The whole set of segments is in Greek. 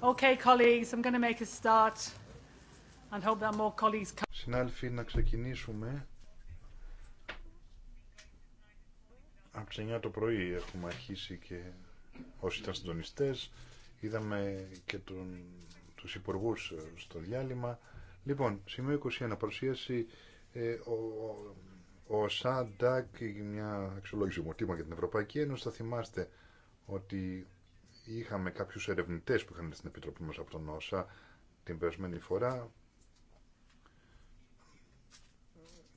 Okay, Συνάλφοι, να ξεκινήσουμε. Από τις 9 το πρωί έχουμε αρχίσει και όσοι ήταν συντονιστές. Είδαμε και τον, τους υπουργούς ε, στο διάλειμμα. Λοιπόν, σημείο 21, παρουσίαση ε, ο, ο, ΣΑΝΤΑΚ, μια αξιολόγηση ομοτήμα για την Ευρωπαϊκή Ένωση. Θα θυμάστε ότι είχαμε κάποιους ερευνητές που είχαν στην Επιτροπή μας από τον ΩΣΑ την περασμένη φορά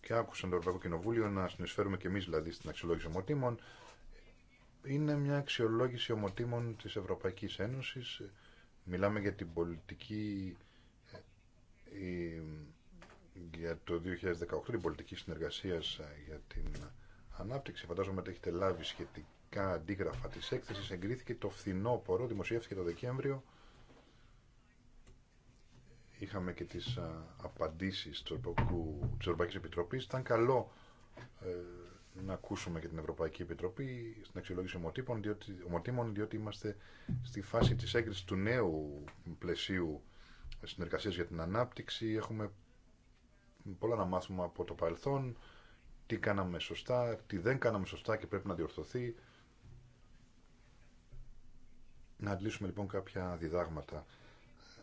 και άκουσαν το Ευρωπαϊκό Κοινοβούλιο να συνεισφέρουμε και εμείς δηλαδή στην αξιολόγηση ομοτήμων είναι μια αξιολόγηση ομοτήμων της Ευρωπαϊκής Ένωσης μιλάμε για την πολιτική ε, για το 2018 την πολιτική συνεργασία για την ανάπτυξη φαντάζομαι ότι έχετε λάβει σχετική πρακτικά αντίγραφα της έκθεσης εγκρίθηκε το φθινόπωρο, δημοσιεύθηκε το Δεκέμβριο. Είχαμε και τις απαντήσεις της Ευρωπαϊκής Επιτροπής. Ήταν καλό ε, να ακούσουμε και την Ευρωπαϊκή Επιτροπή στην αξιολόγηση ομοτήμων, διότι, διότι είμαστε στη φάση της έγκρισης του νέου πλαισίου συνεργασίας για την ανάπτυξη. Έχουμε πολλά να μάθουμε από το παρελθόν τι κάναμε σωστά, τι δεν κάναμε σωστά και πρέπει να διορθωθεί. Να αντλήσουμε λοιπόν κάποια διδάγματα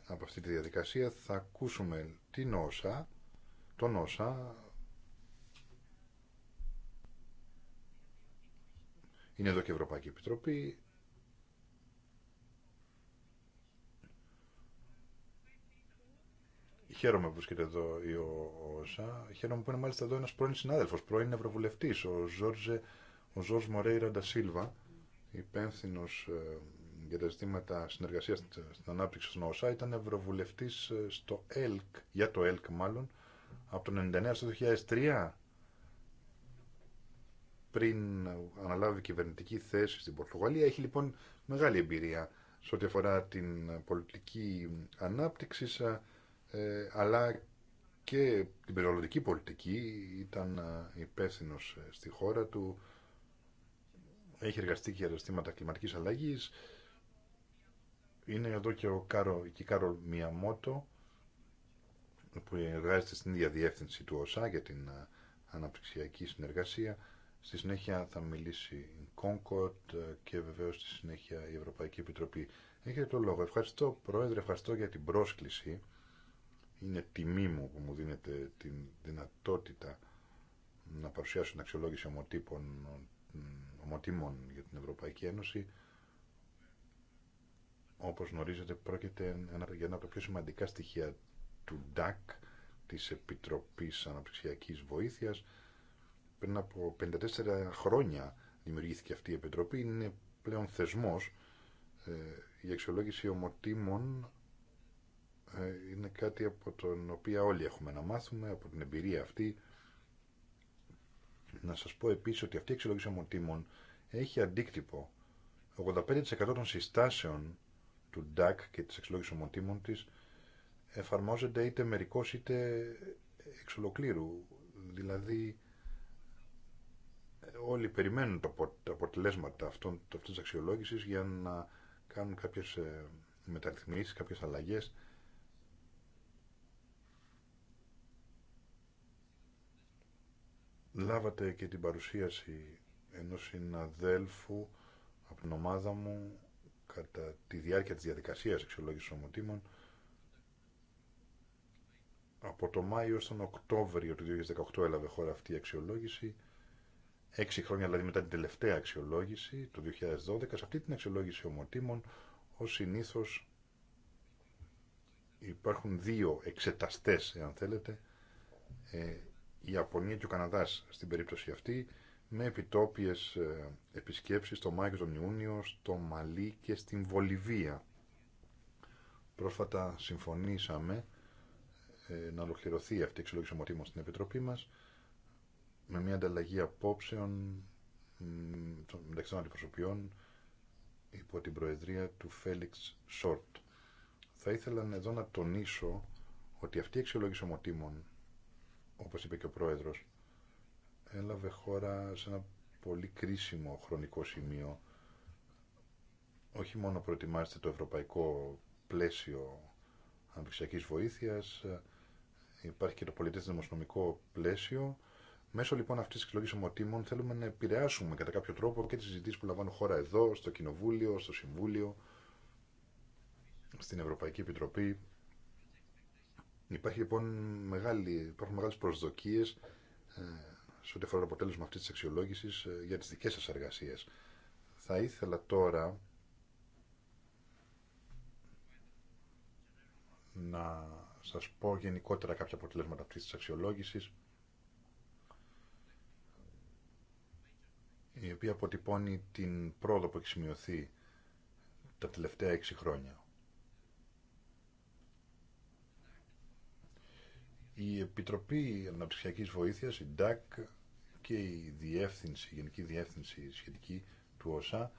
από αυτή τη διαδικασία. Θα ακούσουμε την όσα, τον όσα. Είναι εδώ και η Ευρωπαϊκή Επιτροπή. Χαίρομαι που βρίσκεται εδώ η ΩΣΑ. Χαίρομαι που είναι μάλιστα εδώ ένα πρώην συνάδελφο, πρώην Ευρωβουλευτή, ο Ζόρζε ο Ζορζ Μορέιρα Ντασίλβα, υπεύθυνο ε, για τα ζητήματα συνεργασία στην ανάπτυξη στον ΟΣΑ ήταν ευρωβουλευτή ε, στο ΕΛΚ, για το ΕΛΚ μάλλον, από το 1999 στο 2003 πριν αναλάβει κυβερνητική θέση στην Πορτογαλία. Έχει λοιπόν μεγάλη εμπειρία σε ό,τι αφορά την πολιτική ανάπτυξη, ε, αλλά και την περιβαλλοντική πολιτική. Ήταν ε, υπεύθυνο στη χώρα του. Έχει εργαστεί και για τα ζητήματα κλιματικής αλλαγής. Είναι εδώ και ο Κάρο, Μιαμότο που εργάζεται στην ίδια διεύθυνση του ΟΣΑ για την ε, αναπτυξιακή συνεργασία. Στη συνέχεια θα μιλήσει η Κόνκορτ ε, και βεβαίως στη συνέχεια η Ευρωπαϊκή Επιτροπή. Έχετε το λόγο. Ευχαριστώ Πρόεδρε, ευχαριστώ για την πρόσκληση. Είναι τιμή μου που μου δίνετε την δυνατότητα να παρουσιάσω την αξιολόγηση ομοτύπων, ομοτήμων για την Ευρωπαϊκή Ένωση. Όπως γνωρίζετε πρόκειται για ένα από τα πιο σημαντικά στοιχεία του DAC, της Επιτροπής Αναπτυξιακής Βοήθειας. Πριν από 54 χρόνια δημιουργήθηκε αυτή η Επιτροπή, είναι πλέον θεσμός. Ε, η αξιολόγηση ομοτήμων ε, είναι κάτι από τον οποίο όλοι έχουμε να μάθουμε, από την εμπειρία αυτή. Να σας πω επίσης ότι αυτή η αξιολόγηση ομοτήμων έχει αντίκτυπο. 85% των συστάσεων του DAC και της εξολόγησης ομοτήμων της εφαρμόζεται είτε μερικώς είτε εξ ολοκλήρου. Δηλαδή όλοι περιμένουν τα αποτελέσματα αυτών, αυτής της για να κάνουν κάποιες ε, μεταρρυθμίσεις, κάποιες αλλαγές. Λάβατε και την παρουσίαση ενός συναδέλφου από την ομάδα μου κατά τη διάρκεια της διαδικασίας αξιολόγησης ομοτήμων από το Μάιο στον Οκτώβριο του 2018 έλαβε χώρα αυτή η αξιολόγηση έξι χρόνια δηλαδή μετά την τελευταία αξιολόγηση το 2012 σε αυτή την αξιολόγηση ομοτήμων ως συνήθω υπάρχουν δύο εξεταστές εάν θέλετε ε, η Ιαπωνία και ο Καναδάς στην περίπτωση αυτή με επιτόπιες ε, επισκέψεις στο Μάιο τον Ιούνιο, στο Μαλί και στην Βολιβία. Πρόσφατα συμφωνήσαμε ε, να ολοκληρωθεί αυτή η εξολόγηση ομοτήμων στην Επιτροπή μας με μια ανταλλαγή απόψεων μεταξύ των αντιπροσωπιών υπό την προεδρία του Φέλιξ Σόρτ. Θα ήθελα εδώ να τονίσω ότι αυτή η εξελόγηση ομοτήμων, όπως είπε και ο Πρόεδρος, έλαβε χώρα σε ένα πολύ κρίσιμο χρονικό σημείο. Όχι μόνο προετοιμάζεται το ευρωπαϊκό πλαίσιο αναπτυξιακής βοήθειας, υπάρχει και το πολιτές δημοσιονομικό πλαίσιο. Μέσω λοιπόν αυτής της εκλογής ομοτήμων θέλουμε να επηρεάσουμε κατά κάποιο τρόπο και τις συζητήσεις που λαμβάνουν χώρα εδώ, στο Κοινοβούλιο, στο Συμβούλιο, στην Ευρωπαϊκή Επιτροπή. Υπάρχει λοιπόν μεγάλη, υπάρχουν μεγάλες προσδοκίες ε, σε ό,τι αφορά το αποτέλεσμα αυτής της αξιολόγησης ε, για τις δικές σας εργασίες. Θα ήθελα τώρα να σας πω γενικότερα κάποια αποτελέσματα αυτής της αξιολόγησης η οποία αποτυπώνει την πρόοδο που έχει σημειωθεί τα τελευταία έξι χρόνια. Η Επιτροπή Αναπτυξιακής Βοήθειας, η DAC, και η διεύθυνση, η Γενική Διεύθυνση σχετική του ΩΣΑ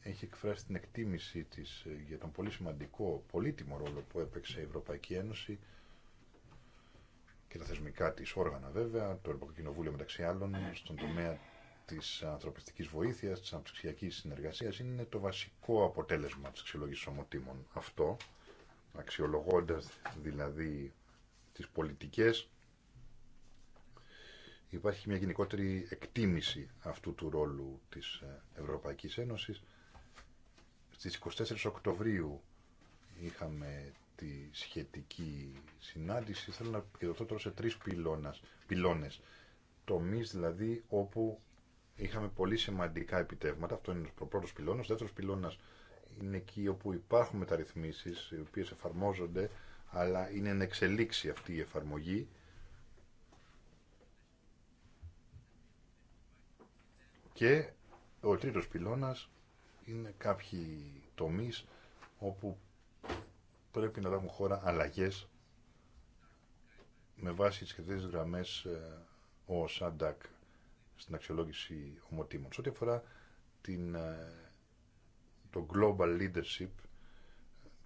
έχει εκφράσει την εκτίμησή της ε, για τον πολύ σημαντικό, πολύτιμο ρόλο που έπαιξε η Ευρωπαϊκή Ένωση και τα θεσμικά της όργανα βέβαια, το Ευρωπαϊκό Κοινοβούλιο μεταξύ άλλων, στον τομέα της ανθρωπιστικής βοήθειας, της αναψυξιακής συνεργασίας, είναι το βασικό αποτέλεσμα της αξιολόγησης ομοτήμων. Αυτό, αξιολογώντας δηλαδή τις πολιτικές, υπάρχει μια γενικότερη εκτίμηση αυτού του ρόλου της ε, Ευρωπαϊκής Ένωσης. Στις 24 Οκτωβρίου είχαμε τη σχετική συνάντηση. Θέλω να επικεντρωθώ τώρα σε τρεις πυλώνας, πυλώνες. Τομείς δηλαδή όπου είχαμε πολύ σημαντικά επιτεύγματα. Αυτό είναι ο πρώτος πυλώνας. Ο δεύτερος πυλώνας είναι εκεί όπου υπάρχουν μεταρρυθμίσεις οι οποίες εφαρμόζονται αλλά είναι εν εξελίξει αυτή η εφαρμογή Και ο τρίτος πυλώνας είναι κάποιοι τομείς όπου πρέπει να λάβουν χώρα αλλαγές με βάση τις κριτές γραμμές ε, ο ΣΑΝΤΑΚ στην αξιολόγηση ομοτήμων. Σε ό,τι αφορά την, ε, το global leadership,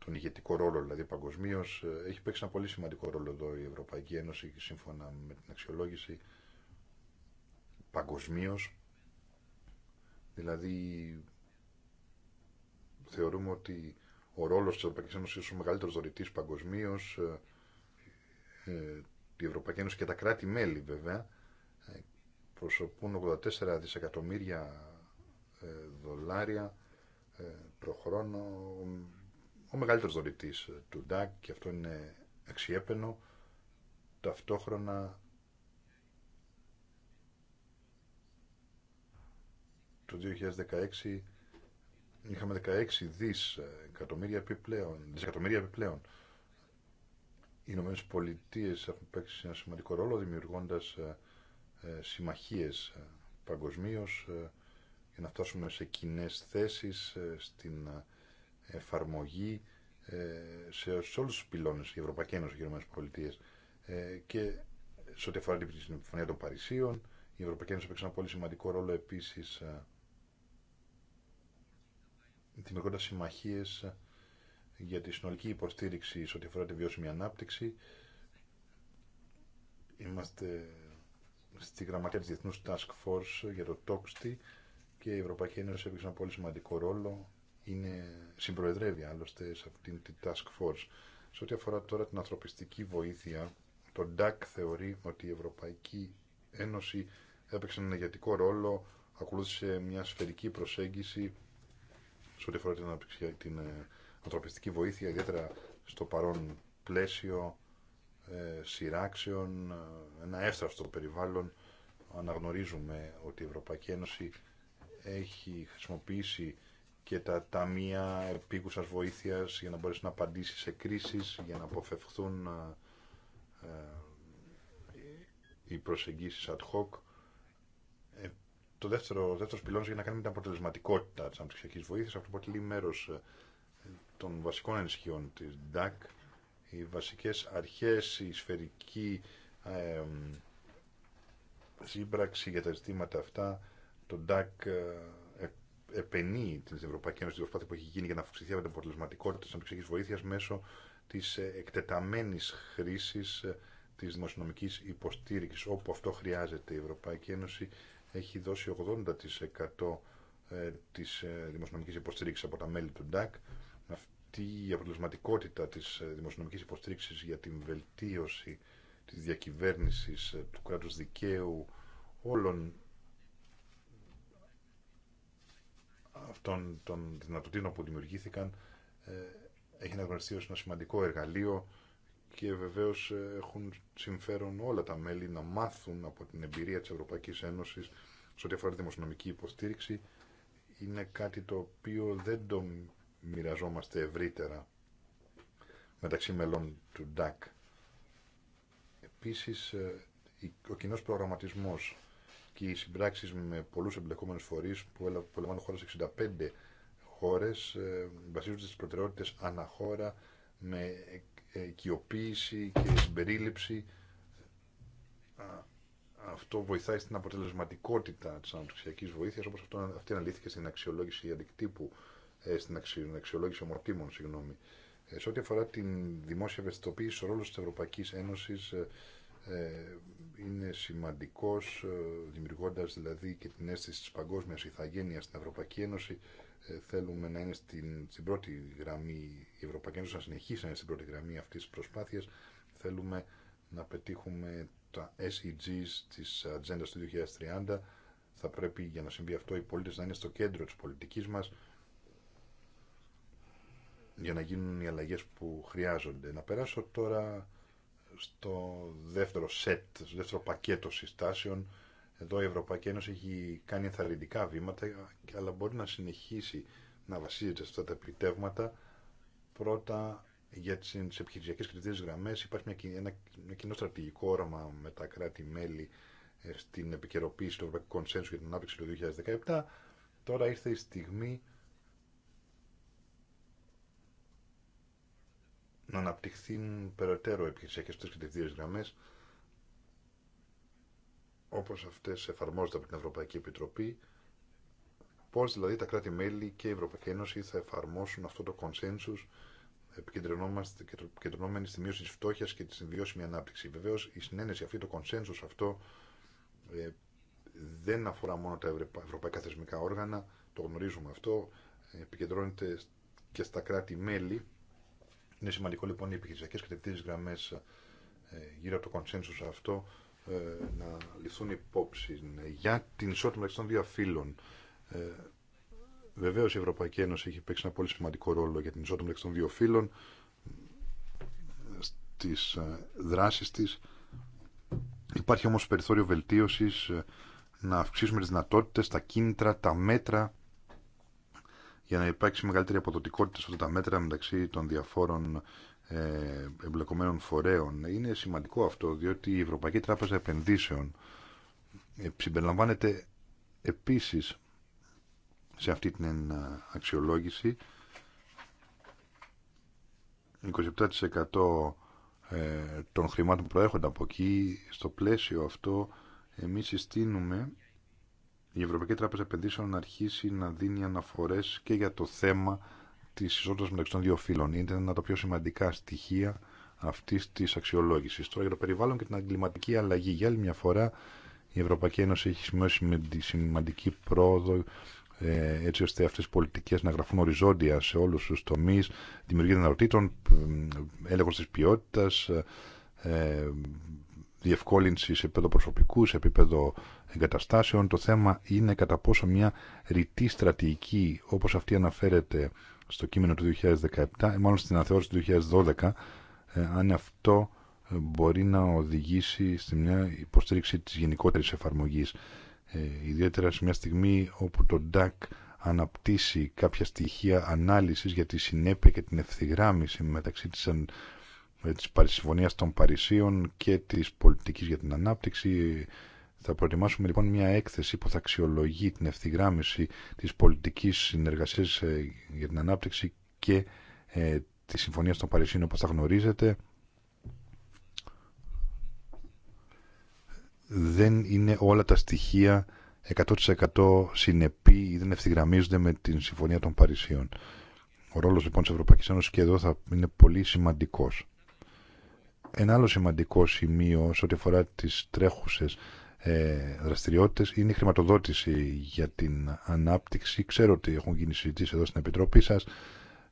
τον ηγετικό ρόλο δηλαδή παγκοσμίω, ε, έχει παίξει ένα πολύ σημαντικό ρόλο εδώ η Ευρωπαϊκή Ένωση σύμφωνα με την αξιολόγηση παγκοσμίω Δηλαδή, θεωρούμε ότι ο ρόλος της Ευρωπαϊκής Ένωσης είναι ο μεγαλύτερος δωρητής παγκοσμίω, ε, ε, η Ευρωπαϊκή Ένωση και τα κράτη-μέλη βέβαια, ε, προσωπούν 84 δισεκατομμύρια δολάρια προχρόνο, ο μεγαλύτερος δωρητής του ΝΤΑΚ και αυτό είναι αξιέπαινο. Ταυτόχρονα Το 2016 είχαμε 16 δις εκατομμύρια επιπλέον, δισεκατομμύρια επιπλέον. Οι Ηνωμένες Πολιτείες έχουν παίξει ένα σημαντικό ρόλο δημιουργώντας ε, ε, συμμαχίες ε, παγκοσμίως παγκοσμίω για να φτάσουμε σε κοινέ θέσεις, στην εφαρμογή σε, όλους τους πυλώνες, η Ευρωπαϊκή Ένωση και οι Ηνωμένες Πολιτείες. Και σε ό,τι αφορά την Συμφωνία των Παρισίων, η Ευρωπαϊκή Ένωση έπαιξε ένα πολύ σημαντικό ρόλο επίσης δημιουργώντα συμμαχίε για τη συνολική υποστήριξη σε ό,τι αφορά τη βιώσιμη ανάπτυξη. Είμαστε στη γραμματεία της Διεθνούς Task Force για το TOXTI και η Ευρωπαϊκή Ένωση έπαιξε ένα πολύ σημαντικό ρόλο. Είναι, συμπροεδρεύει άλλωστε σε αυτήν την Task Force. Σε ό,τι αφορά τώρα την ανθρωπιστική βοήθεια, το DAC θεωρεί ότι η Ευρωπαϊκή Ένωση έπαιξε έναν ηγετικό ρόλο, ακολούθησε μια σφαιρική προσέγγιση σε ό,τι αφορά την, την ε, ανθρωπιστική βοήθεια, ιδιαίτερα στο παρόν πλαίσιο ε, σειράξεων, ε, ένα εύθραυστο περιβάλλον. Αναγνωρίζουμε ότι η Ευρωπαϊκή Ένωση έχει χρησιμοποιήσει και τα ταμεία επίκουσας βοήθειας για να μπορέσει να απαντήσει σε κρίσει για να αποφευχθούν ε, ε, οι προσεγγίσεις ad hoc το δεύτερο, δεύτερο πυλώνα για να κάνει με την αποτελεσματικότητα τη αναπτυξιακή βοήθεια, Αυτό αποτελεί μέρο ε, των βασικών ενισχύων τη ΔΑΚ. Οι βασικέ αρχέ, η σφαιρική ε, σύμπραξη για τα ζητήματα αυτά, το ΔΑΚ ε, ε, επενεί την Ευρωπαϊκή Ένωση, την προσπάθεια που έχει γίνει για να αυξηθεί από την αποτελεσματικότητα τη αναπτυξιακή βοήθεια μέσω τη εκτεταμένη χρήση τη δημοσιονομική υποστήριξη. Όπου αυτό χρειάζεται, η Ευρωπαϊκή Ένωση έχει δώσει 80% ε, της ε, δημοσιονομικής υποστήριξης από τα μέλη του ΝΤΑΚ. Αυτή η αποτελεσματικότητα της ε, δημοσιονομικής υποστήριξης για την βελτίωση της διακυβέρνησης του κράτους δικαίου όλων αυτών των δυνατοτήτων που δημιουργήθηκαν έχει αναγνωριστεί ως ένα σημαντικό εργαλείο και βεβαίως ε, έχουν συμφέρον όλα τα μέλη να μάθουν από την εμπειρία της Ευρωπαϊκής Ένωσης σε ό,τι αφορά τη δημοσιονομική υποστήριξη είναι κάτι το οποίο δεν το μοιραζόμαστε ευρύτερα μεταξύ μελών του ΝΤΑΚ. Επίσης, ε, ο κοινό προγραμματισμός και οι συμπράξεις με πολλούς εμπλεκόμενους φορείς που λαμβάνουν χώρες 65 ε, χώρες βασίζονται στις προτεραιότητες αναχώρα με οικειοποίηση και συμπερίληψη αυτό βοηθάει στην αποτελεσματικότητα της αναπτυξιακής βοήθειας όπως αυτό, αυτή αναλύθηκε στην αξιολόγηση αντικτύπου ε, στην αξιολόγηση ομορτήμων συγγνώμη. Ε, σε ό,τι αφορά την δημόσια ευαισθητοποίηση ο ρόλος της Ευρωπαϊκής Ένωσης ε, είναι σημαντικός δημιουργώντας δηλαδή και την αίσθηση της παγκόσμιας ηθαγένειας στην Ευρωπαϊκή Ένωση ε, θέλουμε να είναι στην, στην πρώτη γραμμή, η Ευρωπαϊκή Ένωση να συνεχίσει να είναι στην πρώτη γραμμή αυτής της προσπάθειας. Θέλουμε να πετύχουμε τα SEGs της Ατζέντα του 2030. Θα πρέπει για να συμβεί αυτό οι πολίτες να είναι στο κέντρο της πολιτικής μας για να γίνουν οι αλλαγές που χρειάζονται. Να περάσω τώρα στο δεύτερο set, στο δεύτερο πακέτο συστάσεων εδώ η Ευρωπαϊκή Ένωση έχει κάνει ενθαρρυντικά βήματα, αλλά μπορεί να συνεχίσει να βασίζεται σε αυτά τα επιτεύγματα. Πρώτα, για τι επιχειρησιακέ κριτικέ γραμμέ, υπάρχει μια, ένα, ένα κοινό στρατηγικό όραμα με τα κράτη-μέλη ε, στην επικαιροποίηση του Ευρωπαϊκού Κονσένσου για την ανάπτυξη του 2017. Τώρα ήρθε η στιγμή να αναπτυχθούν περαιτέρω επιχειρησιακέ κριτικέ γραμμέ όπως αυτές εφαρμόζονται από την Ευρωπαϊκή Επιτροπή, πώς δηλαδή τα κράτη-μέλη και η Ευρωπαϊκή Ένωση θα εφαρμόσουν αυτό το consensus επικεντρωνόμενοι στη μείωση της φτώχειας και τη συμβιώσιμη ανάπτυξη. Βεβαίως η συνένεση αυτή, το consensus αυτό ε, δεν αφορά μόνο τα ευρωπαϊκά θεσμικά όργανα, το γνωρίζουμε αυτό, επικεντρώνεται και στα κράτη-μέλη. Είναι σημαντικό λοιπόν οι επιχειρησιακές κατευθύνσεις γραμμές ε, γύρω από το consensus αυτό ε, να ληφθούν υπόψη για την ισότητα μεταξύ των δύο φύλων. Ε, Βεβαίω η Ευρωπαϊκή Ένωση έχει παίξει ένα πολύ σημαντικό ρόλο για την ισότητα μεταξύ των δύο φύλων στι ε, δράσει τη. Υπάρχει όμω περιθώριο βελτίωση ε, να αυξήσουμε τι δυνατότητε, τα κίνητρα, τα μέτρα για να υπάρξει μεγαλύτερη αποδοτικότητα σε αυτά τα μέτρα μεταξύ των διαφόρων ε, εμπλεκομένων φορέων. Είναι σημαντικό αυτό, διότι η Ευρωπαϊκή Τράπεζα Επενδύσεων ε, συμπεριλαμβάνεται επίσης σε αυτή την ε, αξιολόγηση 27% των χρημάτων που προέρχονται από εκεί. Στο πλαίσιο αυτό εμείς συστήνουμε η Ευρωπαϊκή Τράπεζα Επενδύσεων να αρχίσει να δίνει αναφορές και για το θέμα τη ισότητα μεταξύ των δύο φύλων. Είναι ένα από τα πιο σημαντικά στοιχεία αυτή τη αξιολόγηση. Τώρα για το περιβάλλον και την αγκληματική αλλαγή. Για άλλη μια φορά η Ευρωπαϊκή Ένωση έχει σημειώσει με τη σημαντική πρόοδο ε, έτσι ώστε αυτές οι πολιτικές να γραφούν οριζόντια σε όλους τους τομείς, δημιουργία δυνατοτήτων, έλεγχος της ποιότητας, ε, διευκόλυνση σε επίπεδο προσωπικού, σε επίπεδο εγκαταστάσεων. Το θέμα είναι κατά πόσο μια ρητή στρατηγική, όπως αυτή αναφέρεται στο κείμενο του 2017, ε, μάλλον στην αναθεώρηση του 2012, ε, αν αυτό ε, μπορεί να οδηγήσει στη μια υποστήριξη της γενικότερης εφαρμογής. ιδιαίτερα σε μια στιγμή όπου το DAC αναπτύσσει κάποια στοιχεία ανάλυσης για τη συνέπεια και την ευθυγράμμιση μεταξύ της, της των Παρισίων και της πολιτικής για την ανάπτυξη, θα προετοιμάσουμε λοιπόν μια έκθεση που θα αξιολογεί την ευθυγράμμιση της πολιτικής συνεργασίας ε, για την ανάπτυξη και ε, τη Συμφωνία των Παρισίων όπως θα γνωρίζετε. Δεν είναι όλα τα στοιχεία 100% συνεπή ή δεν ευθυγραμμίζονται με την Συμφωνία των Παρισίων. Ο ρόλος λοιπόν της Ευρωπαϊκής Ένωσης και εδώ θα είναι πολύ σημαντικός. Ένα άλλο σημαντικό σημείο σε ό,τι αφορά τις τρέχουσες ε, δραστηριότητες είναι η χρηματοδότηση για την ανάπτυξη. Ξέρω ότι έχουν γίνει συζητήσει εδώ στην Επιτροπή σας.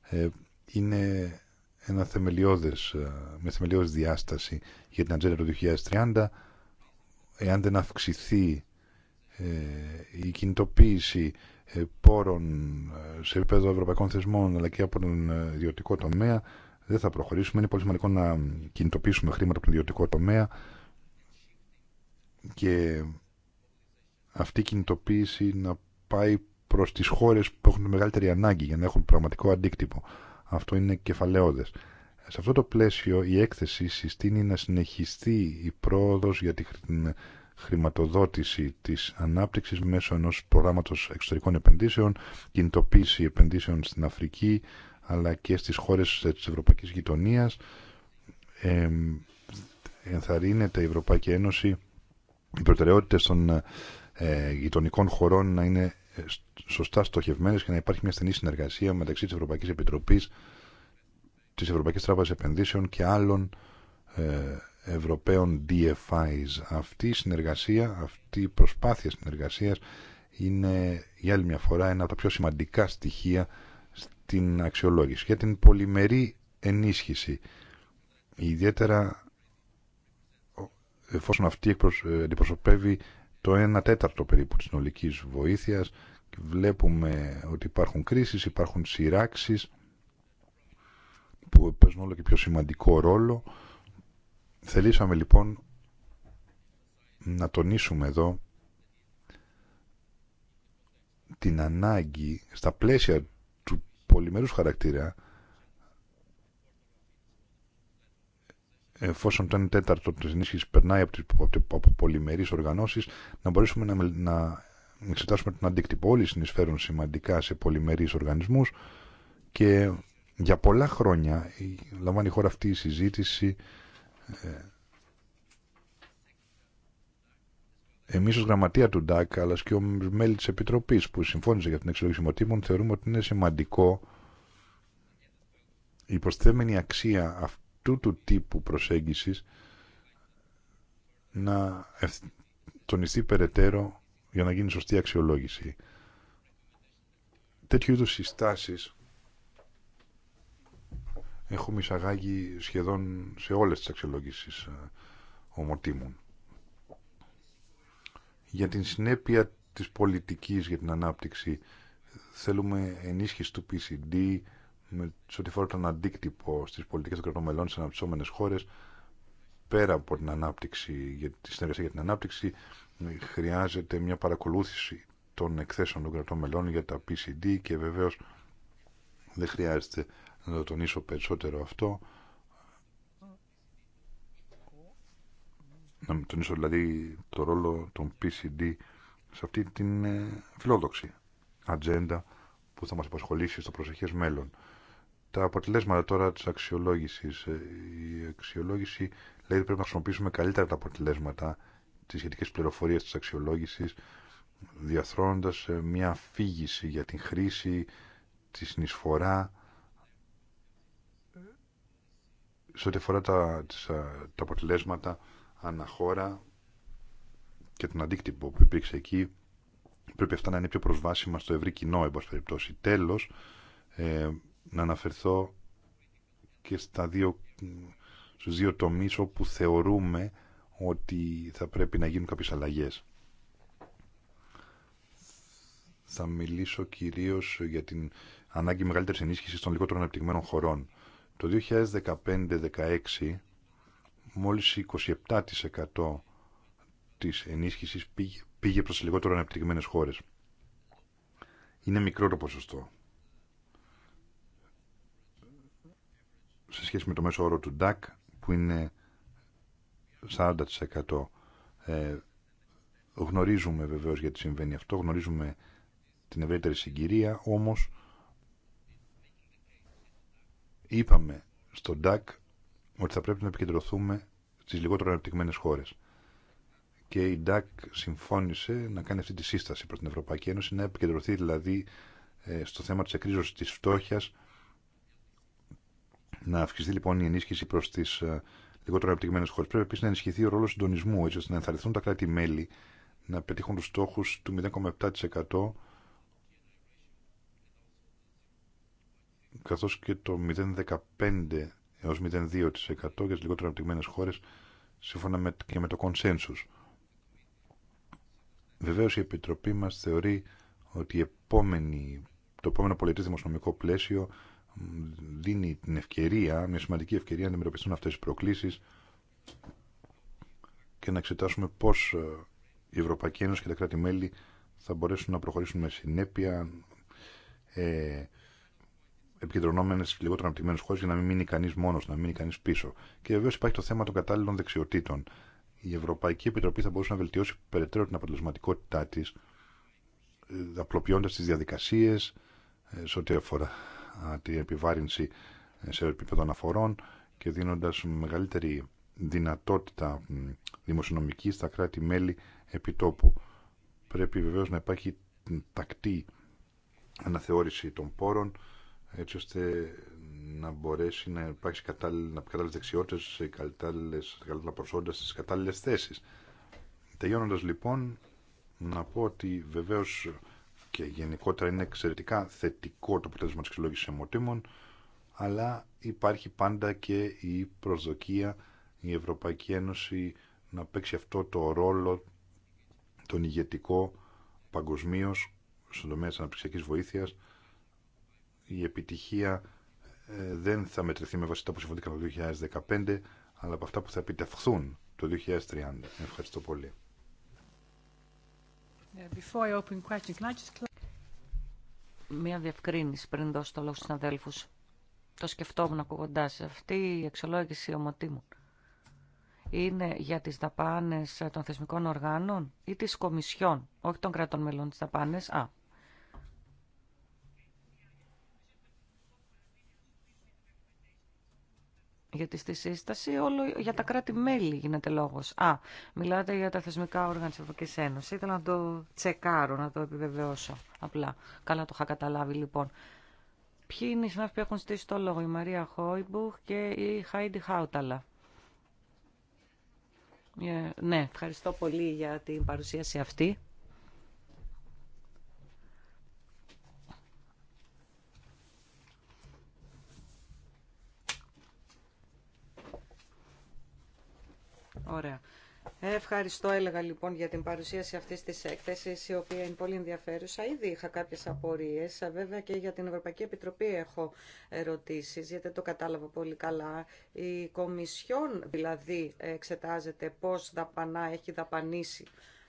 Ε, είναι ένα θεμελιώδες, ε, με θεμελιώδης διάσταση για την ατζέντα του 2030. Εάν δεν αυξηθεί ε, η κινητοποίηση ε, πόρων ε, σε επίπεδο ευρωπαϊκών θεσμών αλλά και από τον ιδιωτικό τομέα, δεν θα προχωρήσουμε. Είναι πολύ σημαντικό να κινητοποιήσουμε χρήματα από τον ιδιωτικό τομέα και αυτή η κινητοποίηση να πάει προς τις χώρες που έχουν μεγαλύτερη ανάγκη για να έχουν πραγματικό αντίκτυπο. Αυτό είναι κεφαλαιόδες. Σε αυτό το πλαίσιο η έκθεση συστήνει να συνεχιστεί η πρόοδος για την χρηματοδότηση της ανάπτυξης μέσω ενός προγράμματος εξωτερικών επενδύσεων, κινητοποίηση επενδύσεων στην Αφρική αλλά και στις χώρες της Ευρωπαϊκής Γειτονίας. Ε, ενθαρρύνεται η Ευρωπαϊκή Ένωση οι προτεραιότητε των ε, γειτονικών χωρών να είναι ε, σωστά στοχευμένε και να υπάρχει μια στενή συνεργασία μεταξύ τη Ευρωπαϊκή Επιτροπή, τη Ευρωπαϊκή Τράπεζα Επενδύσεων και άλλων ε, Ευρωπαίων DFIs. Αυτή η συνεργασία, αυτή η προσπάθεια συνεργασία είναι για άλλη μια φορά ένα από τα πιο σημαντικά στοιχεία στην αξιολόγηση. Για την πολυμερή ενίσχυση, ιδιαίτερα εφόσον αυτή ε, αντιπροσωπεύει το 1 τέταρτο περίπου της νολικής βοήθειας βλέπουμε ότι υπάρχουν κρίσεις, υπάρχουν σειράξεις που παίζουν όλο και πιο σημαντικό ρόλο θελήσαμε λοιπόν να τονίσουμε εδώ την ανάγκη στα πλαίσια του πολυμερούς χαρακτήρα εφόσον το 1 τέταρτο τη ενίσχυση περνάει από, από, από πολυμερεί οργανώσει, να μπορέσουμε να, εξετάσουμε τον αντίκτυπο. Όλοι συνεισφέρουν σημαντικά σε πολυμερεί οργανισμού και για πολλά χρόνια λαμβάνει η χώρα αυτή η συζήτηση. Ε, Εμεί ω γραμματεία του ΝΤΑΚ, αλλά και ω μέλη τη Επιτροπή που συμφώνησε για την εξελίξη θεωρούμε ότι είναι σημαντικό η προσθέμενη αξία αυτή αυτού του τύπου προσέγγισης να τονιστεί περαιτέρω για να γίνει σωστή αξιολόγηση. Τέτοιου είδους συστάσεις έχουμε εισαγάγει σχεδόν σε όλες τις αξιολόγησεις ε, ομοτήμων. Για την συνέπεια της πολιτικής για την ανάπτυξη θέλουμε ενίσχυση του PCD, με σε ό,τι αφορά τον αντίκτυπο στι πολιτικέ των κρατών μελών στι αναπτυσσόμενε χώρε, πέρα από την ανάπτυξη, για τη συνεργασία για την ανάπτυξη, χρειάζεται μια παρακολούθηση των εκθέσεων των κρατών μελών για τα PCD και βεβαίω δεν χρειάζεται να το τονίσω περισσότερο αυτό. Να τονίσω δηλαδή το ρόλο των PCD σε αυτή την ε, φιλόδοξη ατζέντα που θα μας απασχολήσει στο προσεχές μέλλον τα αποτελέσματα τώρα της αξιολόγησης. Ε, η αξιολόγηση λέει ότι πρέπει να χρησιμοποιήσουμε καλύτερα τα αποτελέσματα, τις σχετικές πληροφορίες της αξιολόγησης, διαθρώνοντας ε, μια αφήγηση για την χρήση, τη συνεισφορά, ε, σε ό,τι αφορά τα, τα αποτελέσματα αναχώρα και τον αντίκτυπο που υπήρξε εκεί, πρέπει αυτά να είναι πιο προσβάσιμα στο ευρύ κοινό, εν περιπτώσει. Τέλος, ε, να αναφερθώ και στα δύο, στους δύο τομείς όπου θεωρούμε ότι θα πρέπει να γίνουν κάποιες αλλαγές. Θα μιλήσω κυρίως για την ανάγκη μεγαλύτερης ενίσχυσης των λιγότερων αναπτυγμένων χωρών. Το 2015-2016 μόλις 27% της ενίσχυσης πήγε, πήγε προς λιγότερο αναπτυγμένες χώρες. Είναι μικρό το ποσοστό. σε σχέση με το μέσο όρο του DAC που είναι 40%. Ε, γνωρίζουμε βεβαίως γιατί συμβαίνει αυτό, γνωρίζουμε την ευρύτερη συγκυρία, όμως είπαμε στο DAC ότι θα πρέπει να επικεντρωθούμε στις λιγότερο αναπτυγμένες χώρες. Και η DAC συμφώνησε να κάνει αυτή τη σύσταση προς την Ευρωπαϊκή Ένωση, να επικεντρωθεί δηλαδή ε, στο θέμα της εκρίζωσης της φτώχειας να αυξηθεί λοιπόν η ενίσχυση προ τι ε, λιγότερο αναπτυγμένε χώρε. Πρέπει επίση να ενισχυθεί ο ρόλο συντονισμού, έτσι ώστε να ενθαρρυνθούν τα κράτη-μέλη να πετύχουν του στόχου του 0,7% καθώς και το 0,15% έως 0,2% για τις λιγότερο αναπτυγμένες χώρες σύμφωνα με, και με το consensus. Βεβαίως η Επιτροπή μας θεωρεί ότι επόμενη, το επόμενο πολιτικό δημοσιονομικό πλαίσιο δίνει την ευκαιρία, μια σημαντική ευκαιρία να αντιμετωπιστούν αυτές οι προκλήσεις και να εξετάσουμε πώς ε, η Ευρωπαϊκή Ένωση και τα κράτη-μέλη θα μπορέσουν να προχωρήσουν με συνέπεια ε, επικεντρωνόμενες στις λιγότερο αναπτυγμένες χώρες για να μην μείνει κανείς μόνος, να μην μείνει κανείς πίσω. Και βεβαίω υπάρχει το θέμα των κατάλληλων δεξιοτήτων. Η Ευρωπαϊκή Επιτροπή θα μπορούσε να βελτιώσει περαιτέρω την αποτελεσματικότητά τη, ε, απλοποιώντα τι διαδικασίες ε, σε ό,τι αφορά τη επιβάρυνση σε επίπεδο αναφορών και δίνοντας μεγαλύτερη δυνατότητα δημοσιονομική στα κράτη-μέλη επιτόπου. Πρέπει βεβαίως να υπάρχει τακτή αναθεώρηση των πόρων έτσι ώστε να μπορέσει να υπάρξει κατάλληλε δεξιότητε κατάλληλες δεξιότητες, κατάλληλες, κατάλληλα προσόντα στις κατάλληλες θέσεις. Τελειώνοντας λοιπόν, να πω ότι βεβαίως και γενικότερα είναι εξαιρετικά θετικό το αποτέλεσμα της εξολόγηση αιμοτήμων, αλλά υπάρχει πάντα και η προσδοκία η Ευρωπαϊκή Ένωση να παίξει αυτό το ρόλο τον ηγετικό παγκοσμίω στον τομέα της αναπτυξιακής βοήθειας. Η επιτυχία ε, δεν θα μετρηθεί με βάση τα που συμφωνήθηκαν το 2015, αλλά από αυτά που θα επιτευχθούν το 2030. Ευχαριστώ πολύ. Before μία διευκρίνηση πριν δώσω το λόγο στους αδέλφους. Το σκεφτόμουν ακούγοντά αυτή η εξολόγηση ομοτήμων. Είναι για τις δαπάνες των θεσμικών οργάνων ή της κομισιών, όχι των κρατών μελών της δαπάνες. Α, Γιατί στη σύσταση όλο για τα κράτη-μέλη γίνεται λόγος. Α, μιλάτε για τα θεσμικά όργανα τη Ευρωπαϊκή Ένωση. Ήθελα να το τσεκάρω, να το επιβεβαιώσω. Απλά, καλά το είχα καταλάβει λοιπόν. Ποιοι είναι οι συνάδελφοι που έχουν στήσει το λόγο, η Μαρία Χόιμπουχ και η Χάιντι Χάουταλα. Ε, ναι, ευχαριστώ πολύ για την παρουσίαση αυτή. Ωραία. Ευχαριστώ έλεγα λοιπόν για την παρουσίαση αυτής της έκθεσης η οποία είναι πολύ ενδιαφέρουσα. Ήδη είχα κάποιες απορίες, βέβαια και για την Ευρωπαϊκή Επιτροπή έχω ερωτήσεις γιατί το κατάλαβα πολύ καλά. Η Κομισιόν δηλαδή εξετάζεται πώς δαπανά, έχει δαπανίσει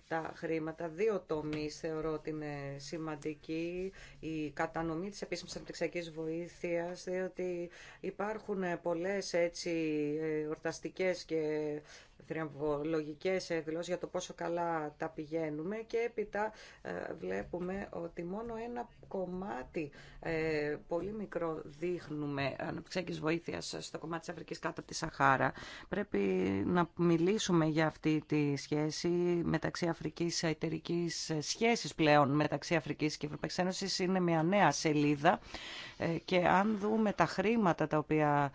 τα χρήματα. Δύο τομεί θεωρώ ότι είναι σημαντική. Η κατανομή τη επίσημη αναπτυξιακή βοήθεια, διότι υπάρχουν πολλέ έτσι ε, ορταστικέ και λογικές εκδηλώσεις για το πόσο καλά τα πηγαίνουμε και έπειτα ε, βλέπουμε ότι μόνο ένα κομμάτι ε, πολύ μικρό δείχνουμε αναπτυξιακής βοήθειας στο κομμάτι της Αφρικής κάτω από τη Σαχάρα. Πρέπει να μιλήσουμε για αυτή τη σχέση μεταξύ Αφρικής εταιρικής σχέσης πλέον μεταξύ Αφρικής και Ευρωπαϊκής Ένωσης είναι μια νέα σελίδα ε, και αν δούμε τα χρήματα τα οποία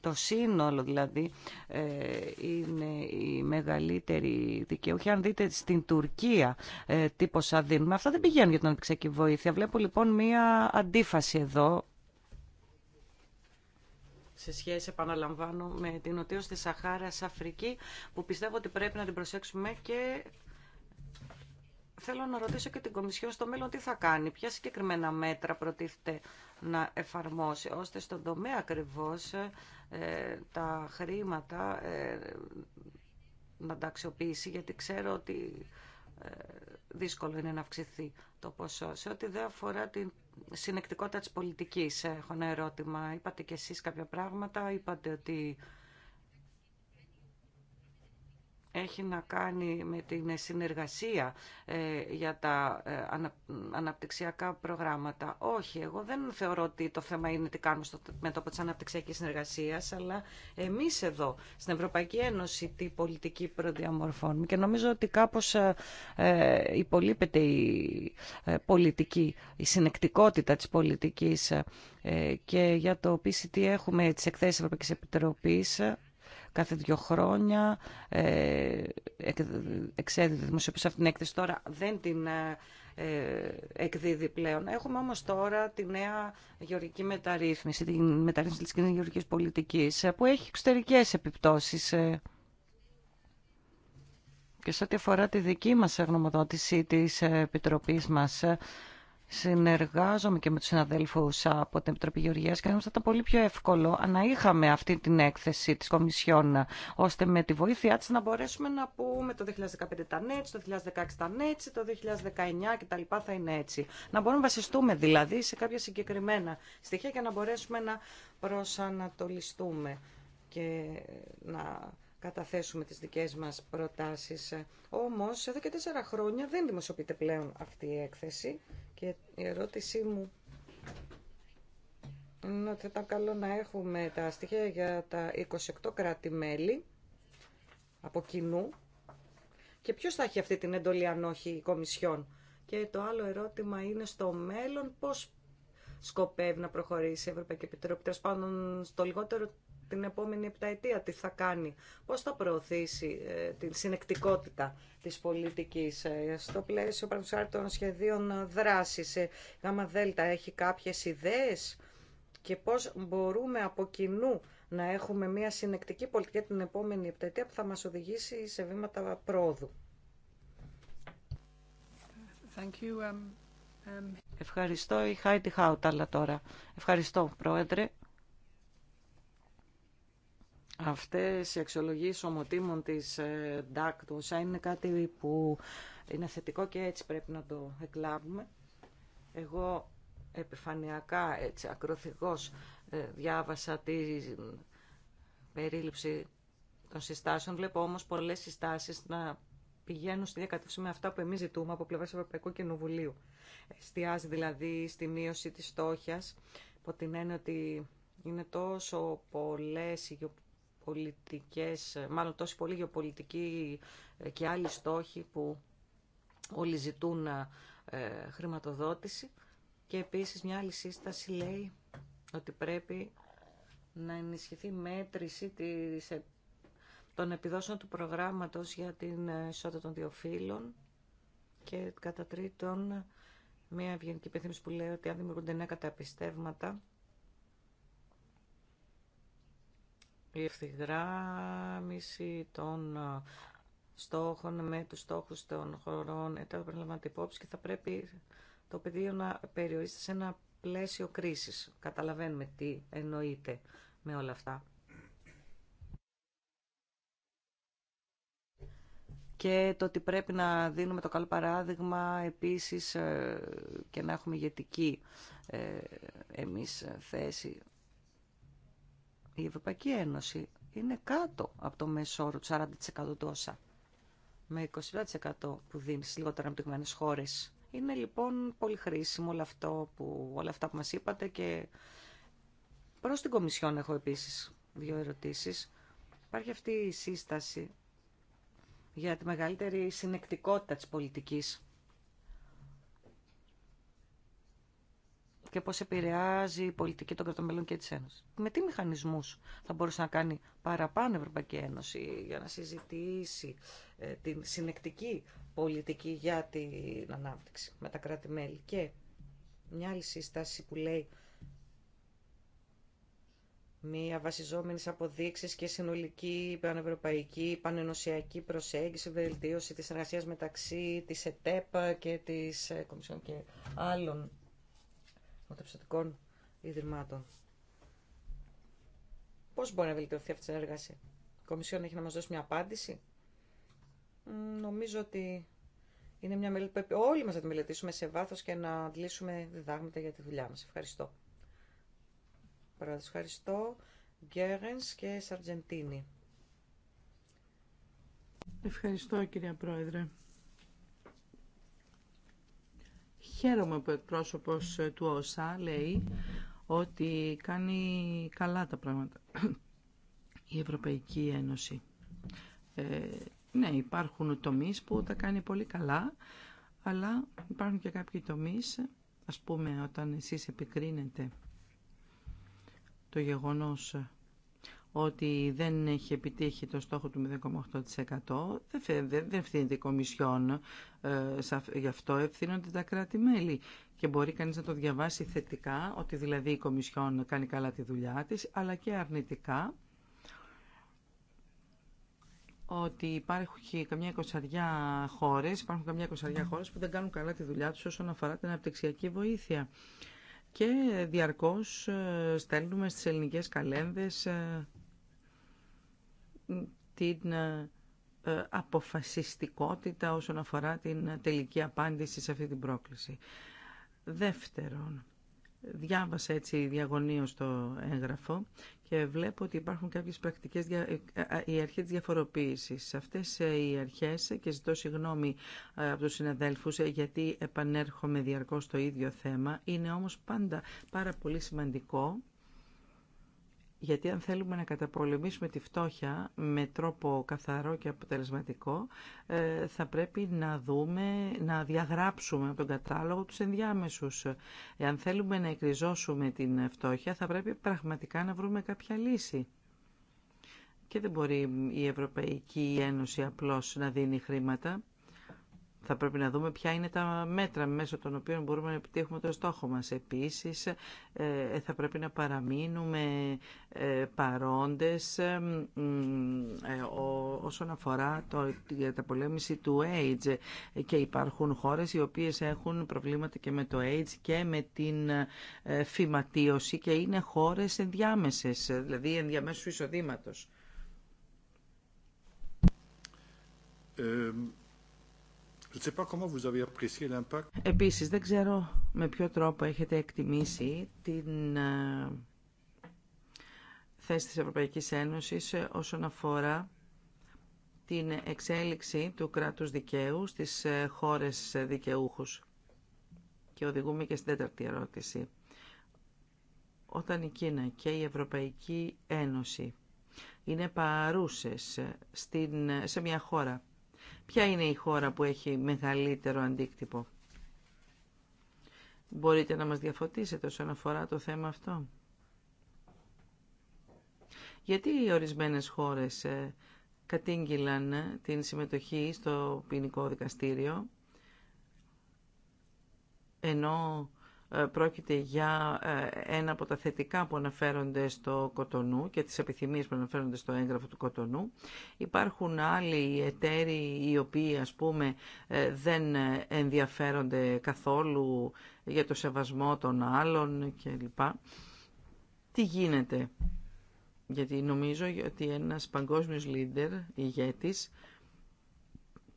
το σύνολο δηλαδή ε, είναι η μεγαλύτερη δικαιούχη. Αν δείτε στην Τουρκία ε, τι ποσά δίνουμε, αυτά δεν πηγαίνουν για την αναπτυξιακή βοήθεια. Βλέπω λοιπόν μία αντίφαση εδώ σε σχέση, επαναλαμβάνω, με την νοτίως της Σαχάρας Αφρική, που πιστεύω ότι πρέπει να την προσέξουμε και θέλω να ρωτήσω και την Κομισιό στο μέλλον τι θα κάνει, ποια συγκεκριμένα μέτρα προτίθεται να εφαρμόσει, ώστε στον τομέα ακριβώς ε, τα χρήματα ε, να τα αξιοποιήσει, γιατί ξέρω ότι ε, δύσκολο είναι να αυξηθεί το ποσό. Σε ό,τι δεν αφορά την συνεκτικότητα της πολιτικής, έχω ένα ερώτημα. Είπατε κι εσείς κάποια πράγματα, είπατε ότι έχει να κάνει με την συνεργασία ε, για τα ε, αναπτυξιακά προγράμματα. Όχι, εγώ δεν θεωρώ ότι το θέμα είναι τι κάνουμε στο μέτωπο της αναπτυξιακής συνεργασίας, αλλά εμείς εδώ, στην Ευρωπαϊκή Ένωση, τι πολιτική προδιαμορφώνουμε. Και νομίζω ότι κάπως ε, υπολείπεται η πολιτική, η συνεκτικότητα της πολιτικής και για το PCT έχουμε τις εκθέσεις Ευρωπαϊκής Επιτροπής, κάθε δύο χρόνια ε, εξέδιδε δημοσιοποιήσει αυτήν την έκθεση. Τώρα δεν την ε, ε, εκδίδει πλέον. Έχουμε όμως τώρα τη νέα γεωργική μεταρρύθμιση, τη μεταρρύθμιση της κοινή γεωργική πολιτικής, ε, που έχει εξωτερικές επιπτώσεις. Και σε ό,τι αφορά τη δική μας γνωμοδότηση της Επιτροπής μας, συνεργάζομαι και με τους συναδέλφους από την Επιτροπή Γεωργίας και νομίζω θα ήταν πολύ πιο εύκολο να είχαμε αυτή την έκθεση της Κομισιόν ώστε με τη βοήθειά της να μπορέσουμε να πούμε το 2015 ήταν έτσι, το 2016 ήταν έτσι, το 2019 και τα λοιπά θα είναι έτσι. Να μπορούμε να βασιστούμε δηλαδή σε κάποια συγκεκριμένα στοιχεία και να μπορέσουμε να προσανατολιστούμε και να καταθέσουμε τις δικές μας προτάσεις. Όμως, εδώ και τέσσερα χρόνια δεν δημοσιοποιείται πλέον αυτή η έκθεση και η ερώτησή μου είναι ότι θα ήταν καλό να έχουμε τα στοιχεία για τα 28 κράτη-μέλη από κοινού και ποιος θα έχει αυτή την εντολή αν όχι η Κομισιόν. Και το άλλο ερώτημα είναι στο μέλλον πώς σκοπεύει να προχωρήσει η Ευρωπαϊκή Επιτροπή, τέλο πάντων στο λιγότερο την επόμενη επταετία, τι θα κάνει, πώς θα προωθήσει ε, την συνεκτικότητα της πολιτικής ε, στο πλαίσιο των σχεδίων δράσης. Ε, γάμα Δέλτα έχει κάποιες ιδέες και πώς μπορούμε από κοινού να έχουμε μια συνεκτική πολιτική την επόμενη επταετία που θα μας οδηγήσει σε βήματα πρόοδου. Thank you. Um, um, Ευχαριστώ η Χάιτι Χάουταλα τώρα. Ευχαριστώ, Πρόεδρε. Αυτές οι αξιολογίες ομοτήμων της ε, ΩΣΑ είναι κάτι που είναι θετικό και έτσι πρέπει να το εκλάβουμε. Εγώ επιφανειακά, έτσι ακροθυγώς, ε, διάβασα τη περίληψη των συστάσεων. Βλέπω όμως πολλές συστάσεις να πηγαίνουν στη διακατεύση με αυτά που εμείς ζητούμε από πλευράς Ευρωπαϊκού Κοινοβουλίου. Στιάζει δηλαδή στη μείωση της στόχιας, υπό την έννοια ότι είναι τόσο πολλές οι γεωπολιτικές, μάλλον τόσο πολύ γεωπολιτικοί ε, και άλλοι στόχοι που όλοι ζητούν ε, χρηματοδότηση. Και επίσης μια άλλη σύσταση λέει ότι πρέπει να ενισχυθεί μέτρηση της, ε, των επιδόσεων του προγράμματος για την ισότητα των δύο φύλων και κατά τρίτον μια ευγενική υπενθύμηση που λέει ότι αν δημιουργούνται νέα καταπιστεύματα η ευθυγράμμιση των ε, στόχων με τους στόχους των χωρών τα υπόψη και θα πρέπει το πεδίο να περιορίζεται σε ένα πλαίσιο κρίσης. Καταλαβαίνουμε τι εννοείται με όλα αυτά. Και το ότι πρέπει να δίνουμε το καλό παράδειγμα επίσης ε, και να έχουμε ηγετική ε, εμείς θέση η Ευρωπαϊκή Ένωση είναι κάτω από το μέσο όρο του 40% τόσα, με 27% που δίνει στι λιγότερο αναπτυγμένε χώρε. Είναι λοιπόν πολύ χρήσιμο όλο αυτό που, όλα αυτά που μα είπατε και προς την Κομισιόν έχω επίσης δύο ερωτήσεις. Υπάρχει αυτή η σύσταση για τη μεγαλύτερη συνεκτικότητα της πολιτικής και πώς επηρεάζει η πολιτική των κρατομελών και της Ένωσης. Με τι μηχανισμούς θα μπορούσε να κάνει παραπάνω η Ευρωπαϊκή Ένωση για να συζητήσει ε, την συνεκτική πολιτική για την ανάπτυξη με τα κράτη-μέλη. Και μια άλλη σύσταση που λέει μια βασιζόμενη αποδείξει και συνολική πανευρωπαϊκή, πανενοσιακή προσέγγιση, βελτίωση της συνεργασίας μεταξύ της ΕΤΕΠΑ και της ε, Κομισιόν και άλλων χρηματοπιστωτικών ιδρυμάτων. Πώς μπορεί να βελτιωθεί αυτή η συνεργασία. Η Κομισιόν έχει να μα δώσει μια απάντηση. Νομίζω ότι είναι μια μελέτη που όλοι μας θα τη μελετήσουμε σε βάθος και να αντλήσουμε διδάγματα για τη δουλειά μας. Ευχαριστώ. Παραδείγματο ευχαριστώ. Γκέρεν και Σαρτζεντίνη. Ευχαριστώ κυρία Πρόεδρε. Χαίρομαι που εκπρόσωπος ε, του ΩΣΑ λέει ότι κάνει καλά τα πράγματα η Ευρωπαϊκή Ένωση. Ε, ναι, υπάρχουν τομείς που τα κάνει πολύ καλά, αλλά υπάρχουν και κάποιοι τομείς, ας πούμε, όταν εσείς επικρίνετε το γεγονός ότι δεν έχει επιτύχει το στόχο του 0,8%. Δεν ευθύνεται η Κομισιόν ε, γι' αυτό, ευθύνονται τα κράτη-μέλη. Και μπορεί κανείς να το διαβάσει θετικά, ότι δηλαδή η Κομισιόν κάνει καλά τη δουλειά της, αλλά και αρνητικά, ότι υπάρχουν καμιά εικοσαριά χώρες, υπάρχουν καμιά εικοσαριά χώρες που δεν κάνουν καλά τη δουλειά τους όσον αφορά την αναπτυξιακή βοήθεια. Και διαρκώς ε, στέλνουμε στις ελληνικές καλένδες ε, την ε, ε, αποφασιστικότητα όσον αφορά την τελική απάντηση σε αυτή την πρόκληση. Δεύτερον, διάβασα έτσι διαγωνίω το έγγραφο και βλέπω ότι υπάρχουν κάποιες πρακτικές, ε, η αρχή της διαφοροποίησης. Αυτές οι αρχές, και ζητώ συγγνώμη από τους συναδέλφους γιατί επανέρχομαι διαρκώς στο ίδιο θέμα, είναι όμως πάντα πάρα πολύ σημαντικό γιατί αν θέλουμε να καταπολεμήσουμε τη φτώχεια με τρόπο καθαρό και αποτελεσματικό, ε, θα πρέπει να δούμε, να διαγράψουμε από τον κατάλογο τους ενδιάμεσους. Εάν θέλουμε να εκριζώσουμε την φτώχεια, θα πρέπει πραγματικά να βρούμε κάποια λύση. Και δεν μπορεί η Ευρωπαϊκή Ένωση απλώς να δίνει χρήματα. Θα πρέπει να δούμε ποια είναι τα μέτρα μέσω των οποίων μπορούμε να επιτύχουμε το στόχο μας. Επίσης, ε, ε, θα πρέπει να παραμείνουμε ε, παρόντες όσον αφορά το, τα πολέμηση του AIDS και υπάρχουν χώρες οι οποίες έχουν προβλήματα και με το AIDS και με την φυματίωση και είναι χώρες ενδιάμεσες, δηλαδή ενδιαμέσου εισοδήματος. Επίσης, δεν ξέρω με ποιο τρόπο έχετε εκτιμήσει την ε, θέση της Ευρωπαϊκής Ένωσης όσον αφορά την εξέλιξη του κράτους δικαίου στις ε, χώρες δικαιούχους. Και οδηγούμε και στην τέταρτη ερώτηση. Όταν η Κίνα και η Ευρωπαϊκή Ένωση είναι παρούσες στην, σε μια χώρα Ποια είναι η χώρα που έχει μεγαλύτερο αντίκτυπο. Μπορείτε να μας διαφωτίσετε όσον αφορά το θέμα αυτό. Γιατί οι ορισμένες χώρες ε, κατήγγυλαν ε, την συμμετοχή στο ποινικό δικαστήριο, ενώ ε, πρόκειται για ε, ένα από τα θετικά που αναφέρονται στο Κοτονού και τις επιθυμίες που αναφέρονται στο έγγραφο του Κοτονού. Υπάρχουν άλλοι εταίροι οι οποίοι ας πούμε ε, δεν ενδιαφέρονται καθόλου για το σεβασμό των άλλων κλπ. Τι γίνεται. Γιατί νομίζω ότι ένας παγκόσμιος leader, ηγέτης,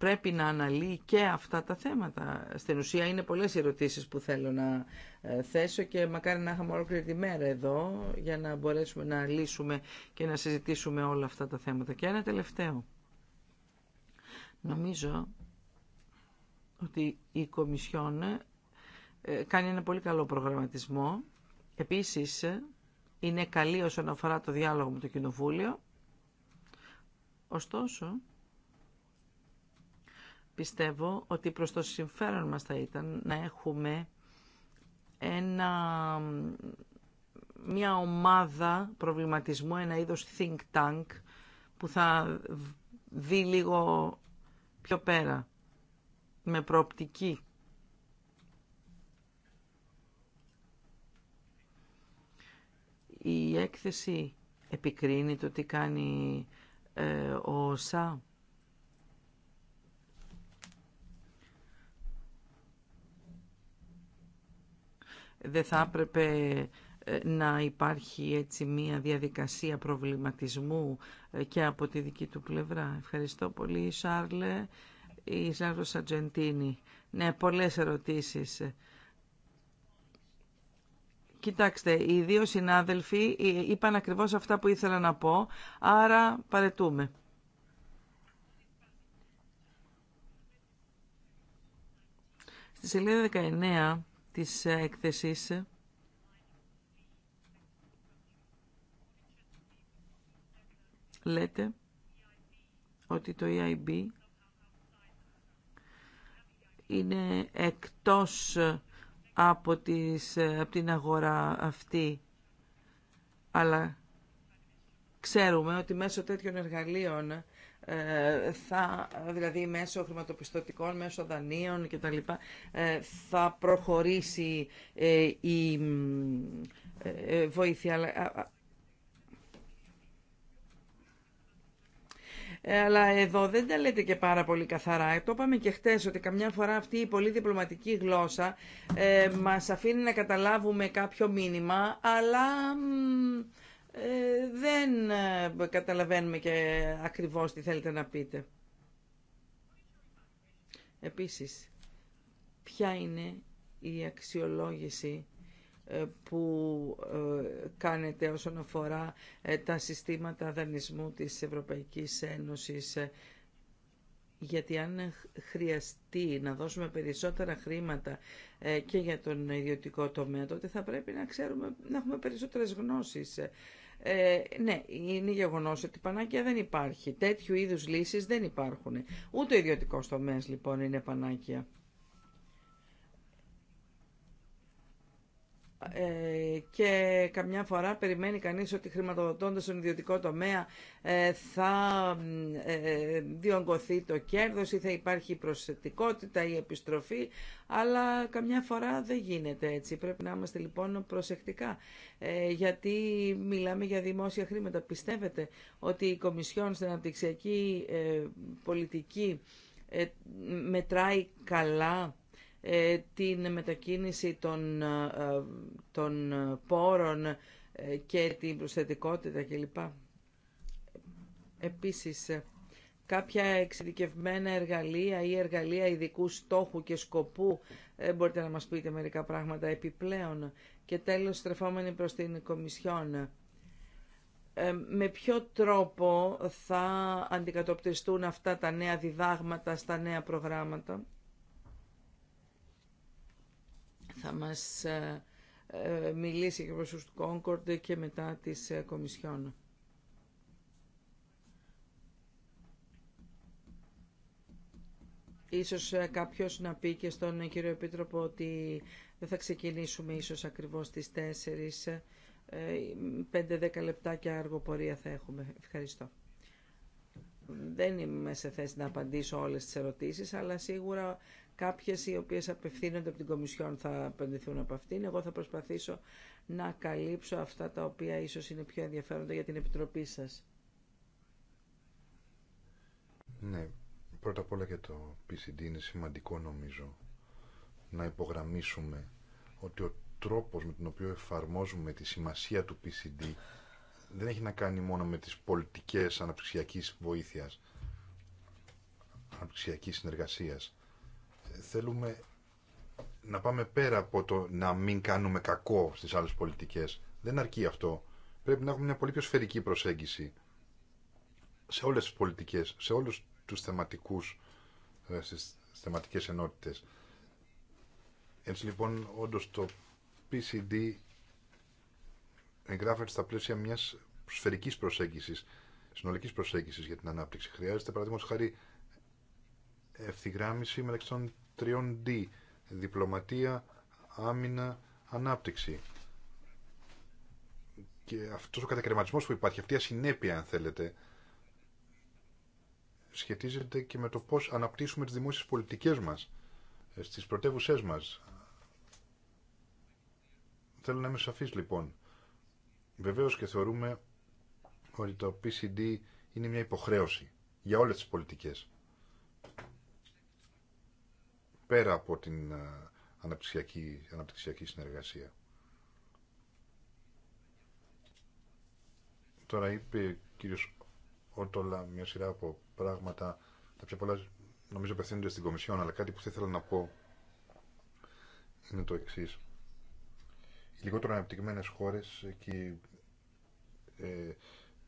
πρέπει να αναλύει και αυτά τα θέματα. Στην ουσία είναι πολλές ερωτήσεις που θέλω να ε, θέσω και μακάρι να είχαμε ολόκληρη τη μέρα εδώ για να μπορέσουμε να λύσουμε και να συζητήσουμε όλα αυτά τα θέματα. Και ένα τελευταίο. Νομίζω ότι η Κομισιόν ε, κάνει ένα πολύ καλό προγραμματισμό. Επίσης, είναι καλή όσον αφορά το διάλογο με το Κοινοβούλιο. Ωστόσο, Πιστεύω ότι προς το συμφέρον μας θα ήταν να έχουμε ένα, μια ομάδα προβληματισμού, ένα είδος think tank που θα δει λίγο πιο πέρα, με προοπτική. Η έκθεση επικρίνει το τι κάνει ε, ο ΣΑ. Δεν θα έπρεπε ε, να υπάρχει έτσι μία διαδικασία προβληματισμού ε, και από τη δική του πλευρά. Ευχαριστώ πολύ, Σάρλε. Η Σάρλο Ατζεντίνη. Ναι, πολλές ερωτήσεις. Κοιτάξτε, οι δύο συνάδελφοι ε, είπαν ακριβώς αυτά που ήθελα να πω, άρα παρετούμε. Στη σελίδα 19 της ε, έκθεσης. Λέτε ότι το EIB είναι εκτός ε, από, τις, ε, από την αγορά αυτή. Αλλά ξέρουμε ότι μέσω τέτοιων εργαλείων ε, θα, δηλαδή μέσω χρηματοπιστωτικών, μέσω δανείων και τα λοιπά ε, θα προχωρήσει ε, η βοήθεια. αλλά εδώ δεν τα λέτε και πάρα πολύ καθαρά. Το είπαμε και χτές ότι καμιά φορά αυτή η πολύ διπλωματική γλώσσα ε, μας αφήνει να καταλάβουμε κάποιο μήνυμα, αλλά ε, δεν ε, καταλαβαίνουμε και ακριβώς τι θέλετε να πείτε. Επίσης, ποια είναι η αξιολόγηση ε, που κάνετε όσον αφορά τα συστήματα δανεισμού της Ευρωπαϊκής Ένωσης γιατί αν χρειαστεί να δώσουμε περισσότερα χρήματα και για τον ιδιωτικό τομέα τότε θα πρέπει να ξέρουμε να έχουμε περισσότερες γνώσεις ε, ναι, είναι γεγονό ότι πανάκια δεν υπάρχει. Τέτοιου είδου λύσει δεν υπάρχουν. Ούτε ο ιδιωτικό τομέα λοιπόν είναι πανάκια. Ε, και καμιά φορά περιμένει κανείς ότι χρηματοδοτώντας τον ιδιωτικό τομέα ε, θα ε, διονγκωθεί το κέρδος ή θα υπάρχει προσεκτικότητα ή επιστροφή, αλλά καμιά φορά δεν γίνεται έτσι. Πρέπει να είμαστε λοιπόν προσεκτικά, γιατί μιλάμε για δημόσια χρήματα. Πιστεύετε ότι η Κομισιόν στην αναπτυξιακή πολιτική μετράει καλά ε, την μετακίνηση των, ε, των πόρων ε, και την προσθετικότητα κλπ. Επίσης, κάποια εξειδικευμένα εργαλεία ή εργαλεία ειδικού στόχου και σκοπού. μπορείτε να μας πείτε μερικά πράγματα επιπλέον. Και τέλος, στρεφόμενοι προς την Κομισιόν. με ποιο τρόπο θα αντικατοπτριστούν αυτά τα νέα διδάγματα στα νέα προγράμματα. θα μας ε, ε, μιλήσει και προς του Κόγκορντ και μετά της ε, Κομισιόν. Ίσως κάποιος να πει και στον κύριο Επίτροπο ότι δεν θα ξεκινήσουμε ίσως ακριβώς τις 4, 5-10 λεπτά και αργοπορία θα έχουμε. Ευχαριστώ. Δεν είμαι σε θέση να απαντήσω όλες τις ερωτήσεις, αλλά σίγουρα Κάποιες οι οποίες απευθύνονται από την Κομισιόν θα απαντηθούν από αυτήν. Εγώ θα προσπαθήσω να καλύψω αυτά τα οποία ίσως είναι πιο ενδιαφέροντα για την Επιτροπή σας. Ναι, πρώτα απ' όλα για το PCD είναι σημαντικό νομίζω να υπογραμμίσουμε ότι ο τρόπος με τον οποίο εφαρμόζουμε τη σημασία του PCD δεν έχει να κάνει μόνο με τις πολιτικές αναπτυξιακής βοήθειας, αναπτυξιακής συνεργασίας θέλουμε να πάμε πέρα από το να μην κάνουμε κακό στις άλλες πολιτικές. Δεν αρκεί αυτό. Πρέπει να έχουμε μια πολύ πιο σφαιρική προσέγγιση σε όλες τις πολιτικές, σε όλους τους θεματικούς, ε, στις θεματικές ενότητες. Έτσι λοιπόν όντω το PCD εγγράφεται στα πλαίσια μιας σφαιρικής προσέγγισης, συνολικής προσέγγισης για την ανάπτυξη. Χρειάζεται παραδείγματος χάρη ευθυγράμμιση μεταξύ των 3 D. Διπλωματία, άμυνα, ανάπτυξη. Και αυτός ο κατακρεματισμός που υπάρχει, αυτή η ασυνέπεια αν θέλετε, σχετίζεται και με το πώς αναπτύσσουμε τις δημόσιες πολιτικές μας, ε, στις πρωτεύουσές μας. Θέλω να είμαι σαφής λοιπόν. Βεβαίως και θεωρούμε ότι το PCD είναι μια υποχρέωση για όλες τις πολιτικές πέρα από την ε, αναπτυξιακή, αναπτυξιακή συνεργασία. Τώρα είπε ο κύριος Ότολα μια σειρά από πράγματα, τα πιο πολλά νομίζω απευθύνονται στην Κομισιόν, αλλά κάτι που θα ήθελα να πω είναι το εξή. Οι λιγότερο αναπτυγμένε χώρε και ε,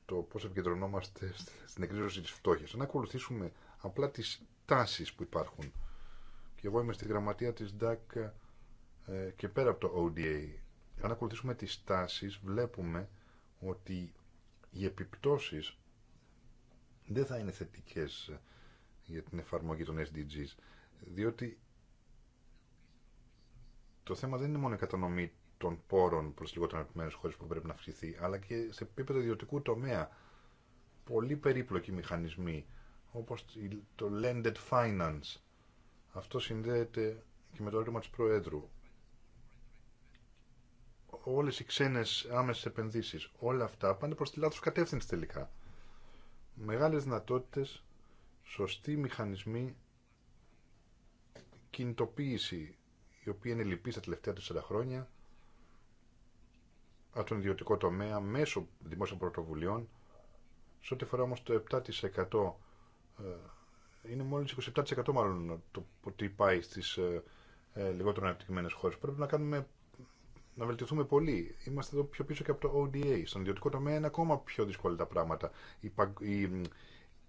το πώ επικεντρωνόμαστε στην εκρίζωση τη φτώχεια. Αν ακολουθήσουμε απλά τι τάσει που υπάρχουν, εγώ είμαι στη γραμματεία της DAC ε, και πέρα από το ODA. Αν ακολουθήσουμε τις τάσεις βλέπουμε ότι οι επιπτώσεις δεν θα είναι θετικές ε, για την εφαρμογή των SDGs διότι το θέμα δεν είναι μόνο η κατανομή των πόρων προς λιγότερο αναπημένες χώρες που πρέπει να αυξηθεί αλλά και σε επίπεδο ιδιωτικού τομέα πολύ περίπλοκοι μηχανισμοί όπως το lended finance αυτό συνδέεται και με το ρήμα της Προέδρου. Όλες οι ξένες άμεσες επενδύσεις, όλα αυτά πάνε προς τη λάθος κατεύθυνση τελικά. Μεγάλες δυνατότητε, σωστοί μηχανισμοί, κινητοποίηση, η οποία είναι λυπή στα τελευταία τέσσερα χρόνια, από τον ιδιωτικό τομέα, μέσω δημόσιων πρωτοβουλειών, σε ό,τι φορά όμως το 7% είναι μόλις 27% μάλλον το τι πάει στις ε, ε, λιγότερο αναπτυγμένες χώρες. Πρέπει να κάνουμε να βελτιωθούμε πολύ. Είμαστε εδώ πιο πίσω και από το ODA. Στον ιδιωτικό τομέα είναι ακόμα πιο δύσκολα τα πράγματα. Οι, οι,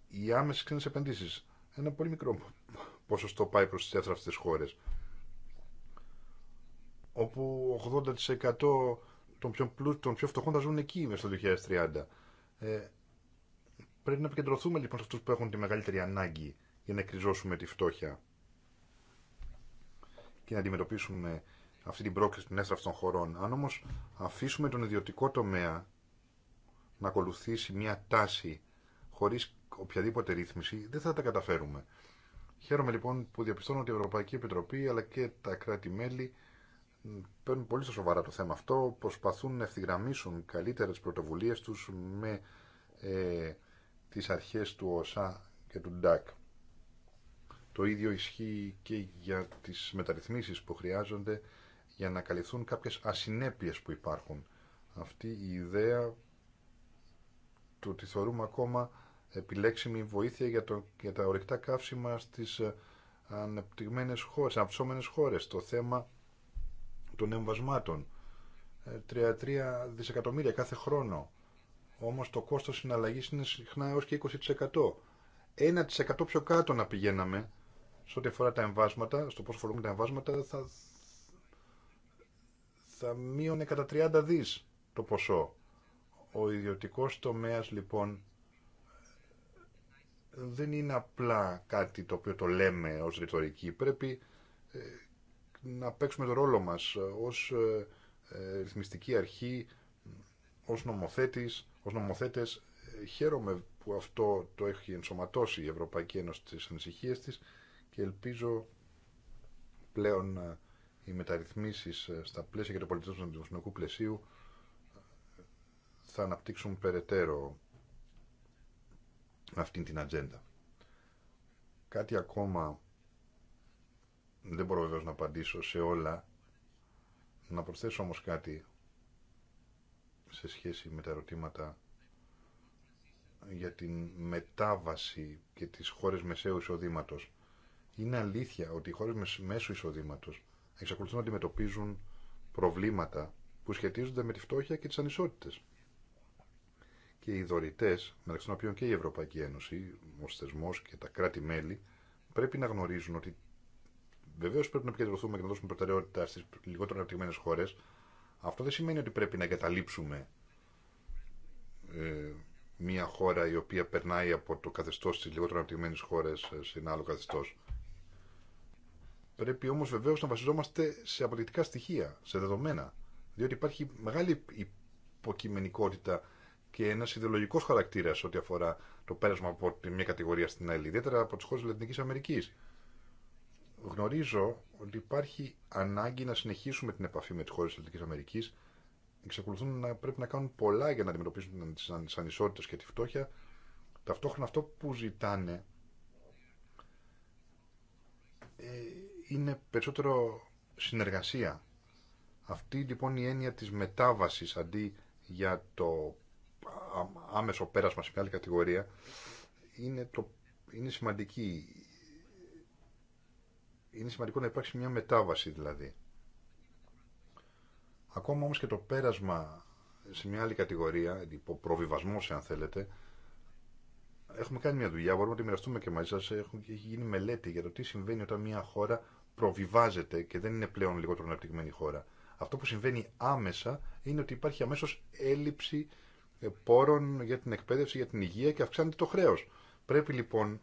οι άμεσε ξένε επενδύσει. Ένα πολύ μικρό ποσοστό πάει προ τι έθραυστε χώρε. Όπου 80% των πιο, πλού, των πιο φτωχών θα ζουν εκεί μέσα στο 2030. Ε, πρέπει να επικεντρωθούμε λοιπόν σε αυτού που έχουν τη μεγαλύτερη ανάγκη για να εκριζώσουμε τη φτώχεια και να αντιμετωπίσουμε αυτή την πρόκληση των έστραφτων χωρών. Αν όμως αφήσουμε τον ιδιωτικό τομέα να ακολουθήσει μια τάση χωρίς οποιαδήποτε ρύθμιση, δεν θα τα καταφέρουμε. Χαίρομαι λοιπόν που διαπιστώνω ότι η Ευρωπαϊκή Επιτροπή αλλά και τα κράτη-μέλη παίρνουν πολύ στα σοβαρά το θέμα αυτό, προσπαθούν να ευθυγραμμίσουν καλύτερα τις πρωτοβουλίες τους με ε, τις αρχές του ΟΣΑ και του ΝΤΑΚ. Το ίδιο ισχύει και για τις μεταρρυθμίσεις που χρειάζονται για να καλυφθούν κάποιες ασυνέπειες που υπάρχουν. Αυτή η ιδέα του ότι θεωρούμε ακόμα επιλέξιμη βοήθεια για, το, για τα ορυκτά καύσιμα στις χώρε, χώρες, αναπτυσσόμενε χώρες, το θέμα των εμβασμάτων. 3-3 ε, δισεκατομμύρια κάθε χρόνο. Όμως το κόστος συναλλαγής είναι συχνά έως και 20%. 1% πιο κάτω να πηγαίναμε σε ό,τι αφορά τα εμβάσματα, στο πώ φορούμε τα εμβάσματα, θα, θα μείωνε κατά 30 δις το ποσό. Ο ιδιωτικός τομέας λοιπόν δεν είναι απλά κάτι το οποίο το λέμε ως ρητορική. Πρέπει ε, να παίξουμε το ρόλο μας ως ε, ε, ρυθμιστική αρχή, ως νομοθέτης, ως νομοθέτες. Χαίρομαι που αυτό το έχει ενσωματώσει η Ευρωπαϊκή Ένωση στις ανησυχίες της και ελπίζω πλέον ε, οι μεταρρυθμίσεις ε, στα πλαίσια και το πολιτισμό του δημοσιονομικού πλαισίου ε, θα αναπτύξουν περαιτέρω αυτήν την ατζέντα. Κάτι ακόμα δεν μπορώ βεβαίως να απαντήσω σε όλα. Να προσθέσω όμως κάτι σε σχέση με τα ερωτήματα για την μετάβαση και τις χώρες μεσαίου εισοδήματος. Είναι αλήθεια ότι οι χώρε μέσω εισοδήματο εξακολουθούν να αντιμετωπίζουν προβλήματα που σχετίζονται με τη φτώχεια και τι ανισότητε. Και οι δωρητέ, μεταξύ των οποίων και η Ευρωπαϊκή Ένωση, ο θεσμό και τα κράτη-μέλη, πρέπει να γνωρίζουν ότι βεβαίω πρέπει να επικεντρωθούμε και να δώσουμε προτεραιότητα στι λιγότερο αναπτυγμένε χώρε. Αυτό δεν σημαίνει ότι πρέπει να εγκαταλείψουμε ε, μια χώρα η οποία περνάει από το καθεστώ τη λιγότερο αναπτυγμένη χώρα σε ένα άλλο καθεστώ. Πρέπει όμω βεβαίω να βασιζόμαστε σε αποδεικτικά στοιχεία, σε δεδομένα. Διότι υπάρχει μεγάλη υποκειμενικότητα και ένα ιδεολογικό χαρακτήρα ό,τι αφορά το πέρασμα από τη μια κατηγορία στην άλλη, ιδιαίτερα από τι χώρε τη Λατινική Αμερική. Γνωρίζω ότι υπάρχει ανάγκη να συνεχίσουμε την επαφή με τι χώρε τη Λατινική Αμερική. Εξακολουθούν να πρέπει να κάνουν πολλά για να αντιμετωπίσουν τι ανισότητε και τη φτώχεια. Ταυτόχρονα αυτό που ζητάνε ε, είναι περισσότερο συνεργασία. Αυτή λοιπόν η έννοια της μετάβασης αντί για το άμεσο πέρασμα σε μια άλλη κατηγορία είναι, το, είναι σημαντική. Είναι σημαντικό να υπάρξει μια μετάβαση δηλαδή. Ακόμα όμως και το πέρασμα σε μια άλλη κατηγορία, προβιβασμό αν θέλετε, έχουμε κάνει μια δουλειά, μπορούμε να τη μοιραστούμε και μαζί σας, έχει γίνει μελέτη για το τι συμβαίνει όταν μια χώρα προβιβάζεται και δεν είναι πλέον λιγότερο αναπτυγμένη χώρα. Αυτό που συμβαίνει άμεσα είναι ότι υπάρχει αμέσω έλλειψη ε, πόρων για την εκπαίδευση, για την υγεία και αυξάνεται το χρέο. Πρέπει λοιπόν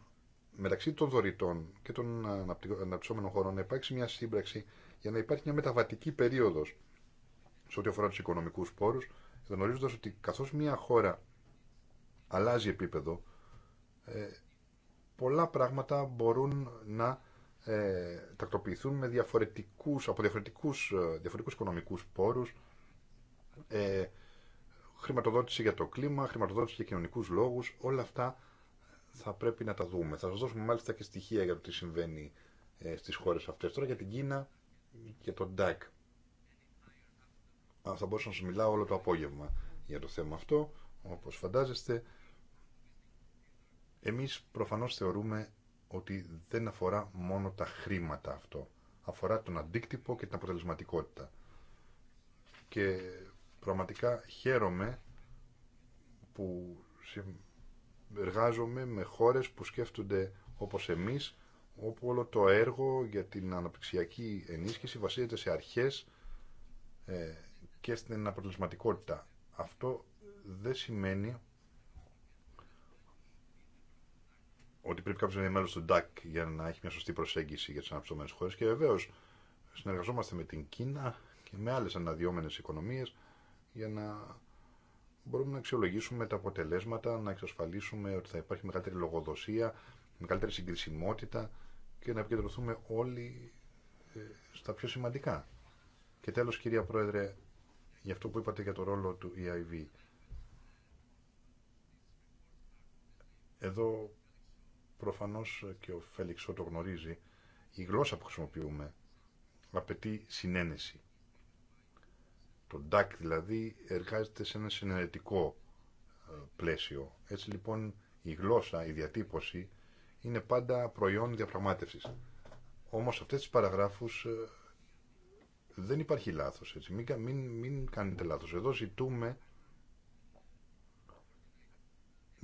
μεταξύ των δωρητών και των αναπτυσσόμενων χωρών να υπάρξει μια σύμπραξη για να υπάρχει μια μεταβατική περίοδο σε ό,τι αφορά του οικονομικού πόρου, γνωρίζοντα ότι καθώ μια χώρα αλλάζει επίπεδο, ε, πολλά πράγματα μπορούν να ε, τακτοποιηθούν με διαφορετικούς, από διαφορετικούς, ε, διαφορετικούς οικονομικούς πόρους, ε, χρηματοδότηση για το κλίμα, χρηματοδότηση για κοινωνικούς λόγους, όλα αυτά θα πρέπει να τα δούμε. Θα σας δώσουμε μάλιστα και στοιχεία για το τι συμβαίνει ε, στις χώρες αυτές. Τώρα για την Κίνα και τον ΤΑΚ. Θα μπορούσα να σας μιλάω όλο το απόγευμα για το θέμα αυτό, όπως φαντάζεστε. Εμείς προφανώς θεωρούμε ότι δεν αφορά μόνο τα χρήματα αυτό. Αφορά τον αντίκτυπο και την αποτελεσματικότητα. Και πραγματικά χαίρομαι που εργάζομαι με χώρες που σκέφτονται όπως εμείς, όπου όλο το έργο για την αναπτυξιακή ενίσχυση βασίζεται σε αρχές ε, και στην αποτελεσματικότητα. Αυτό δεν σημαίνει ότι πρέπει κάποιο να είναι μέλο του DAC για να έχει μια σωστή προσέγγιση για τι αναπτυσσόμενε χώρε. Και βεβαίω συνεργαζόμαστε με την Κίνα και με άλλε αναδυόμενε οικονομίε για να μπορούμε να αξιολογήσουμε τα αποτελέσματα, να εξασφαλίσουμε ότι θα υπάρχει μεγαλύτερη λογοδοσία, μεγαλύτερη συγκρισιμότητα και να επικεντρωθούμε όλοι ε, στα πιο σημαντικά. Και τέλος, κυρία Πρόεδρε, για αυτό που είπατε για το ρόλο του EIV. Εδώ Προφανώς και ο Φέληξο το γνωρίζει. Η γλώσσα που χρησιμοποιούμε απαιτεί συνένεση. Το DAC δηλαδή εργάζεται σε ένα συνενετικό ε, πλαίσιο. Έτσι λοιπόν η γλώσσα, η διατύπωση είναι πάντα προϊόν διαπραγμάτευσης. Όμως αυτές τις παραγράφους ε, δεν υπάρχει λάθος. Έτσι. Μην, μην, κάνετε λάθος. Εδώ ζητούμε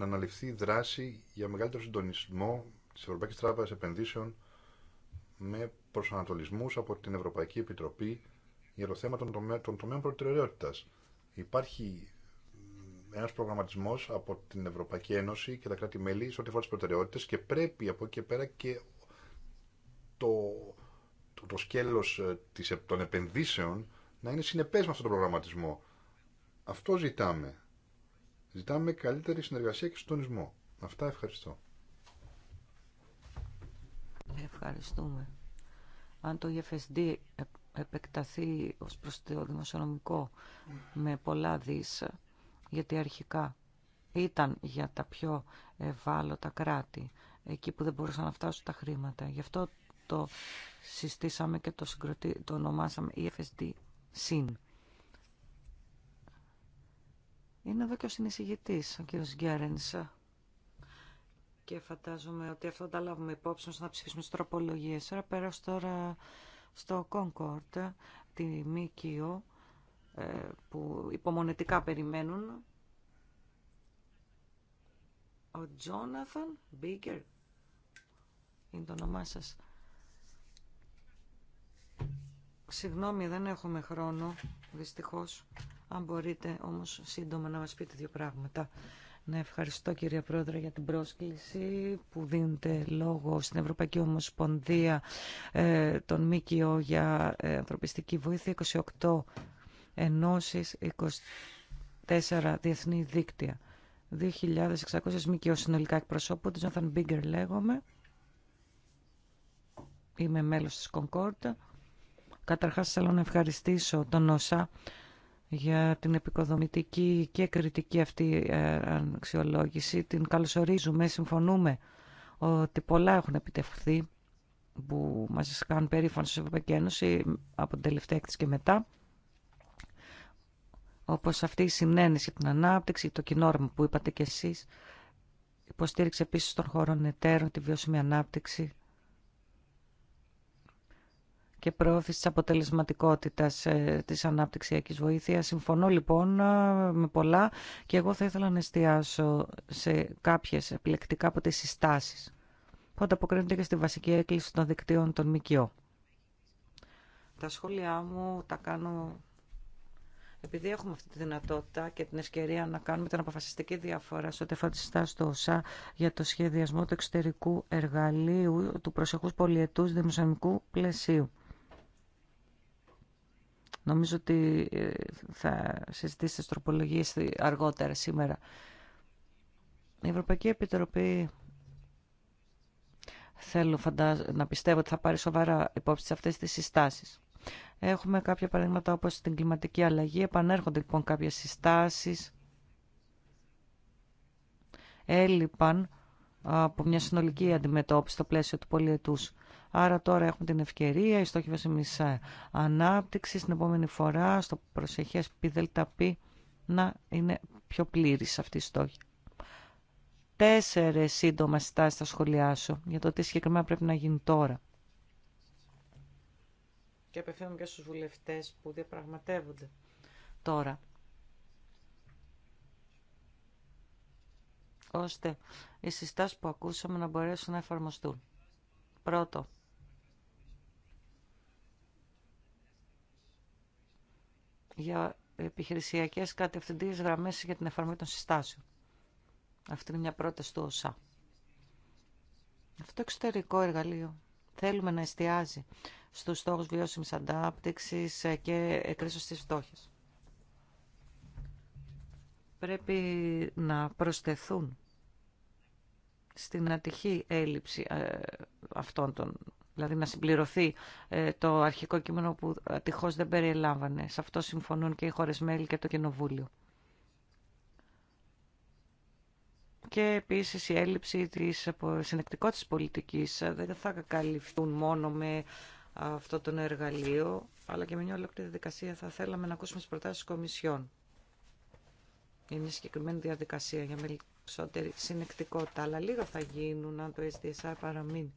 να αναλυφθεί δράση για μεγαλύτερο συντονισμό της Ευρωπαϊκής Τράπεζας Επενδύσεων με προσανατολισμούς από την Ευρωπαϊκή Επιτροπή για το θέμα των, των τομέων προτεραιότητας. Υπάρχει ένα προγραμματισμός από την Ευρωπαϊκή Ένωση και τα κράτη-μέλη σε ό,τι αφορά τι προτεραιότητες και πρέπει από εκεί και πέρα και το, το, το ε, των επενδύσεων να είναι συνεπές με αυτόν τον προγραμματισμό. Αυτό ζητάμε. Ζητάμε καλύτερη συνεργασία και συντονισμό. Αυτά ευχαριστώ. Ευχαριστούμε. Αν το EFSD επεκταθεί ως προς το δημοσιονομικό με πολλά δις, γιατί αρχικά ήταν για τα πιο ευάλωτα κράτη, εκεί που δεν μπορούσαν να φτάσουν τα χρήματα. Γι' αυτό το συστήσαμε και το, συγκροτη... το ονομάσαμε EFSD-SYN είναι εδώ και ο συνεισηγητή, ο κ. Γκέρενς. Και φαντάζομαι ότι αυτό τα λάβουμε υπόψη μας να ψηφίσουμε τις τροπολογίες. Τώρα πέρασε τώρα στο Κόνκορτ, τη ΜΚΙΟ, ε, που υπομονετικά περιμένουν. Ο Τζόναθαν Μπίγκερ είναι το όνομά σας. Συγγνώμη, δεν έχουμε χρόνο, δυστυχώς. Αν μπορείτε όμως σύντομα να μας πείτε δύο πράγματα. Να ευχαριστώ κυρία Πρόεδρε για την πρόσκληση που δίνεται λόγο στην Ευρωπαϊκή Ομοσπονδία ε, των ΜΚΟ για ε, ανθρωπιστική βοήθεια 28 ενώσεις 24 διεθνή δίκτυα. 2.600 ΜΚΟ συνολικά εκπροσώπου, της Jonathan Bigger λέγομαι. Είμαι μέλος της Concord. Καταρχάς θέλω να ευχαριστήσω τον ΩΣΑ για την επικοδομητική και κριτική αυτή ε, αξιολόγηση. Την καλωσορίζουμε, συμφωνούμε ότι πολλά έχουν επιτευχθεί που μας κάνουν περήφανο στην Ευρωπαϊκή Ένωση από την τελευταία έκθεση και μετά όπως αυτή η συνένεση, την ανάπτυξη, το κοινόρμα που είπατε κι εσείς, υποστήριξε επίσης των χωρών εταίρων τη βιώσιμη ανάπτυξη και προώθηση ε, της αποτελεσματικότητας της αναπτυξιακής βοήθειας. Συμφωνώ λοιπόν ε, με πολλά και εγώ θα ήθελα να εστιάσω σε κάποιες επιλεκτικά από τις συστάσεις που ανταποκρίνονται και στη βασική έκκληση των δικτύων των ΜΚΟ. Τα σχόλιά μου τα κάνω επειδή έχουμε αυτή τη δυνατότητα και την ευκαιρία να κάνουμε την αποφασιστική διαφορά στο ό,τι αφορά του ΩΣΑ για το σχεδιασμό του εξωτερικού εργαλείου του προσεχούς πολιετούς δημοσιονομικού πλαισίου. Νομίζω ότι ε, θα συζητήσετε τροπολογίες αργότερα σήμερα. Η Ευρωπαϊκή Επιτροπή θέλω να πιστεύω ότι θα πάρει σοβαρά υπόψη σε αυτές τις συστάσεις. Έχουμε κάποια παραδείγματα όπως την κλιματική αλλαγή. Επανέρχονται λοιπόν κάποιες συστάσεις. Έλειπαν από μια συνολική αντιμετώπιση στο πλαίσιο του πολιετούς Άρα τώρα έχουμε την ευκαιρία, η στόχη βασιμής ε, ανάπτυξη την επόμενη φορά, στο προσεχές πι να είναι πιο πλήρης αυτή η στόχη. Τέσσερες σύντομα στάσεις θα σχολιάσω για το τι συγκεκριμένα πρέπει να γίνει τώρα. Και απευθύνομαι και στους βουλευτές που διαπραγματεύονται τώρα. ώστε οι συστάσεις που ακούσαμε να μπορέσουν να εφαρμοστούν. Πρώτο, για επιχειρησιακές κατευθυντήριες γραμμές για την εφαρμογή των συστάσεων. Αυτή είναι μια πρόταση του ΩΣΑ. Αυτό το εξωτερικό εργαλείο θέλουμε να εστιάζει στους στόχους βιώσιμης ανάπτυξης και εκρίσωσης της φτώχειας. Πρέπει να προσθεθούν στην ατυχή έλλειψη ε, αυτών των δηλαδή να συμπληρωθεί ε, το αρχικό κείμενο που ε, τυχώς δεν περιελάμβανε. Σε αυτό συμφωνούν και οι χώρες μέλη και το Κοινοβούλιο. Και επίσης η έλλειψη της ε, συνεκτικότητας πολιτικής δεν θα καλυφθούν μόνο με αυτό το εργαλείο, αλλά και με μια ολόκληρη διαδικασία θα θέλαμε να ακούσουμε τις προτάσεις Κομισιόν Είναι μια συγκεκριμένη διαδικασία, για μελισσότερη συνεκτικότητα. Αλλά λίγα θα γίνουν αν το SDSR παραμείνει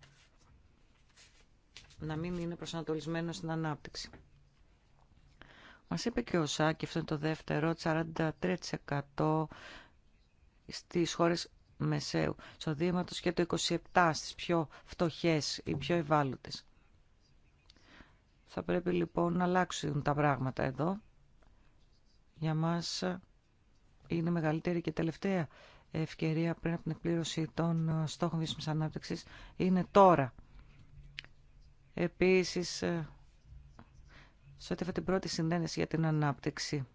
να μην είναι προσανατολισμένο στην ανάπτυξη. Μας είπε και ο Σάκη, αυτό είναι το δεύτερο, 43% στις χώρες μεσαίου Στο εισοδήματο και το 27% στι πιο φτωχές ή πιο ευάλωτε. Θα πρέπει λοιπόν να αλλάξουν τα πράγματα εδώ. Για μας είναι μεγαλύτερη και τελευταία ευκαιρία πριν από την εκπλήρωση των στόχων βιώσιμης ανάπτυξης. Είναι τώρα Επίσης, ε, σε ό,τι την πρώτη συνένεση για την ανάπτυξη,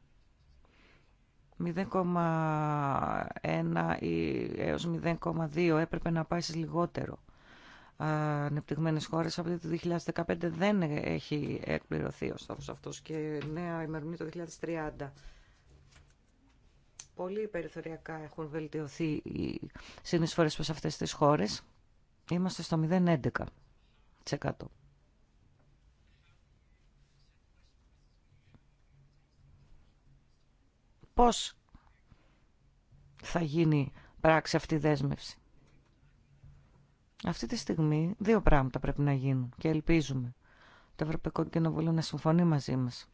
0,1 ή έως 0,2 έπρεπε να πάει λιγότερο ανεπτυγμένες χώρες από το 2015 δεν έχει εκπληρωθεί ο στόχος αυτός και νέα ημερομηνία το 2030. Πολύ περιθωριακά έχουν βελτιωθεί οι συνεισφορές προς αυτές τις χώρες. Είμαστε στο 0,11%. Πώς θα γίνει πράξη αυτή η δέσμευση. Αυτή τη στιγμή δύο πράγματα πρέπει να γίνουν και ελπίζουμε το Ευρωπαϊκό Κοινοβούλιο να συμφωνεί μαζί μας.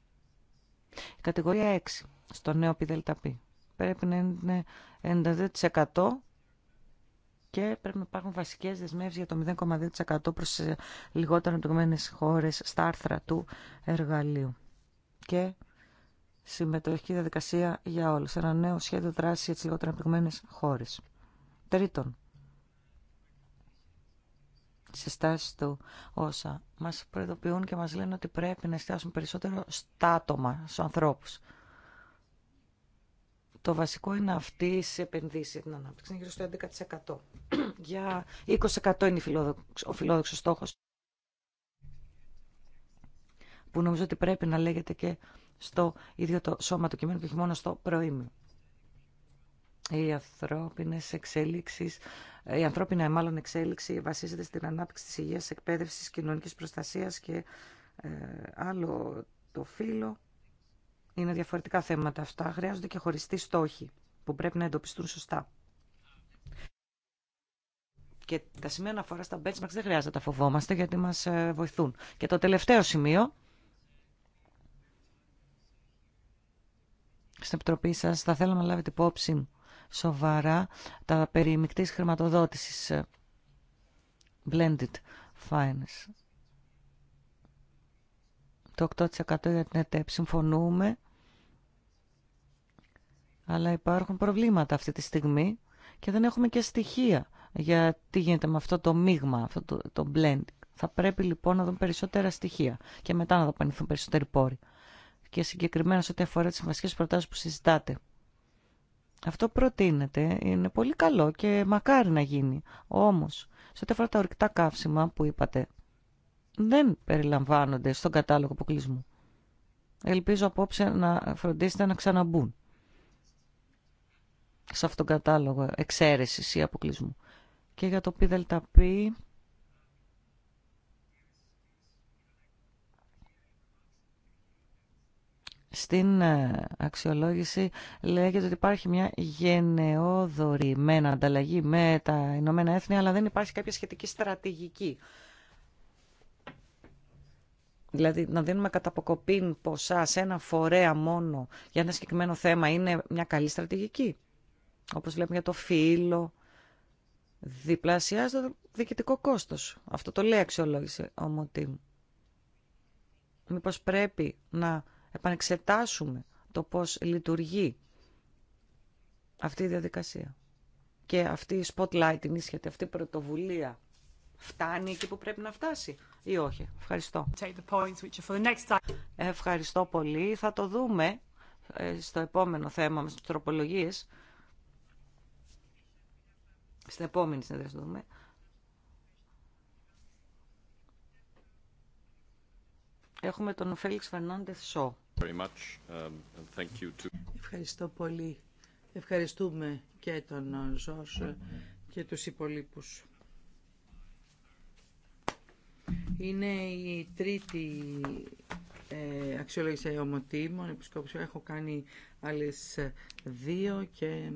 Η κατηγορία 6 στο νέο ΠΔΠ πρέπει να είναι 92% και πρέπει να υπάρχουν βασικές δεσμεύσεις για το 0,2% προς λιγότερο ανεπτυγμένε χώρε στα άρθρα του εργαλείου. Και συμμετοχική διαδικασία για όλους. Ένα νέο σχέδιο δράση για τι λιγότερο αναπτυγμένε χώρες. Τρίτον, στάσει του όσα μας προειδοποιούν και μας λένε ότι πρέπει να εστιάσουμε περισσότερο στα άτομα, στους ανθρώπους. Το βασικό είναι αυτή η επενδύση την ανάπτυξη, είναι γύρω στο 11%. για 20% είναι ο φιλόδοξος στόχος που νομίζω ότι πρέπει να λέγεται και στο ίδιο το σώμα του κειμένου και όχι μόνο στο προήμιο. Οι ανθρώπινε εξέλιξει, η ανθρώπινη μάλλον εξέλιξη βασίζεται στην ανάπτυξη τη υγεία, εκπαίδευση, κοινωνική προστασία και ε, άλλο το φύλλο. Είναι διαφορετικά θέματα αυτά. Χρειάζονται και χωριστοί στόχοι που πρέπει να εντοπιστούν σωστά. Και τα σημεία αναφορά στα benchmarks δεν χρειάζεται να τα φοβόμαστε γιατί μα ε, βοηθούν. Και το τελευταίο σημείο στην Επιτροπή σας θα θέλαμε να λάβετε υπόψη σοβαρά τα περί μεικτή χρηματοδότησης ε, blended finance. Το 8% για την ΕΤΕΠ συμφωνούμε, αλλά υπάρχουν προβλήματα αυτή τη στιγμή και δεν έχουμε και στοιχεία για τι γίνεται με αυτό το μείγμα, αυτό το, το blending. Θα πρέπει λοιπόν να δούμε περισσότερα στοιχεία και μετά να δαπανηθούν περισσότεροι πόροι και συγκεκριμένα σε ό,τι αφορά τις βασικές προτάσεις που συζητάτε. Αυτό προτείνεται, είναι πολύ καλό και μακάρι να γίνει. Όμως, σε ό,τι αφορά τα ορυκτά καύσιμα που είπατε, δεν περιλαμβάνονται στον κατάλογο αποκλεισμού. Ελπίζω απόψε να φροντίσετε να ξαναμπούν σε αυτόν τον κατάλογο εξαίρεση ή αποκλεισμού. Και για το πι στην ε, αξιολόγηση λέγεται ότι υπάρχει μια γενναιόδορη μεν ανταλλαγή με τα Ηνωμένα Έθνη, αλλά δεν υπάρχει κάποια σχετική στρατηγική. Δηλαδή να δίνουμε κατά αποκοπήν ποσά σε ένα φορέα μόνο για ένα συγκεκριμένο θέμα είναι μια καλή στρατηγική. Όπως βλέπουμε για το φύλλο, διπλασιάζει το διοικητικό κόστος. Αυτό το λέει αξιολόγηση ομοτήμου. Μήπως πρέπει να επανεξετάσουμε το πώς λειτουργεί αυτή η διαδικασία. Και αυτή η spotlight ίσχυτη, αυτή η πρωτοβουλία φτάνει εκεί που πρέπει να φτάσει ή όχι. Ευχαριστώ. Ευχαριστώ πολύ. Θα το δούμε ε, στο επόμενο θέμα μας, στις τροπολογίες. Στην επόμενη συνέντευξη θα το δούμε. Έχουμε τον Φέλιξ Φερνάντεθ Σό. Um, Ευχαριστώ πολύ. Ευχαριστούμε και τον ε, Ζωσ ε, και τους υπολείπους. Είναι η τρίτη ε, αξιολόγηση αιωμοτήμων. επισκόπηση. Έχω κάνει άλλες ε, δύο και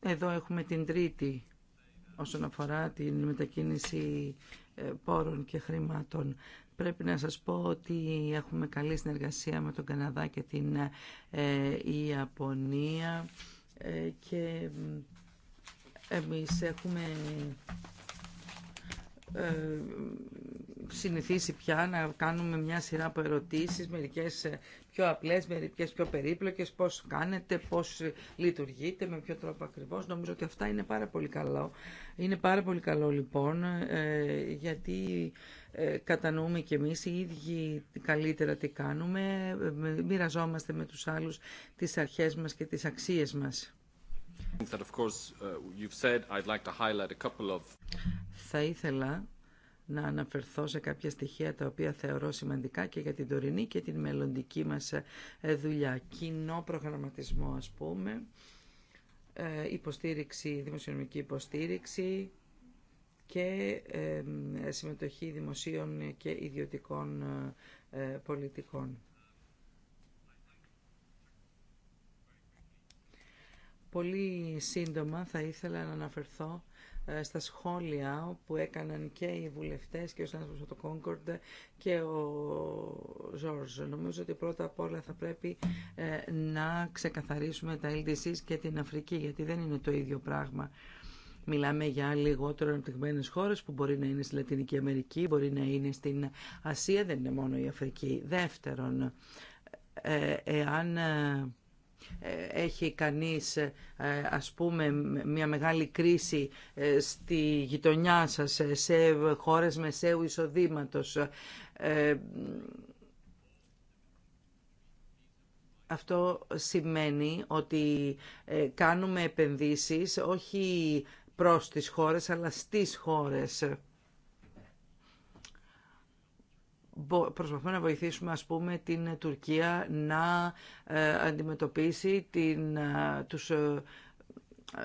εδώ έχουμε την τρίτη όσον αφορά την μετακίνηση πόρων και χρημάτων. Πρέπει να σας πω ότι έχουμε καλή συνεργασία με τον Καναδά και την ε, Ιαπωνία ε, και εμείς έχουμε ε, συνηθίσει πια να κάνουμε μια σειρά από ερωτήσεις, μερικές πιο απλές, μερικέ πιο περίπλοκες, πώς κάνετε, πώς λειτουργείτε, με ποιο τρόπο ακριβώ. Νομίζω ότι αυτά είναι πάρα πολύ καλό. Είναι πάρα πολύ καλό λοιπόν, ε, γιατί ε, κατανοούμε και εμείς οι ίδιοι καλύτερα τι κάνουμε, μοιραζόμαστε με τους άλλους τις αρχές μας και τις αξίες μας. Θα ήθελα να αναφερθώ σε κάποια στοιχεία τα οποία θεωρώ σημαντικά και για την τωρινή και την μελλοντική μας ε, δουλειά. Κοινό προγραμματισμό ας πούμε, ε, υποστήριξη, δημοσιονομική υποστήριξη και συμμετοχή δημοσίων και ιδιωτικών ε, πολιτικών. Πολύ σύντομα θα ήθελα να αναφερθώ ε, στα σχόλια που έκαναν και οι βουλευτές και ο από το Κόγκορντ και ο Ζόρζ. Νομίζω ότι πρώτα απ' όλα θα πρέπει ε, να ξεκαθαρίσουμε τα LDCs και την Αφρική γιατί δεν είναι το ίδιο πράγμα. Μιλάμε για λιγότερο αναπτυγμένε χώρε που μπορεί να είναι στη Λατινική Αμερική, μπορεί να είναι στην Ασία, δεν είναι μόνο η Αφρική. Δεύτερον, ε, εάν ε, έχει κανείς ε, ας πούμε μια μεγάλη κρίση ε, στη γειτονιά σας σε χώρες μεσαίου εισοδήματος αυτό σημαίνει ότι κάνουμε επενδύσεις όχι προς τις χώρες αλλά στις χώρες προσπαθούμε να βοηθήσουμε ας πούμε την Τουρκία να ε, αντιμετωπίσει την, ε, τους ε,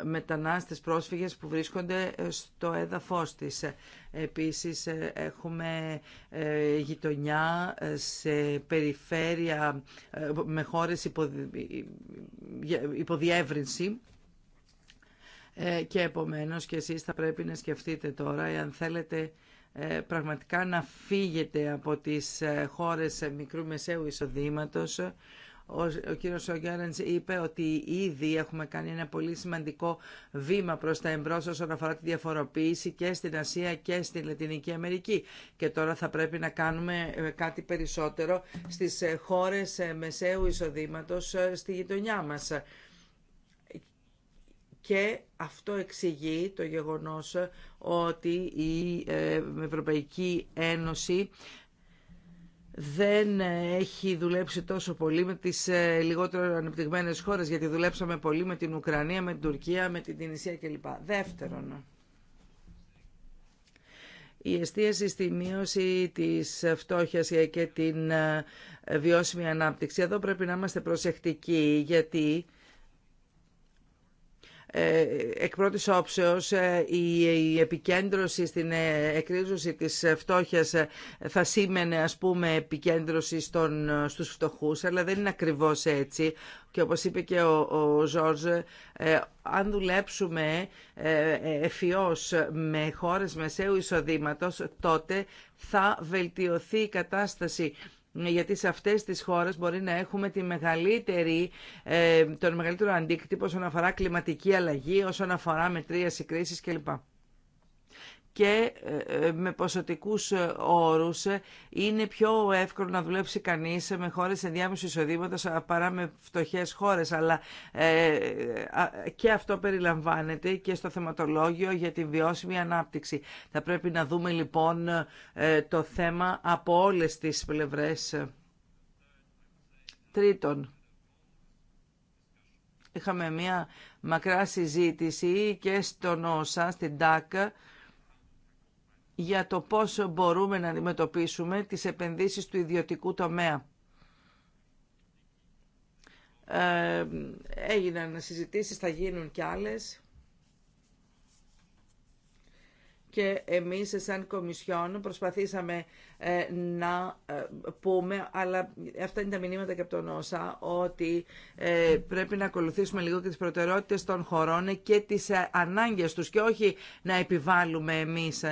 μετανάστες πρόσφυγες που βρίσκονται στο έδαφος της. Επίσης έχουμε γειτονιά σε περιφέρεια με χώρες υποδιεύρυνση και επομένως και εσείς θα πρέπει να σκεφτείτε τώρα εάν θέλετε ε, πραγματικά να φύγετε από τις ε, χώρες ε, μικρού μεσαίου εισοδήματος. Ο, ο κύριος είπε ότι ήδη έχουμε κάνει ένα πολύ σημαντικό βήμα προς τα εμπρός όσον αφορά τη διαφοροποίηση και στην Ασία και στη Λατινική Αμερική. Και τώρα θα πρέπει να κάνουμε κάτι περισσότερο στις χώρες μεσαίου εισοδήματος στη γειτονιά μας και αυτό εξηγεί το γεγονός ότι η ε, Ευρωπαϊκή Ένωση δεν έχει δουλέψει τόσο πολύ με τις ε, λιγότερο ανεπτυγμένες χώρες, γιατί δουλέψαμε πολύ με την Ουκρανία, με την Τουρκία, με την Τινησία κλπ. Δεύτερον, η εστίαση στη μείωση της φτώχειας και την ε, βιώσιμη ανάπτυξη. Εδώ πρέπει να είμαστε προσεκτικοί, γιατί ε, εκ πρώτη όψεω ε, η επικέντρωση στην ε, εκρίζωση της φτώχεια θα σήμαινε ας πούμε επικέντρωση στον, στους φτωχούς αλλά δεν είναι ακριβώς έτσι και όπως είπε και ο, ο Ζόρζ αν δουλέψουμε εφιώς με χώρες μεσαίου εισοδήματος τότε θα βελτιωθεί η κατάσταση ναι, γιατί σε αυτές τις χώρες μπορεί να έχουμε τη ε, τον μεγαλύτερο αντίκτυπο όσον αφορά κλιματική αλλαγή, όσον αφορά μετρίαση κρίσης κλπ και ε, ε, με ποσοτικούς ε, όρους είναι πιο εύκολο να δουλέψει κανείς με χώρες ενδιάμεσου εισοδήματο παρά με φτωχές χώρες αλλά και αυτό περιλαμβάνεται και στο θεματολόγιο για την βιώσιμη ανάπτυξη. Θα πρέπει να δούμε λοιπόν το θέμα από όλες τις πλευρές. Τρίτον, είχαμε μια μακρά συζήτηση και στον ΩΣΑ, στην ΤΑΚ, για το πώς μπορούμε να αντιμετωπίσουμε τις επενδύσεις του ιδιωτικού τομέα. Ε, έγιναν συζητήσεις, θα γίνουν κι άλλες. Και εμείς σαν Κομισιόν προσπαθήσαμε ε, να ε, πούμε, αλλά αυτά είναι τα μηνύματα και από τον ΩΣΑ, ότι ε, πρέπει να ακολουθήσουμε λίγο και τις προτεραιότητες των χωρών και τις ανάγκες τους και όχι να επιβάλλουμε εμείς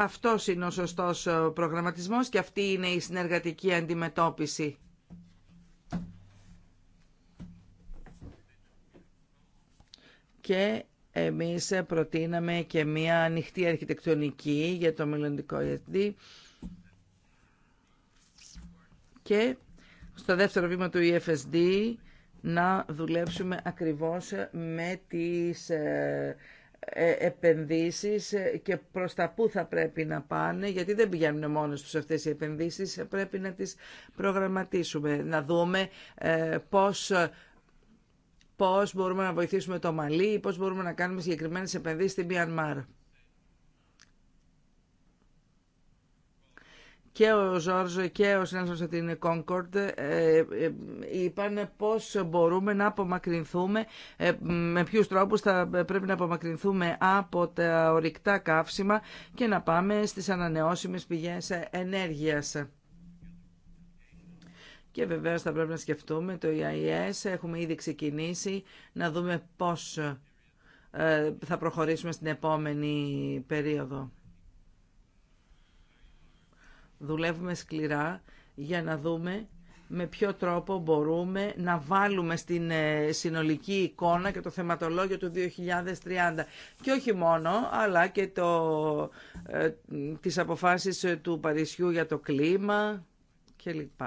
αυτό είναι ο σωστό ε, προγραμματισμός και αυτή είναι η συνεργατική αντιμετώπιση. Και εμείς προτείναμε και μία ανοιχτή αρχιτεκτονική για το μελλοντικό ESD και στο δεύτερο βήμα του EFSD να δουλέψουμε ακριβώς με τις ε, ε, επενδύσεις ε, και προς τα πού θα πρέπει να πάνε, γιατί δεν πηγαίνουν μόνος τους αυτές οι επενδύσεις, πρέπει να τις προγραμματίσουμε, να δούμε ε, πώς πώς μπορούμε να βοηθήσουμε το Μαλί, πώς μπορούμε να κάνουμε συγκεκριμένες επενδύσεις στην Μιανμάρ. και ο Ζόρζο και ο συνάδελφος από την Concord ε, ε, είπαν πώς μπορούμε να απομακρυνθούμε, ε, με ποιους τρόπους θα πρέπει να απομακρυνθούμε από τα ορυκτά καύσιμα και να πάμε στις ανανεώσιμες πηγές ενέργειας. Και βεβαίω θα πρέπει να σκεφτούμε το EIS. Έχουμε ήδη ξεκινήσει να δούμε πώς θα προχωρήσουμε στην επόμενη περίοδο. Δουλεύουμε σκληρά για να δούμε με ποιο τρόπο μπορούμε να βάλουμε στην ε, συνολική εικόνα και το θεματολόγιο του 2030. Και όχι μόνο, αλλά και το, ε, τις αποφάσεις ε, του Παρισιού για το κλίμα κλπ.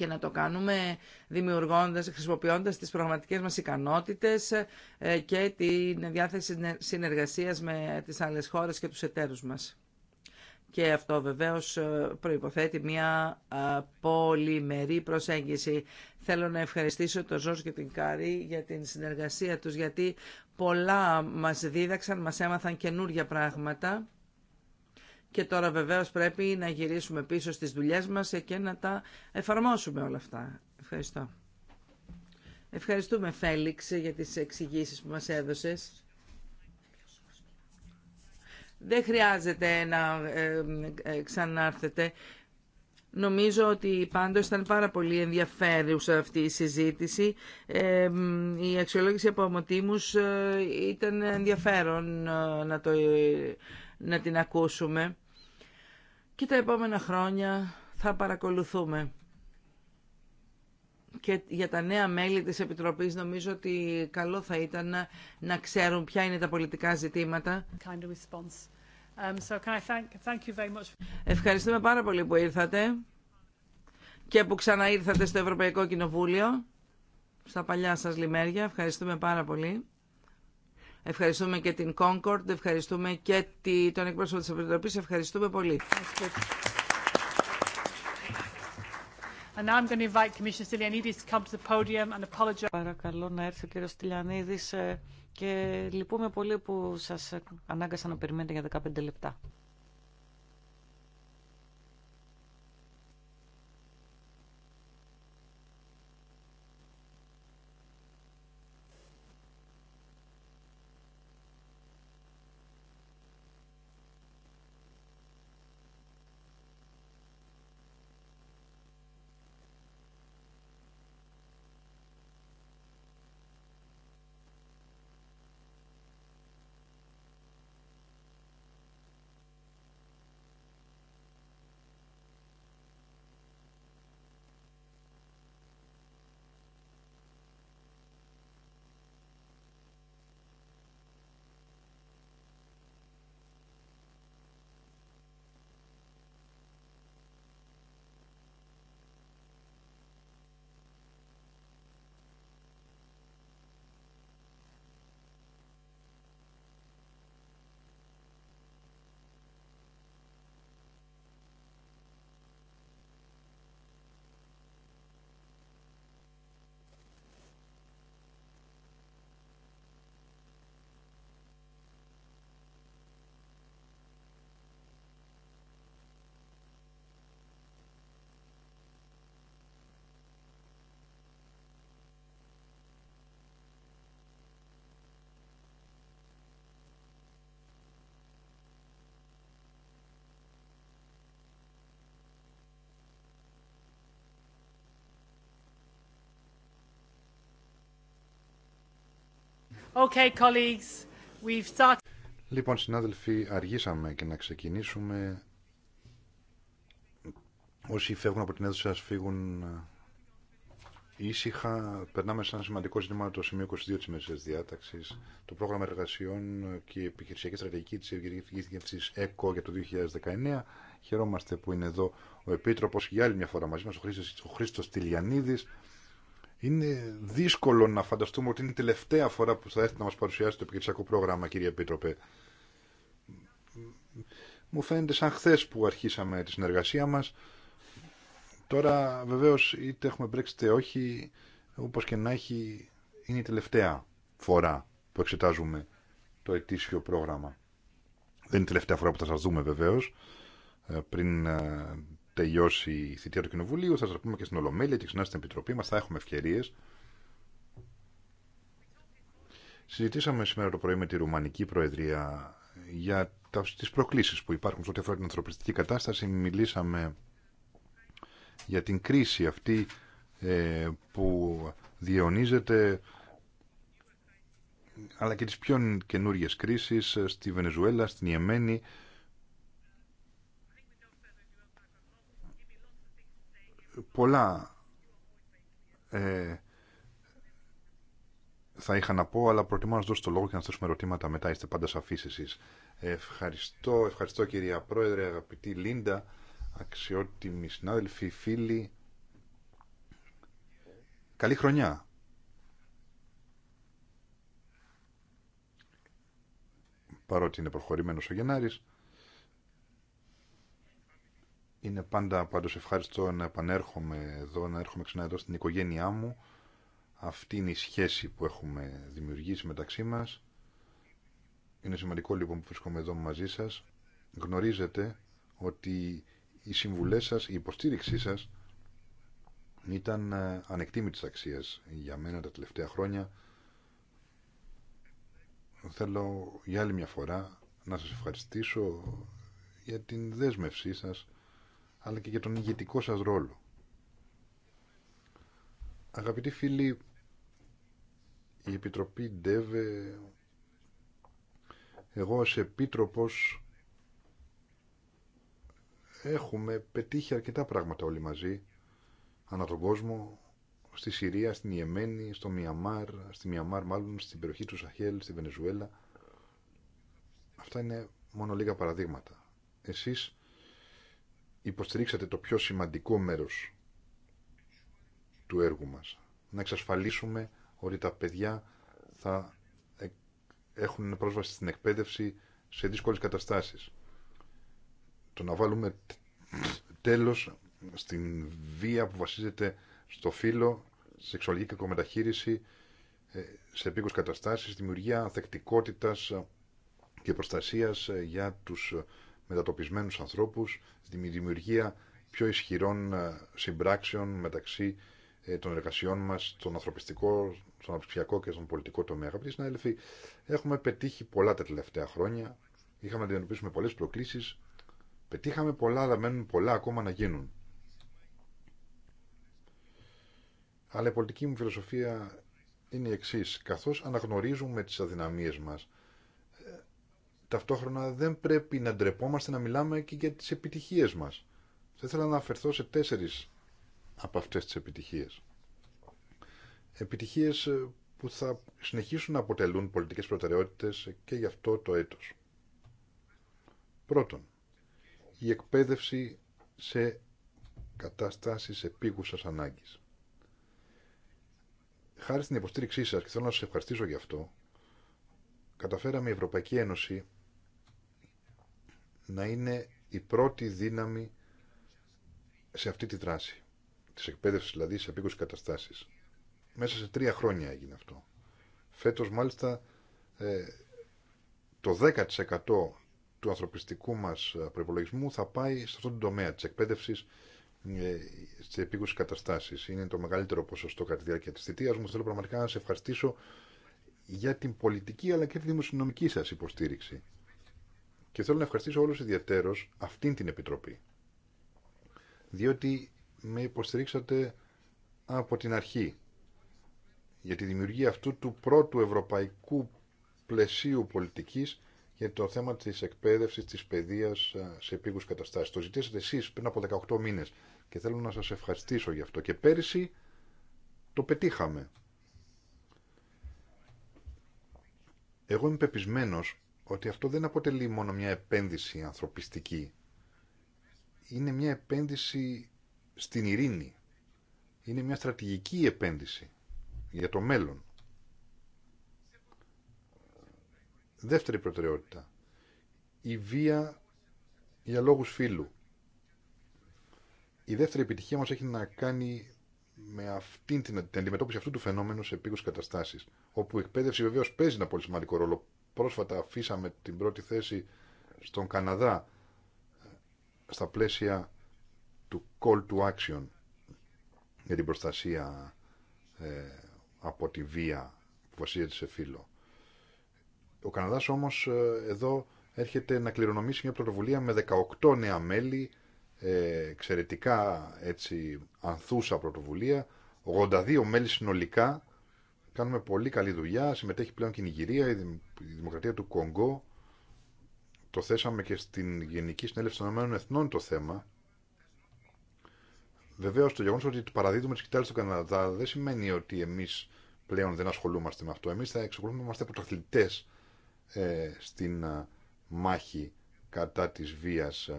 και να το κάνουμε δημιουργώντας, χρησιμοποιώντας τις πραγματικές μας ικανότητες ε, και την διάθεση συνεργασίας με τις άλλες χώρες και τους εταίρους μας. Και αυτό βεβαίως ε, προϋποθέτει μια ε, πολυμερή προσέγγιση. Θέλω να ευχαριστήσω τον Ζώσο και την Κάρη για την συνεργασία τους, γιατί πολλά μας δίδαξαν, μας έμαθαν καινούργια πράγματα και τώρα βεβαίως πρέπει να γυρίσουμε πίσω στις δουλειές μας και να τα εφαρμόσουμε όλα αυτά. Ευχαριστώ. Ευχαριστούμε Φέληξ για τις εξηγήσει που μας έδωσες. Δεν χρειάζεται να ε, ε, ξανάρθετε. Νομίζω ότι πάντως ήταν πάρα πολύ ενδιαφέρουσα αυτή η συζήτηση. Ε, η αξιολόγηση από αμοτήμους ε, ήταν ενδιαφέρον να το να την ακούσουμε και τα επόμενα χρόνια θα παρακολουθούμε. Και για τα νέα μέλη της Επιτροπής νομίζω ότι καλό θα ήταν να, ξέρουν ποια είναι τα πολιτικά ζητήματα. um, so thank, thank Ευχαριστούμε πάρα πολύ που ήρθατε και που ξαναήρθατε στο Ευρωπαϊκό Κοινοβούλιο, στα παλιά σας λιμέρια. Ευχαριστούμε πάρα πολύ. Ευχαριστούμε και την Concord, ευχαριστούμε και τον εκπρόσωπο της Επιτροπής. Ευχαριστούμε πολύ. Παρακαλώ να έρθει ο κύριος Στυλιανίδης ε, και λυπούμε πολύ που σας ε, ανάγκασα να περιμένετε για 15 λεπτά. Okay, colleagues, we've Λοιπόν, συνάδελφοι, αργήσαμε και να ξεκινήσουμε. Όσοι φεύγουν από την αίθουσα, σας φύγουν ε, ήσυχα. Περνάμε σε ένα σημαντικό ζήτημα, το σημείο 22 της Μέσης Διάταξης, το πρόγραμμα εργασιών και επιχειρησιακή στρατηγική της Ευγενικής Διευθυνσής ΕΚΟ για το 2019. Χαιρόμαστε που είναι εδώ ο Επίτροπος για άλλη μια φορά μαζί μας, ο Χρήστος, ο Χρήστος Τηλιανίδης. Είναι δύσκολο να φανταστούμε ότι είναι η τελευταία φορά που θα έρθει να μας παρουσιάσει το επικοινωνιακό πρόγραμμα, κύριε Επίτροπε. Μου φαίνεται σαν χθε που αρχίσαμε τη συνεργασία μας. Τώρα βεβαίως είτε έχουμε Brexit είτε όχι, όπως και να έχει, είναι η τελευταία φορά που εξετάζουμε το ετήσιο πρόγραμμα. Δεν είναι η τελευταία φορά που θα σα δούμε βεβαίω. Ε, πριν ε, τελειώσει η θητεία του Κοινοβουλίου, θα σα πούμε και στην Ολομέλεια και ξανά στην Επιτροπή μα, θα έχουμε ευκαιρίε. Συζητήσαμε σήμερα το πρωί με τη Ρουμανική Προεδρία για τι προκλήσει που υπάρχουν σε ό,τι αφορά την ανθρωπιστική κατάσταση. Μιλήσαμε για την κρίση αυτή ε, που διαιωνίζεται αλλά και τις πιο καινούριε κρίσεις ε, στη Βενεζουέλα, στην Ιεμένη πολλά ε, θα είχα να πω, αλλά προτιμώ να σα δώσω το λόγο και να δώσουμε ερωτήματα μετά. Είστε πάντα σαφεί εσεί. Ευχαριστώ, ευχαριστώ κυρία Πρόεδρε, αγαπητή Λίντα, αξιότιμοι συνάδελφοι, φίλοι. Καλή χρονιά. Παρότι είναι προχωρημένος ο Γενάρης. Είναι πάντα πάντως ευχάριστο να επανέρχομαι εδώ, να έρχομαι ξανά εδώ στην οικογένειά μου. Αυτή είναι η σχέση που έχουμε δημιουργήσει μεταξύ μας. Είναι σημαντικό λοιπόν που βρίσκομαι εδώ μαζί σας. Γνωρίζετε ότι οι συμβουλές σας, η υποστήριξή σας ήταν ε, ανεκτήμητης αξίας για μένα τα τελευταία χρόνια. Θέλω για άλλη μια φορά να σας ευχαριστήσω για την δέσμευσή σας αλλά και για τον ηγετικό σας ρόλο. Αγαπητοί φίλοι, η Επιτροπή ΝΤΕΒΕ, εγώ ως Επίτροπος έχουμε πετύχει αρκετά πράγματα όλοι μαζί, ανά τον κόσμο, στη Συρία, στην Ιεμένη, στο Μιαμάρ, στη Μιαμάρ μάλλον, στην περιοχή του Σαχέλ, στη Βενεζουέλα. Αυτά είναι μόνο λίγα παραδείγματα. Εσείς υποστηρίξατε το πιο σημαντικό μέρος του έργου μας. Να εξασφαλίσουμε ότι τα παιδιά θα ε, έχουν πρόσβαση στην εκπαίδευση σε δύσκολες καταστάσεις. Το να βάλουμε τέλος στην βία που βασίζεται στο φύλλο, σεξουαλική κακομεταχείριση, ε, σε επίκους καταστάσεις, δημιουργία ανθεκτικότητας και προστασίας ε, για τους μετατοπισμένους ανθρώπους, δημιουργία πιο ισχυρών ε, συμπράξεων μεταξύ ε, των εργασιών μας στον ανθρωπιστικό, στον ανθρωπιστικό και στον πολιτικό τομέα. Αγαπητοί συνάδελφοι, έχουμε πετύχει πολλά τα τελευταία χρόνια. Είχαμε να αντιμετωπίσουμε πολλές προκλήσεις. Πετύχαμε πολλά, αλλά μένουν πολλά ακόμα να γίνουν. Αλλά η πολιτική μου φιλοσοφία είναι η εξή. Καθώς αναγνωρίζουμε τις αδυναμίες μας, ταυτόχρονα δεν πρέπει να ντρεπόμαστε να μιλάμε και για τις επιτυχίες μας. Θα ήθελα να αφερθώ σε τέσσερις από αυτές τις επιτυχίες. Επιτυχίες ε, που θα συνεχίσουν να αποτελούν πολιτικές προτεραιότητες και γι' αυτό το έτος. Πρώτον, η εκπαίδευση σε κατάστασεις επίγουσας ανάγκης. Χάρη στην υποστήριξή σας και θέλω να σας ευχαριστήσω γι' αυτό, καταφέραμε η Ευρωπαϊκή Ένωση να είναι η πρώτη δύναμη σε αυτή τη δράση. Τη εκπαίδευση δηλαδή σε απίκου καταστάσει. Μέσα σε τρία χρόνια έγινε αυτό. Φέτο μάλιστα ε, το 10% του ανθρωπιστικού μας ε, προπολογισμού θα πάει σε αυτόν τον τομέα της εκπαίδευσης ε, σε επίκουσε καταστάσεις. Είναι το μεγαλύτερο ποσοστό κατά τη διάρκεια τη θητεία μου. Θέλω πραγματικά να σε ευχαριστήσω για την πολιτική αλλά και τη δημοσιονομική σα υποστήριξη. Και θέλω να ευχαριστήσω όλους ιδιαίτερως αυτήν την Επιτροπή. Διότι με υποστηρίξατε από την αρχή για τη δημιουργία αυτού του πρώτου ευρωπαϊκού πλαισίου πολιτικής για το θέμα της εκπαίδευσης, της παιδείας ε, σε επίγους καταστάσεις. Το ζητήσατε εσείς πριν από 18 μήνες και θέλω να σας ευχαριστήσω γι' αυτό. Και πέρυσι το πετύχαμε. Εγώ είμαι πεπισμένος ότι αυτό δεν αποτελεί μόνο μια επένδυση ανθρωπιστική. Είναι μια επένδυση στην ειρήνη. Είναι μια στρατηγική επένδυση για το μέλλον. Δεύτερη προτεραιότητα. Η βία για λόγους φίλου. Η δεύτερη επιτυχία μας έχει να κάνει με αυτήν την, αντιμετώπιση αυτού του φαινόμενου σε επίγουσε καταστάσεις, όπου η εκπαίδευση βεβαίως παίζει ένα πολύ σημαντικό ρόλο πρόσφατα αφήσαμε την πρώτη θέση στον Καναδά στα πλαίσια του call to action για την προστασία ε, από τη βία που βασίζεται σε φύλλο. Ο Καναδάς όμως ε, εδώ έρχεται να κληρονομήσει μια πρωτοβουλία με 18 νέα μέλη, ε, εξαιρετικά έτσι, ανθούσα πρωτοβουλία, 82 μέλη συνολικά κάνουμε πολύ καλή δουλειά. Συμμετέχει πλέον και η Νιγηρία, η Δημοκρατία του Κονγκό. Το θέσαμε και στην Γενική Συνέλευση των Ηνωμένων Εθνών το θέμα. Βεβαίω το γεγονό ότι παραδίδουμε τι κοιτάλε στον Καναδά δεν σημαίνει ότι εμεί πλέον δεν ασχολούμαστε με αυτό. Εμεί θα εξακολουθούμε να πρωταθλητέ ε, στην ε, μάχη κατά τη βία ε,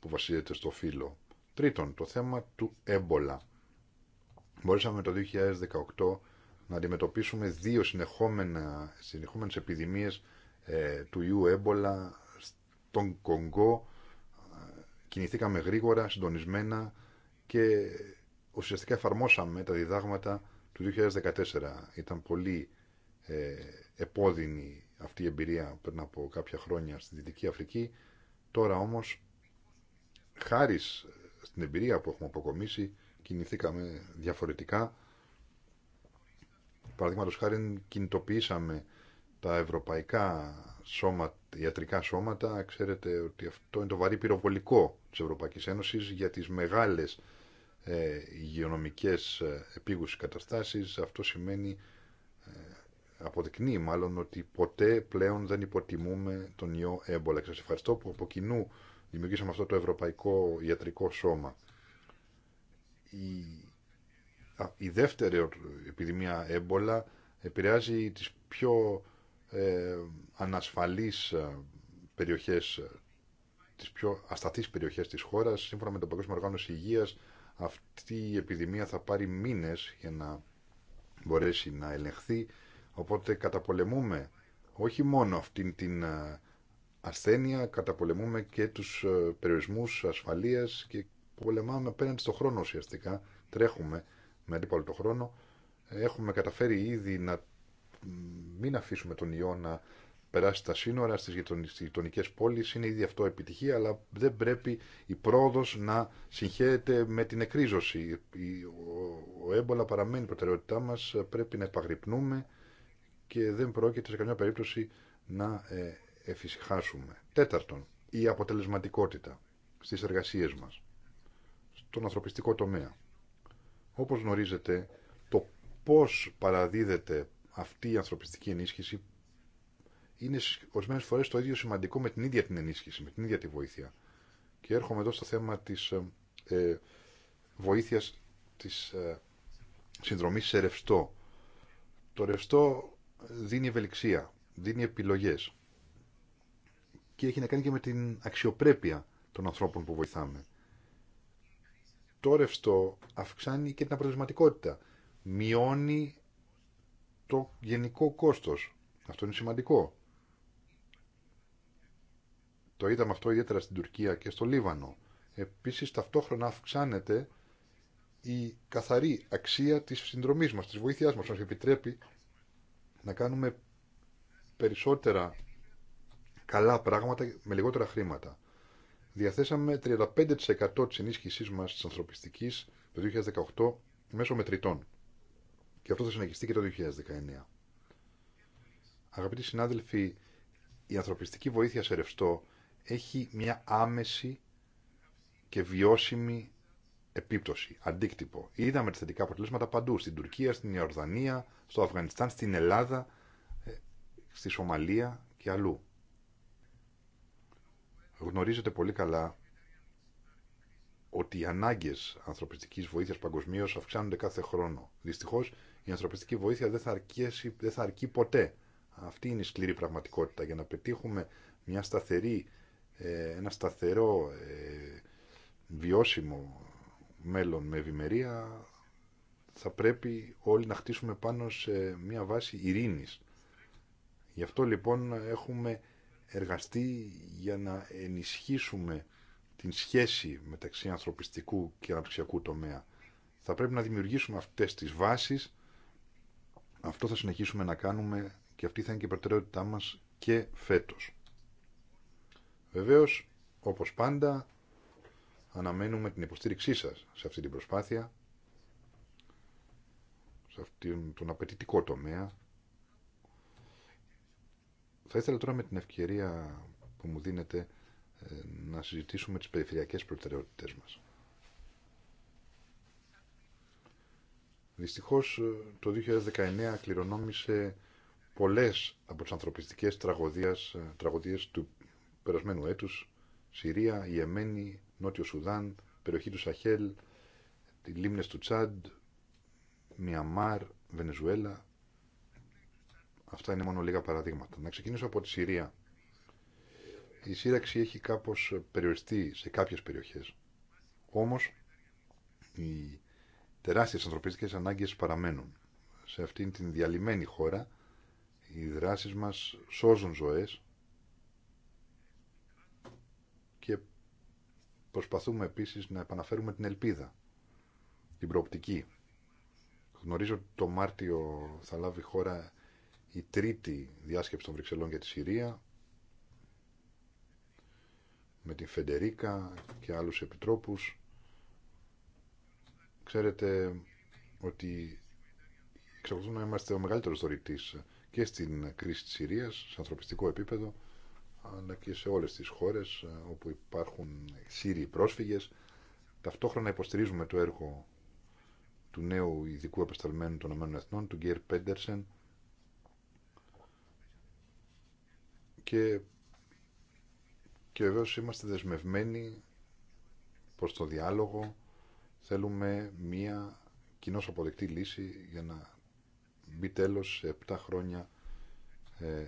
που βασίζεται στο φύλλο. Τρίτον, το θέμα του έμπολα. Μπορούσαμε το 2018 να αντιμετωπίσουμε δύο συνεχόμενα, συνεχόμενες επιδημίες ε, του ιού έμπολα στον Κονγκό. Κινηθήκαμε γρήγορα, συντονισμένα και ουσιαστικά εφαρμόσαμε τα διδάγματα του 2014. Ήταν πολύ ε, επώδυνη αυτή η εμπειρία πριν από κάποια χρόνια στη Δυτική Αφρική. Τώρα όμως, χάρη στην εμπειρία που έχουμε αποκομίσει, κινηθήκαμε διαφορετικά Παραδείγματο χάρη κινητοποιήσαμε τα ευρωπαϊκά σώματα, ιατρικά σώματα. Ξέρετε ότι αυτό είναι το βαρύ πυροβολικό της Ευρωπαϊκής Ένωσης για τις μεγάλες ε, υγειονομικές ε, επίγουσες καταστάσεις. Αυτό σημαίνει, ε, αποδεικνύει μάλλον, ότι ποτέ πλέον δεν υποτιμούμε τον ιό έμπολα. Και ευχαριστώ που από κοινού δημιουργήσαμε αυτό το Ευρωπαϊκό Ιατρικό Σώμα η δεύτερη επιδημία έμπολα επηρεάζει τις πιο ε, ανασφαλείς ε, περιοχές, ε, τις πιο ασταθείς περιοχές της χώρας. Σύμφωνα με το Παγκόσμιο Οργάνωση Υγείας, αυτή η επιδημία θα πάρει μήνες για να μπορέσει να ελεγχθεί. Οπότε καταπολεμούμε όχι μόνο αυτήν την ε, ασθένεια, καταπολεμούμε και τους περιορισμούς ασφαλείας και πολεμάμε απέναντι στον χρόνο ουσιαστικά, τρέχουμε με αντίπαλο το χρόνο, έχουμε καταφέρει ήδη να μην αφήσουμε τον ιό να περάσει τα σύνορα στις γειτονικέ πόλεις. Είναι ήδη αυτό επιτυχία, αλλά δεν πρέπει η πρόοδος να συγχαίεται με την εκρίζωση. Ο έμπολα παραμένει προτεραιότητά μας, πρέπει να επαγρυπνούμε και δεν πρόκειται σε καμιά περίπτωση να ε, εφησυχάσουμε. Τέταρτον, η αποτελεσματικότητα στις εργασίες μας, στον ανθρωπιστικό τομέα. Όπως γνωρίζετε, το πώς παραδίδεται αυτή η ανθρωπιστική ενίσχυση είναι ορισμένε φορές το ίδιο σημαντικό με την ίδια την ενίσχυση, με την ίδια τη βοήθεια. Και έρχομαι εδώ στο θέμα της ε, ε βοήθειας της ε, συνδρομής σε ρευστό. Το ρευστό δίνει ευελιξία, δίνει επιλογές και έχει να κάνει και με την αξιοπρέπεια των ανθρώπων που βοηθάμε το ρευστό αυξάνει και την αποτελεσματικότητα. Μειώνει το γενικό κόστος. Αυτό είναι σημαντικό. Το είδαμε αυτό ιδιαίτερα στην Τουρκία και στο Λίβανο. Επίσης ταυτόχρονα αυξάνεται η καθαρή αξία της συνδρομής μας, της βοήθειάς μας, μας επιτρέπει να κάνουμε περισσότερα καλά πράγματα με λιγότερα χρήματα διαθέσαμε 35% της ενίσχυσής μας της ανθρωπιστικής το 2018 μέσω μετρητών. Και αυτό θα συνεχιστεί και το 2019. Αγαπητοί συνάδελφοι, η ανθρωπιστική βοήθεια σε ρευστό έχει μια άμεση και βιώσιμη επίπτωση, αντίκτυπο. Είδαμε τα θετικά αποτελέσματα παντού, στην Τουρκία, στην Ιορδανία, στο Αφγανιστάν, στην Ελλάδα, ε, στη Σομαλία και αλλού γνωρίζετε πολύ καλά ότι οι ανάγκε ανθρωπιστική βοήθεια παγκοσμίω αυξάνονται κάθε χρόνο. Δυστυχώ η ανθρωπιστική βοήθεια δεν θα, αρκέσει, δεν θα αρκεί ποτέ. Αυτή είναι η σκληρή πραγματικότητα. Για να πετύχουμε μια σταθερή, ε, ένα σταθερό, ε, βιώσιμο μέλλον με ευημερία, θα πρέπει όλοι να χτίσουμε πάνω σε μια βάση ειρήνης. Γι' αυτό λοιπόν έχουμε εργαστεί για να ενισχύσουμε την σχέση μεταξύ ανθρωπιστικού και αναπτυξιακού τομέα. Θα πρέπει να δημιουργήσουμε αυτές τις βάσεις. Αυτό θα συνεχίσουμε να κάνουμε και αυτή θα είναι και η προτεραιότητά μας και φέτος. Βεβαίως, όπως πάντα, αναμένουμε την υποστήριξή σας σε αυτή την προσπάθεια, σε αυτόν τον απαιτητικό τομέα. Θα ήθελα τώρα με την ευκαιρία που μου δίνεται ε, να συζητήσουμε τις περιφερειακές προτεραιότητες μας. Δυστυχώς ε, το 2019 κληρονόμησε πολλές από τις ανθρωπιστικές τραγωδίες, ε, τραγωδίες του περασμένου έτους Συρία, Ιεμένη, Νότιο Σουδάν, περιοχή του Σαχέλ, τη λίμνες του Τσάντ, Μιαμάρ, Βενεζουέλα, Αυτά είναι μόνο λίγα παραδείγματα. Να ξεκινήσω από τη Συρία. Η σύραξη έχει κάπως περιοριστεί σε κάποιες περιοχές. Όμως, οι τεράστιες ανθρωπιστικές ανάγκες παραμένουν. Σε αυτήν την διαλυμένη χώρα, οι δράσεις μας σώζουν ζωές και προσπαθούμε επίσης να επαναφέρουμε την ελπίδα, την προοπτική. Γνωρίζω ότι το Μάρτιο θα λάβει χώρα η τρίτη διάσκεψη των Βρυξελών για τη Συρία με την Φεντερίκα και άλλους επιτρόπους. Ξέρετε ότι εξακολουθούμε να είμαστε ο μεγαλύτερος δωρητής και στην κρίση της Συρίας, σε ανθρωπιστικό επίπεδο, αλλά και σε όλες τις χώρες όπου υπάρχουν Σύριοι πρόσφυγες. Ταυτόχρονα υποστηρίζουμε το έργο του νέου ειδικού επεσταλμένου των ΗΕ, του Γκέρ Πέντερσεν, και, και βεβαίως είμαστε δεσμευμένοι προς το διάλογο. Θέλουμε μία κοινώ αποδεκτή λύση για να μπει τέλος σε 7 χρόνια ε,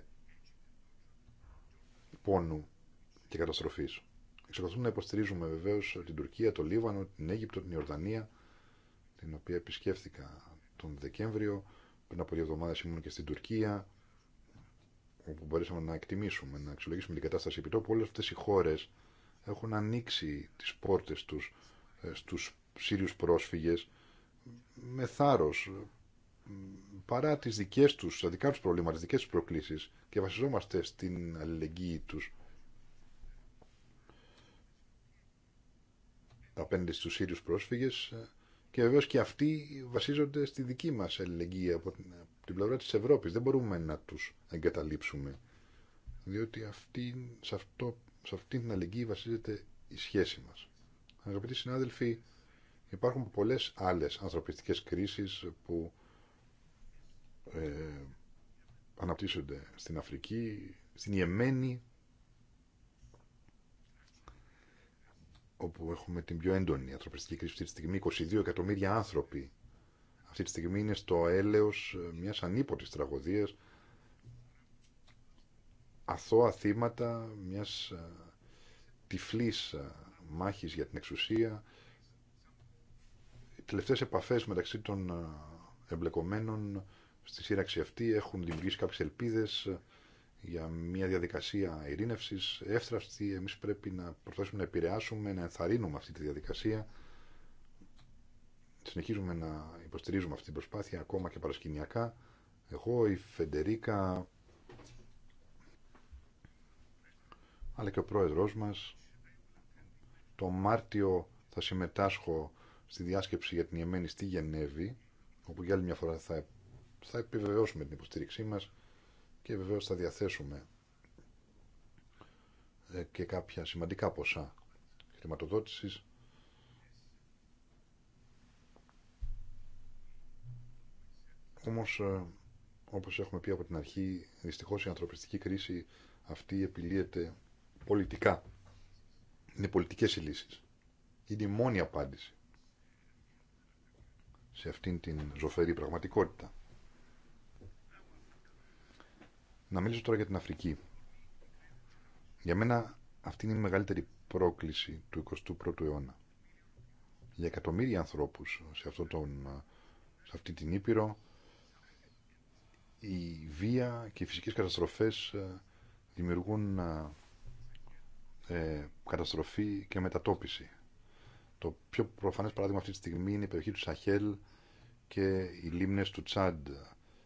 πόνου και καταστροφής. Εξακολουθούμε να υποστηρίζουμε βεβαίως την Τουρκία, το Λίβανο, την Αίγυπτο, την Ιορδανία, την οποία επισκέφθηκα τον Δεκέμβριο. Πριν από δύο εβδομάδες ήμουν και στην Τουρκία όπου μπορέσαμε να εκτιμήσουμε, να αξιολογήσουμε την κατάσταση επιτόπου, όλες αυτές οι χώρες έχουν ανοίξει τις πόρτες τους ε, στους Σύριους πρόσφυγες με θάρρο παρά τις δικές τους, τα δικά του προβλήματα, τις δικές του προκλήσεις και βασιζόμαστε στην αλληλεγγύη τους απέναντι στους Σύριους πρόσφυγες ε, και βεβαίω και αυτοί βασίζονται στη δική μα αλληλεγγύη από την, την πλευρά της Ευρώπης. Δεν μπορούμε να τους εγκαταλείψουμε. Διότι αυτή, σε, αυτό, σε αυτή την αλληλεγγύη βασίζεται η σχέση μας. Αγαπητοί συνάδελφοι, υπάρχουν πολλές άλλες ανθρωπιστικές κρίσεις που ε, αναπτύσσονται στην Αφρική, στην Ιεμένη, όπου έχουμε την πιο έντονη ανθρωπιστική κρίση αυτή τη στιγμή, 22 εκατομμύρια άνθρωποι αυτή τη στιγμή είναι στο έλεος ε, μιας ανίποτης τραγωδίας αθώα θύματα μιας ε, τυφλής ε, μάχης για την εξουσία οι τελευταίες επαφές μεταξύ των εμπλεκομένων στη σύραξη αυτή έχουν δημιουργήσει κάποιες ελπίδες για μια διαδικασία ειρήνευσης εύθραυστη. Εμείς πρέπει να προσπαθήσουμε να επηρεάσουμε, να ενθαρρύνουμε αυτή τη διαδικασία συνεχίζουμε να υποστηρίζουμε αυτή την προσπάθεια ακόμα και παρασκηνιακά. Εγώ, η Φεντερίκα, αλλά και ο πρόεδρός μας. Το Μάρτιο θα συμμετάσχω στη διάσκεψη για την Ιεμένη στη Γενέβη, όπου για άλλη μια φορά θα, θα επιβεβαιώσουμε την υποστήριξή μας και βεβαίως θα διαθέσουμε ε, και κάποια σημαντικά ποσά χρηματοδότησης Όμω, ε, όπω έχουμε πει από την αρχή, δυστυχώ η ανθρωπιστική κρίση αυτή επιλύεται πολιτικά. Είναι πολιτικές οι λύσεις. Είναι η μόνη απάντηση σε αυτήν την ζωφερή πραγματικότητα. Να μιλήσω τώρα για την Αφρική. Για μένα αυτή είναι η μεγαλύτερη πρόκληση του 21ου αιώνα. Για εκατομμύρια ανθρώπους σε, αυτό τον, σε αυτή την Ήπειρο η βία και οι φυσικές καταστροφές ε, δημιουργούν ε, ε, καταστροφή και μετατόπιση. Το πιο προφανές παράδειγμα αυτή τη στιγμή είναι η περιοχή του Σαχέλ και οι λίμνες του Τσάντ.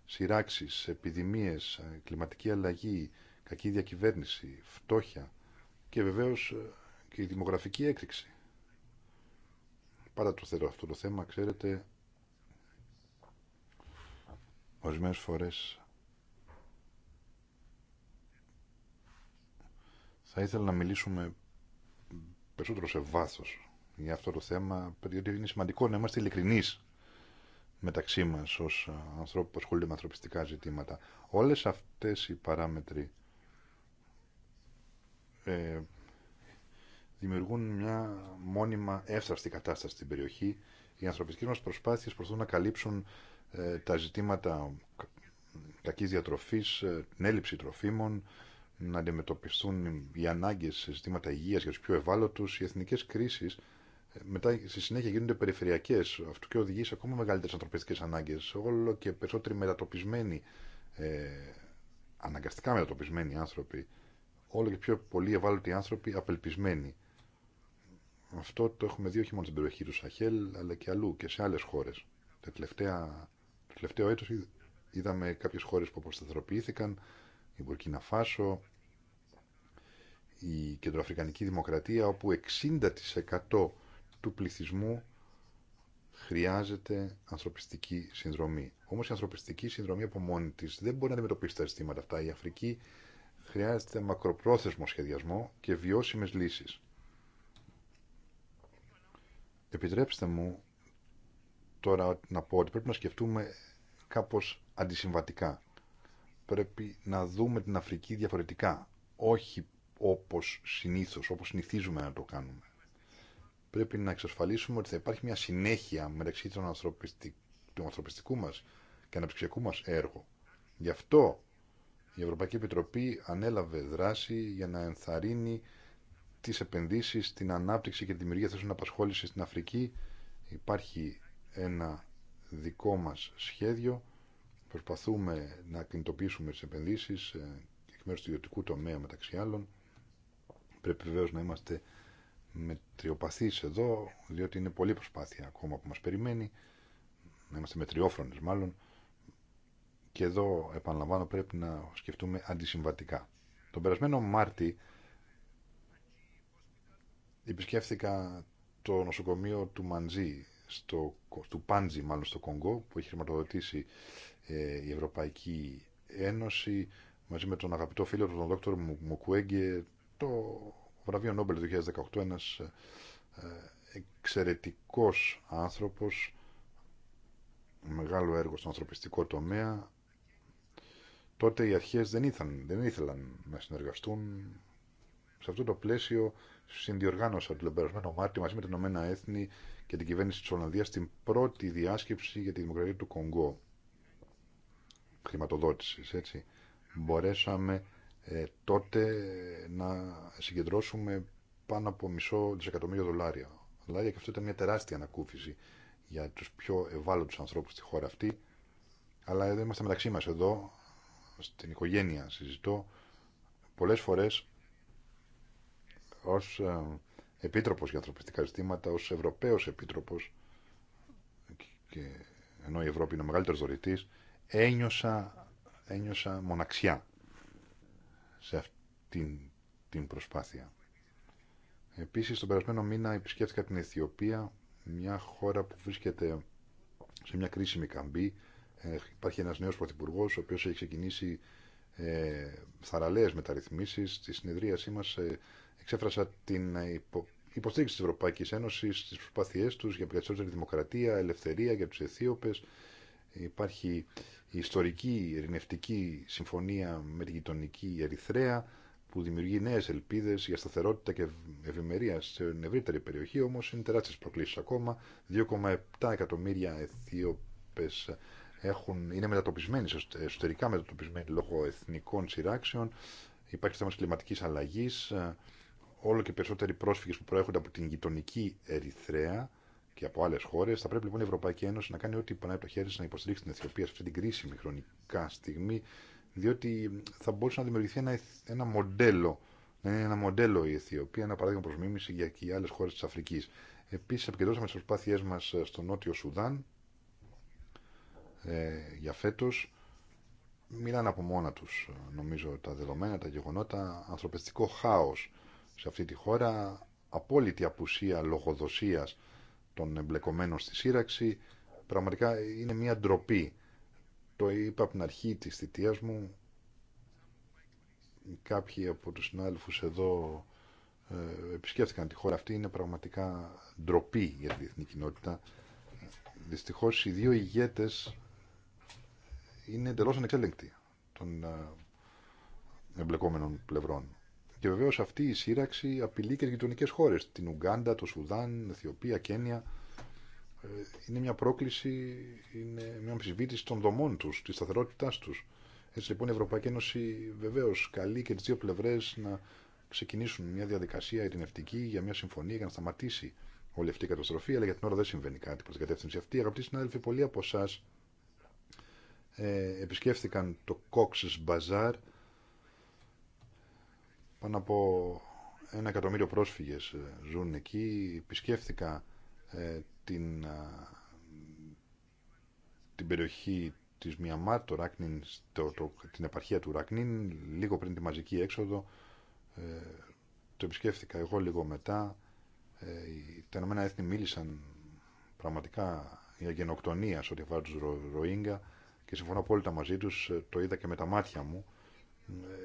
Σειράξεις, επιδημίες, κλιματική αλλαγή, κακή διακυβέρνηση, φτώχεια και βεβαίως και η δημογραφική έκρηξη. Πάρα το θέλω αυτό το θέμα, ξέρετε, Ορισμένες φορές θα ήθελα να μιλήσουμε περισσότερο σε βάθος για αυτό το θέμα, γιατί είναι σημαντικό να είμαστε ειλικρινεί μεταξύ μας ως ανθρώπου που ασχολούνται με ανθρωπιστικά ζητήματα. Όλες αυτές οι παράμετροι ε, δημιουργούν μια μόνιμα εύθραστη κατάσταση στην περιοχή. Οι ανθρωπιστικές μας προσπάθειες προσπαθούν να καλύψουν ε, τα ζητήματα κακής διατροφής, ε, την έλλειψη τροφίμων, να αντιμετωπιστούν οι ανάγκες σε ζητήματα υγείας για τους πιο ευάλωτους, οι εθνικές κρίσεις ε, μετά στη συνέχεια γίνονται περιφερειακές, αυτό και οδηγεί σε ακόμα μεγαλύτερες ανθρωπιστικές ανάγκες, όλο και περισσότεροι μετατοπισμένοι, αναγκαστικά μετατοπισμένοι άνθρωποι, όλο και πιο πολύ ευάλωτοι άνθρωποι απελπισμένοι. Αυτό το έχουμε δει όχι μόνο στην περιοχή του Σαχέλ, αλλά και αλλού και σε άλλες χώρες. Τα τελευταία το τελευταίο έτος είδαμε κάποιες χώρες που αποσταθεροποιήθηκαν, η Μπουρκίνα Φάσο, η Κεντροαφρικανική Δημοκρατία, όπου 60% του πληθυσμού χρειάζεται ανθρωπιστική συνδρομή. Όμως η ανθρωπιστική συνδρομή από μόνη της δεν μπορεί να αντιμετωπίσει τα αισθήματα αυτά. Η Αφρική χρειάζεται μακροπρόθεσμο σχεδιασμό και βιώσιμες λύσεις. Επιτρέψτε μου τώρα να πω ότι πρέπει να σκεφτούμε κάπως αντισυμβατικά. Πρέπει να δούμε την Αφρική διαφορετικά, όχι όπως συνήθως, όπως συνηθίζουμε να το κάνουμε. Πρέπει να εξασφαλίσουμε ότι θα υπάρχει μια συνέχεια μεταξύ των ανθρωπιστικ... του ανθρωπιστικού μας και αναπτυξιακού μας έργου. Γι' αυτό η Ευρωπαϊκή Επιτροπή ανέλαβε δράση για να ενθαρρύνει τις επενδύσεις, την ανάπτυξη και τη δημιουργία θέσεων απασχόληση στην Αφρική. Υπάρχει ένα δικό μας σχέδιο. Προσπαθούμε να κινητοποιήσουμε τις επενδύσεις ε, εκ μέρους του ιδιωτικού τομέα μεταξύ άλλων. Πρέπει βεβαίω να είμαστε μετριοπαθείς εδώ, διότι είναι πολλή προσπάθεια ακόμα που μας περιμένει. Να είμαστε μετριόφρονες μάλλον. Και εδώ, επαναλαμβάνω, πρέπει να σκεφτούμε αντισυμβατικά. Τον περασμένο Μάρτι επισκέφθηκα το νοσοκομείο του Μαντζή στο, του Πάντζη μάλλον στο Κονγκό που έχει χρηματοδοτήσει ε, η Ευρωπαϊκή Ένωση μαζί με τον αγαπητό φίλο του τον Δόκτωρ Μουκουέγγε το βραβείο Νόμπελ του 2018 ένας ε, ε, εξαιρετικός άνθρωπος μεγάλο έργο στον ανθρωπιστικό τομέα τότε οι αρχές δεν, δεν ήθελαν να συνεργαστούν σε αυτό το πλαίσιο Συνδιοργάνωσα τον περασμένο Μάρτιο μαζί με την Ηνωμένα Έθνη και την κυβέρνηση τη Ολλανδία στην πρώτη διάσκεψη για τη δημοκρατία του Κονγκό. Χρηματοδότηση, έτσι. Μπορέσαμε ε, τότε να συγκεντρώσουμε πάνω από μισό δισεκατομμύριο δολάρια. Δηλαδή και αυτό ήταν μια τεράστια ανακούφιση για του πιο ευάλωτου ανθρώπου στη χώρα αυτή. Αλλά εδώ είμαστε μεταξύ μα εδώ, στην οικογένεια συζητώ. Πολλέ φορέ ως ε, Επίτροπος για ανθρωπιστικά ζητήματα, ως Ευρωπαίος Επίτροπος και ενώ η Ευρώπη είναι ο μεγαλύτερος δωρητής, ένιωσα, μοναξιά σε αυτή την προσπάθεια. Επίσης, τον περασμένο μήνα επισκέφθηκα την Αιθιοπία, μια χώρα που βρίσκεται σε μια κρίσιμη καμπή. Ε, υπάρχει ένας νέος πρωθυπουργό, ο οποίος έχει ξεκινήσει ε, θαραλέες μεταρρυθμίσεις. Στη συνεδρίασή μας ε, εξέφρασα την υπο... υποστήριξη της Ευρωπαϊκής Ένωσης στις προσπάθειές τους για περισσότερη δημοκρατία, ελευθερία για τους Αιθίωπες. Υπάρχει η ιστορική ειρηνευτική συμφωνία με τη γειτονική Ερυθρέα που δημιουργεί νέες ελπίδες για σταθερότητα και ευημερία στην ευρύτερη περιοχή, όμως είναι τεράστιες προκλήσεις ακόμα. 2,7 εκατομμύρια Αιθίωπες έχουν, είναι μετατοπισμένοι, εσωτερικά μετατοπισμένοι λόγω εθνικών σειράξεων. Υπάρχει θέμα κλιματική αλλαγή όλο και περισσότεροι πρόσφυγες που προέρχονται από την γειτονική Ερυθρέα και από άλλε χώρε. Θα πρέπει λοιπόν η Ευρωπαϊκή Ένωση να κάνει ό,τι περνάει από το χέρι να υποστηρίξει την Αιθιοπία σε αυτή την κρίσιμη χρονικά στιγμή, διότι θα μπορούσε να δημιουργηθεί ένα, ένα μοντέλο. Να είναι ένα μοντέλο η Αιθιοπία, ένα παράδειγμα προς μίμηση για και οι άλλε χώρε τη Αφρική. Επίση, επικεντρώσαμε τι προσπάθειέ μα στο Νότιο Σουδάν ε, για φέτο. Μιλάνε από μόνα του, νομίζω, τα δεδομένα, τα γεγονότα. Ανθρωπιστικό χάο σε αυτή τη χώρα απόλυτη απουσία λογοδοσίας των εμπλεκομένων στη σύραξη. Πραγματικά είναι μια ντροπή. Το είπα από την αρχή της θητείας μου. Κάποιοι από τους συνάδελφους εδώ ε, επισκέφθηκαν τη χώρα αυτή. Είναι πραγματικά ντροπή για τη διεθνή κοινότητα. Δυστυχώς οι δύο ηγέτες είναι εντελώς ανεξέλεγκτοι των ε, εμπλεκόμενων πλευρών. Και βεβαίω αυτή η σύραξη απειλεί και τι γειτονικέ χώρε. Την Ουγγάντα, το Σουδάν, Αιθιοπία, Κένια. Ε, είναι μια πρόκληση, είναι μια αμφισβήτηση των δομών του, τη σταθερότητά του. Έτσι λοιπόν η Ευρωπαϊκή Ένωση βεβαίω καλεί και τι δύο πλευρέ να ξεκινήσουν μια διαδικασία ειρηνευτική για μια συμφωνία για να σταματήσει όλη αυτή η καταστροφή. Αλλά για την ώρα δεν συμβαίνει κάτι προ την κατεύθυνση αυτή. Αγαπητοί συνάδελφοι, πολλοί από εσά ε, επισκέφθηκαν το Cox's Bazaar πάνω από ένα εκατομμύριο πρόσφυγες ε, ζουν εκεί. Επισκέφθηκα ε, την, την περιοχή της Μιαμάρ, το Ράκνιν, την επαρχία του Ράκνιν, λίγο πριν τη μαζική έξοδο. Ε, το επισκέφθηκα εγώ λίγο μετά. τα Ηνωμένα Έθνη μίλησαν πραγματικά για γενοκτονία σε ό,τι αφορά τους Ροίγκα και συμφωνώ απόλυτα μαζί τους, το είδα και με τα μάτια μου.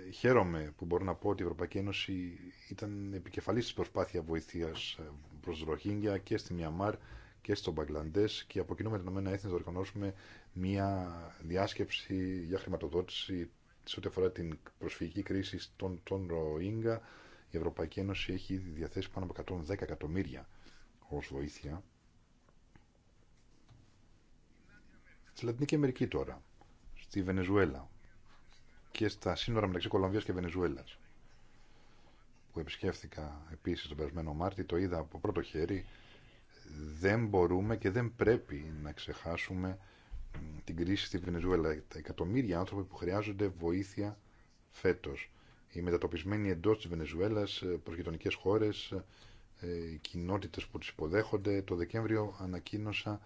Ε, χαίρομαι που μπορώ να πω ότι η Ευρωπαϊκή Ένωση ήταν επικεφαλή τη προσπάθεια βοηθείας ε, προ Ροχίνγκια και στη Μιαμάρ και στο Μπαγκλαντές και από κοινού με την ΕΕ θα οργανώσουμε μια διάσκεψη για χρηματοδότηση σε ό,τι αφορά την προσφυγική κρίση των τον Η Ευρωπαϊκή Ένωση έχει ήδη διαθέσει πάνω από 110 εκατομμύρια ω βοήθεια. Στη Λατινική Αμερική τώρα, στη Βενεζουέλα και στα σύνορα μεταξύ Κολομβία και Βενεζουέλα που επισκέφθηκα επίση τον περασμένο Μάρτι, το είδα από πρώτο χέρι, δεν μπορούμε και δεν πρέπει να ξεχάσουμε την κρίση στη Βενεζουέλα. Τα εκατομμύρια άνθρωποι που χρειάζονται βοήθεια φέτο. Οι μετατοπισμένοι εντό τη Βενεζουέλα ε, προς γειτονικέ χώρες, ε, ε, οι κοινότητε που τις υποδέχονται. Το Δεκέμβριο ανακοίνωσα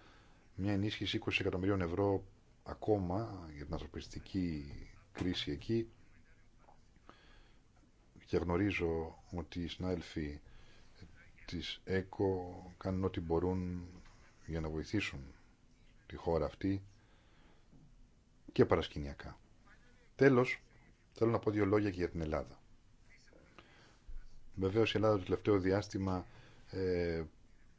μια ενίσχυση 20 εκατομμυρίων ευρώ ακόμα για την ανθρωπιστική κρίση εκεί και γνωρίζω ότι οι συνάδελφοι της ΕΚΟ κάνουν ό,τι μπορούν για να βοηθήσουν τη χώρα αυτή και παρασκηνιακά. Τέλος, θέλω να πω δύο λόγια και για την Ελλάδα. Βεβαίω η Ελλάδα το τελευταίο διάστημα ε,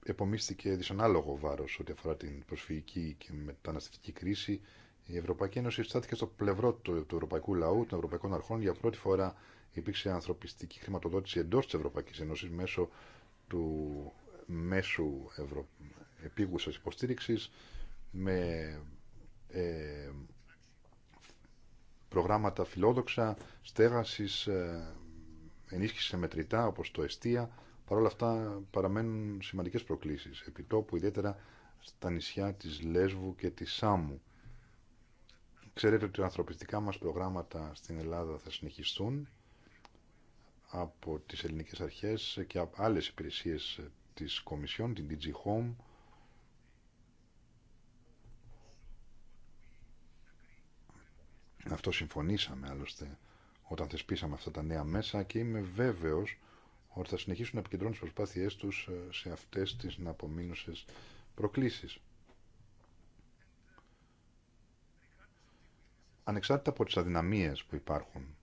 επομίστηκε δυσανάλογο βάρος ό,τι αφορά την προσφυγική και μεταναστευτική κρίση. Η Ευρωπαϊκή Ένωση στάθηκε στο πλευρό του, του ευρωπαϊκού λαού, των ευρωπαϊκών αρχών. Για πρώτη φορά υπήρξε ανθρωπιστική χρηματοδότηση εντό τη Ευρωπαϊκή Ένωση μέσω του μέσου ευρω... επίγουσα υποστήριξη με ε, προγράμματα φιλόδοξα, στέγασης, ε, ενίσχυση σε μετρητά όπως το εστία. Παρ' όλα αυτά παραμένουν σημαντικές προκλήσεις, επιτόπου ιδιαίτερα στα νησιά τη Λέσβου και τη Σάμου. Ξέρετε ότι τα ανθρωπιστικά μας προγράμματα στην Ελλάδα θα συνεχιστούν από τις ελληνικές αρχές και από άλλες υπηρεσίες της Κομισιόν, την DG Home. Αυτό συμφωνήσαμε άλλωστε όταν θεσπίσαμε αυτά τα νέα μέσα και είμαι βέβαιος ότι θα συνεχίσουν να επικεντρώνουν τις προσπάθειές τους ε, σε αυτές τις ναπομείνωσες προκλήσεις. ανεξάρτητα από τις αδυναμίες που υπάρχουν.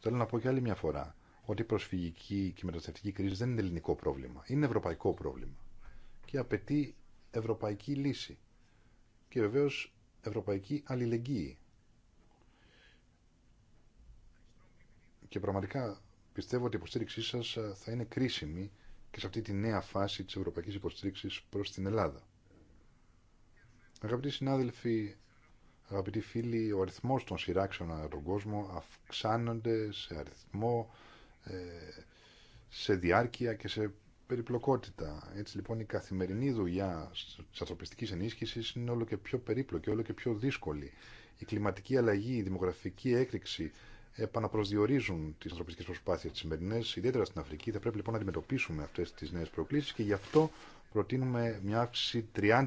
Θέλω να πω και άλλη μια φορά ότι η προσφυγική και η μεταναστευτική κρίση δεν είναι ελληνικό πρόβλημα. Είναι ευρωπαϊκό πρόβλημα. Και απαιτεί ευρωπαϊκή λύση. Και βεβαίως ευρωπαϊκή αλληλεγγύη. Και πραγματικά πιστεύω ότι η υποστήριξή σας ε, θα είναι κρίσιμη και σε αυτή τη νέα φάση τη ευρωπαϊκή υποστηρίξη προ την Ελλάδα. Αγαπητοί συνάδελφοι, Αγαπητοί φίλοι, ο αριθμός των σειράξεων ανά τον κόσμο αυξάνονται σε αριθμό, ε, σε διάρκεια και σε περιπλοκότητα. Έτσι λοιπόν η καθημερινή δουλειά τη ανθρωπιστική ενίσχυση είναι όλο και πιο περίπλοκη, όλο και πιο δύσκολη. Η κλιματική αλλαγή, η δημογραφική έκρηξη επαναπροσδιορίζουν τι ανθρωπιστικέ προσπάθειε τι σημερινέ, ιδιαίτερα στην Αφρική. Θα πρέπει λοιπόν να αντιμετωπίσουμε αυτέ τι νέε προκλήσει και γι' αυτό προτείνουμε μια αύξηση 30%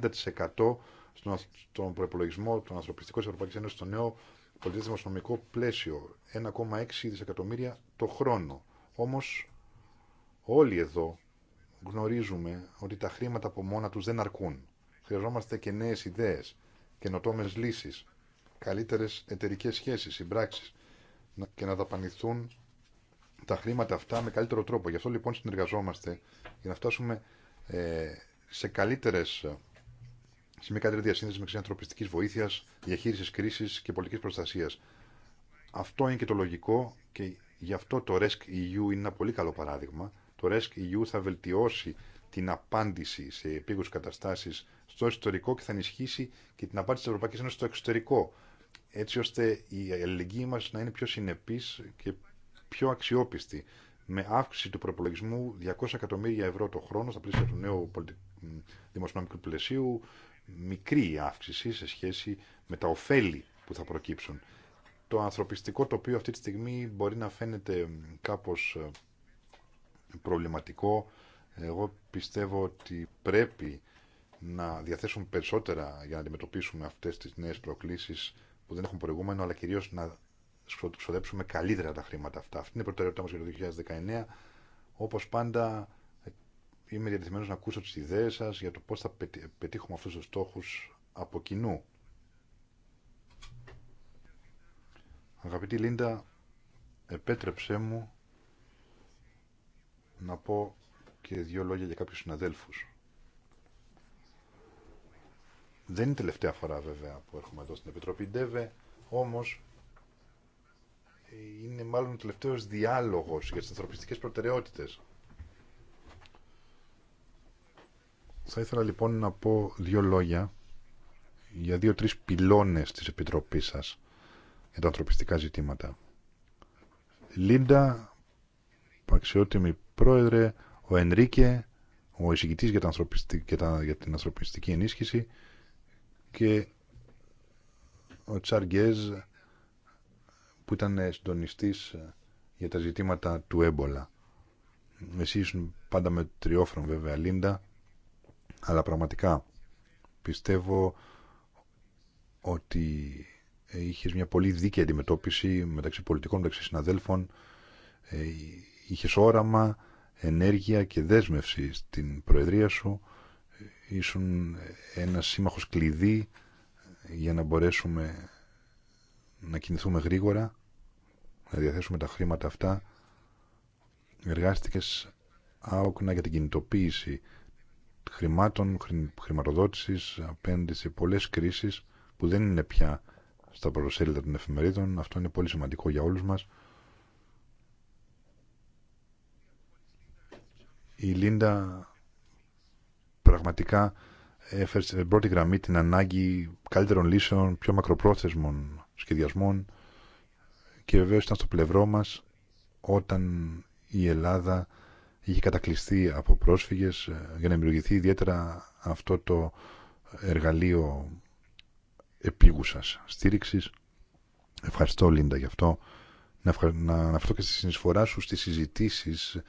στον προπολογισμό, των ανθρωπιστικών τη Ευρωπαϊκή Ένωση, στο νέο πολιτικό δημοσιονομικό πλαίσιο. 1,6 δισεκατομμύρια το χρόνο. Όμω όλοι εδώ γνωρίζουμε ότι τα χρήματα από μόνα του δεν αρκούν. Χρειαζόμαστε και νέε ιδέε, καινοτόμε λύσει, καλύτερε εταιρικέ σχέσει, συμπράξει και να δαπανηθούν τα χρήματα αυτά με καλύτερο τρόπο. Γι' αυτό λοιπόν συνεργαζόμαστε για να φτάσουμε ε, σε καλύτερες σε μια καλύτερη διασύνδεση μεταξύ ανθρωπιστική βοήθεια, διαχείριση κρίση και πολιτική προστασία. Αυτό είναι και το λογικό και γι' αυτό το RESC EU είναι ένα πολύ καλό παράδειγμα. Το RESC EU θα βελτιώσει την απάντηση σε επίγουσε καταστάσει στο εσωτερικό και θα ενισχύσει και την απάντηση τη Ευρωπαϊκή Ένωση στο εξωτερικό. Έτσι ώστε η ελληνική μα να είναι πιο συνεπή και πιο αξιόπιστη. Με αύξηση του προπολογισμού 200 εκατομμύρια ευρώ το χρόνο στα πλαίσια του νέου δημοσιονομικού πλαισίου, μικρή αύξηση σε σχέση με τα ωφέλη που θα προκύψουν. Το ανθρωπιστικό τοπίο αυτή τη στιγμή μπορεί να φαίνεται κάπως ε, προβληματικό. Εγώ πιστεύω ότι πρέπει να διαθέσουμε περισσότερα για να αντιμετωπίσουμε αυτές τις νέες προκλήσεις που δεν έχουν προηγούμενο, αλλά κυρίως να ξοδέψουμε καλύτερα τα χρήματα αυτά. Αυτή είναι η προτεραιότητά μας για το 2019. Όπως πάντα είμαι διατεθειμένος να ακούσω τις ιδέες σας για το πώς θα πετύχουμε αυτούς τους στόχους από κοινού. Αγαπητή Λίντα, επέτρεψέ μου να πω και δύο λόγια για κάποιους συναδέλφους. Δεν είναι η τελευταία φορά βέβαια που έρχομαι εδώ στην Επιτροπή Ντεβε, όμως είναι μάλλον ο τελευταίος διάλογος για τις ανθρωπιστικές προτεραιότητες Θα ήθελα λοιπόν να πω δύο λόγια για δύο-τρεις πυλώνες της Επιτροπής σας για τα ανθρωπιστικά ζητήματα. Λίντα, αξιότιμη πρόεδρε, ο Ενρίκε, ο εισηγητής για, την ανθρωπιστική ενίσχυση και ο Τσαργκέζ που ήταν συντονιστής για τα ζητήματα του έμπολα. Εσύ πάντα με τριόφρον βέβαια, Λίντα, αλλά πραγματικά πιστεύω ότι είχες μια πολύ δίκαιη αντιμετώπιση μεταξύ πολιτικών, μεταξύ συναδέλφων. Ε, είχες όραμα, ενέργεια και δέσμευση στην Προεδρία σου. Ήσουν ένα σύμμαχος κλειδί για να μπορέσουμε να κινηθούμε γρήγορα, να διαθέσουμε τα χρήματα αυτά. Εργάστηκες άοκνα για την κινητοποίηση χρημάτων, χρηματοδότησης απέναντι σε πολλές κρίσεις που δεν είναι πια στα προσελίδα των εφημερίδων. Αυτό είναι πολύ σημαντικό για όλους μας. Η Λίντα πραγματικά έφερε στην ε, πρώτη γραμμή την ανάγκη καλύτερων λύσεων, πιο μακροπρόθεσμων σχεδιασμών και βεβαίως ήταν στο πλευρό μας όταν η Ελλάδα είχε κατακλειστεί από πρόσφυγες ε, για να δημιουργηθεί ιδιαίτερα αυτό το εργαλείο επίγουσας στήριξης. Ευχαριστώ Λίντα γι' αυτό. Να, να και στη συνεισφορά σου στις συζητήσεις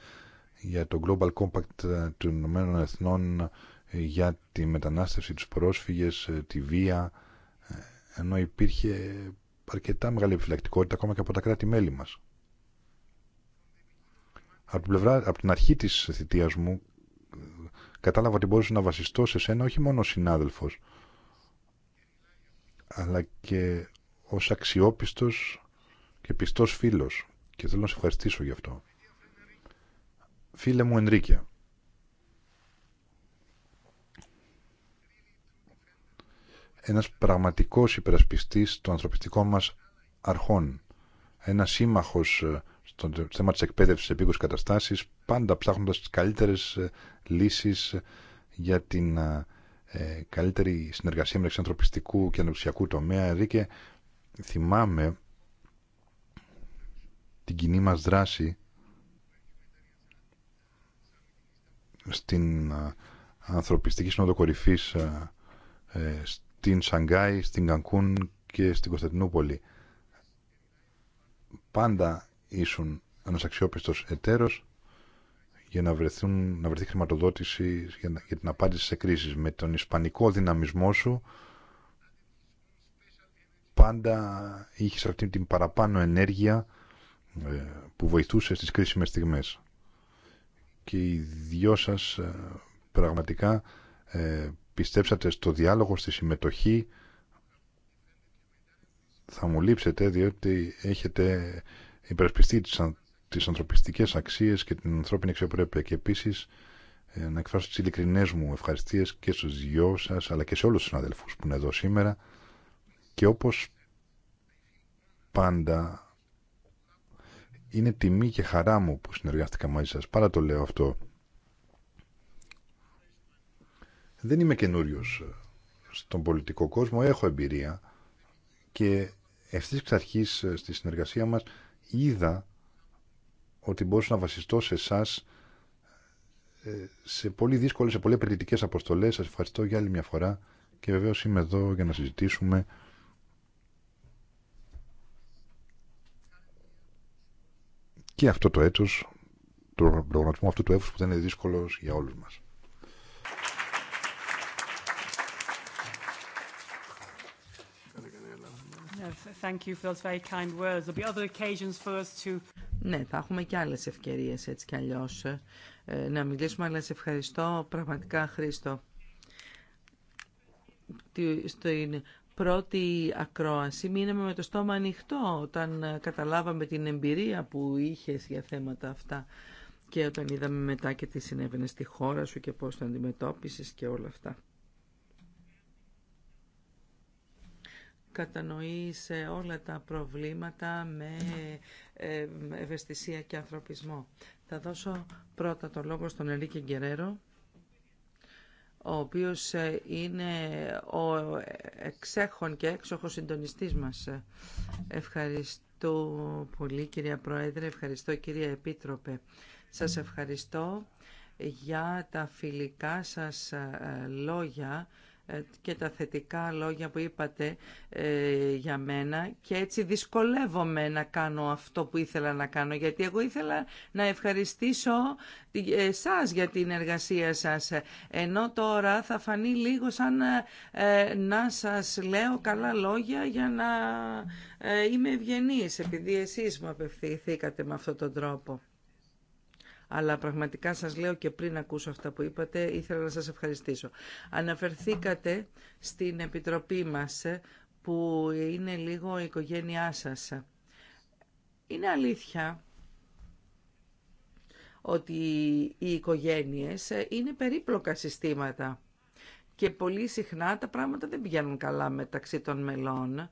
για το Global Compact ε, των ΗΕ Εθνών ε, για τη μετανάστευση, τους πρόσφυγες, τη βία, ενώ υπήρχε αρκετά μεγάλη επιφυλακτικότητα ακόμα και από τα κράτη-μέλη μας από την, πλευρά, από την αρχή της θητείας μου κατάλαβα ότι μπορούσα να βασιστώ σε σένα όχι μόνο ως συνάδελφος αλλά και ως αξιόπιστος και πιστός φίλος και θέλω να σε ευχαριστήσω γι' αυτό. Φίλε μου Ενρίκια ένας πραγματικός υπερασπιστής των ανθρωπιστικών μας αρχών, ένας σύμμαχος ε, στο θέμα της εκπαίδευσης σε επίκους καταστάσεις, πάντα ψάχνοντας τις καλύτερες ε, λύσεις ε, για την ε, ε, καλύτερη συνεργασία μεταξύ ανθρωπιστικού και ανεξιακού τομέα. και θυμάμαι την κοινή μας δράση στην ανθρωπιστική σύνοδο στην Σανγκάη, στην Κανκούν και στην Κωνσταντινούπολη. Πάντα ήσουν ένας αξιόπιστος εταίρος για να, βρεθούν, να βρεθεί χρηματοδότηση για, για την απάντηση σε κρίσεις. Με τον ισπανικό δυναμισμό σου πάντα είχες αυτή την παραπάνω ενέργεια ε, που βοηθούσε στις κρίσιμες στιγμές. Και οι δυο σας ε, πραγματικά ε, πιστέψατε στο διάλογο, στη συμμετοχή. Θα μου λείψετε διότι έχετε υπερασπιστεί τις ανθρωπιστικές αξίες και την ανθρώπινη αξιοπρέπεια και επίσης ε, να εκφράσω τις ειλικρινές μου ευχαριστίες και στους δυο σας αλλά και σε όλους τους συναδελφούς που είναι εδώ σήμερα και όπως πάντα είναι τιμή και χαρά μου που συνεργάστηκα μαζί σας παρά το λέω αυτό δεν είμαι καινούριο ε, στον πολιτικό κόσμο έχω εμπειρία και ευθύς εξ αρχής ε, στη συνεργασία μας είδα ότι μπορούσα να βασιστώ σε εσά ε, σε πολύ δύσκολε, σε πολύ απαιτητικέ αποστολέ, Σας ευχαριστώ για άλλη μια φορά και βεβαίω είμαι εδώ για να συζητήσουμε και αυτό το έτος, του προγραμματισμό αυτού του έφους που δεν είναι δύσκολος για όλους μας. Ναι, θα έχουμε και άλλες ευκαιρίες έτσι κι αλλιώς ε, να μιλήσουμε, αλλά σε ευχαριστώ πραγματικά Χρήστο. Στην πρώτη ακρόαση μείναμε με το στόμα ανοιχτό όταν ε, καταλάβαμε την εμπειρία που είχες για θέματα αυτά και όταν είδαμε μετά και τι συνέβαινε στη χώρα σου και πώς το αντιμετώπισες και όλα αυτά. κατανοεί σε όλα τα προβλήματα με ε, ευαισθησία και ανθρωπισμό. Θα δώσω πρώτα το λόγο στον Ελίκη Γκερέρο, ο οποίος ε, είναι ο εξέχων και έξοχος συντονιστής μας. Ευχαριστώ πολύ κυρία Πρόεδρε, ευχαριστώ κυρία Επίτροπε. Σας ευχαριστώ για τα φιλικά σας ε, λόγια ε, και τα θετικά λόγια που είπατε ε, για μένα και έτσι δυσκολεύομαι να κάνω αυτό που ήθελα να κάνω γιατί εγώ ήθελα να ευχαριστήσω εσάς για την εργασία σας ενώ τώρα θα φανεί λίγο σαν ε, να σας λέω καλά λόγια για να ε, είμαι ευγενής επειδή εσείς μου απευθυνθήκατε με αυτόν τον τρόπο αλλά πραγματικά σας λέω και πριν ακούσω αυτά που είπατε, ήθελα να σας ευχαριστήσω. Αναφερθήκατε στην Επιτροπή μας, που είναι λίγο η οικογένειά σας. Είναι αλήθεια ότι οι οικογένειες είναι περίπλοκα συστήματα και πολύ συχνά τα πράγματα δεν πηγαίνουν καλά μεταξύ των μελών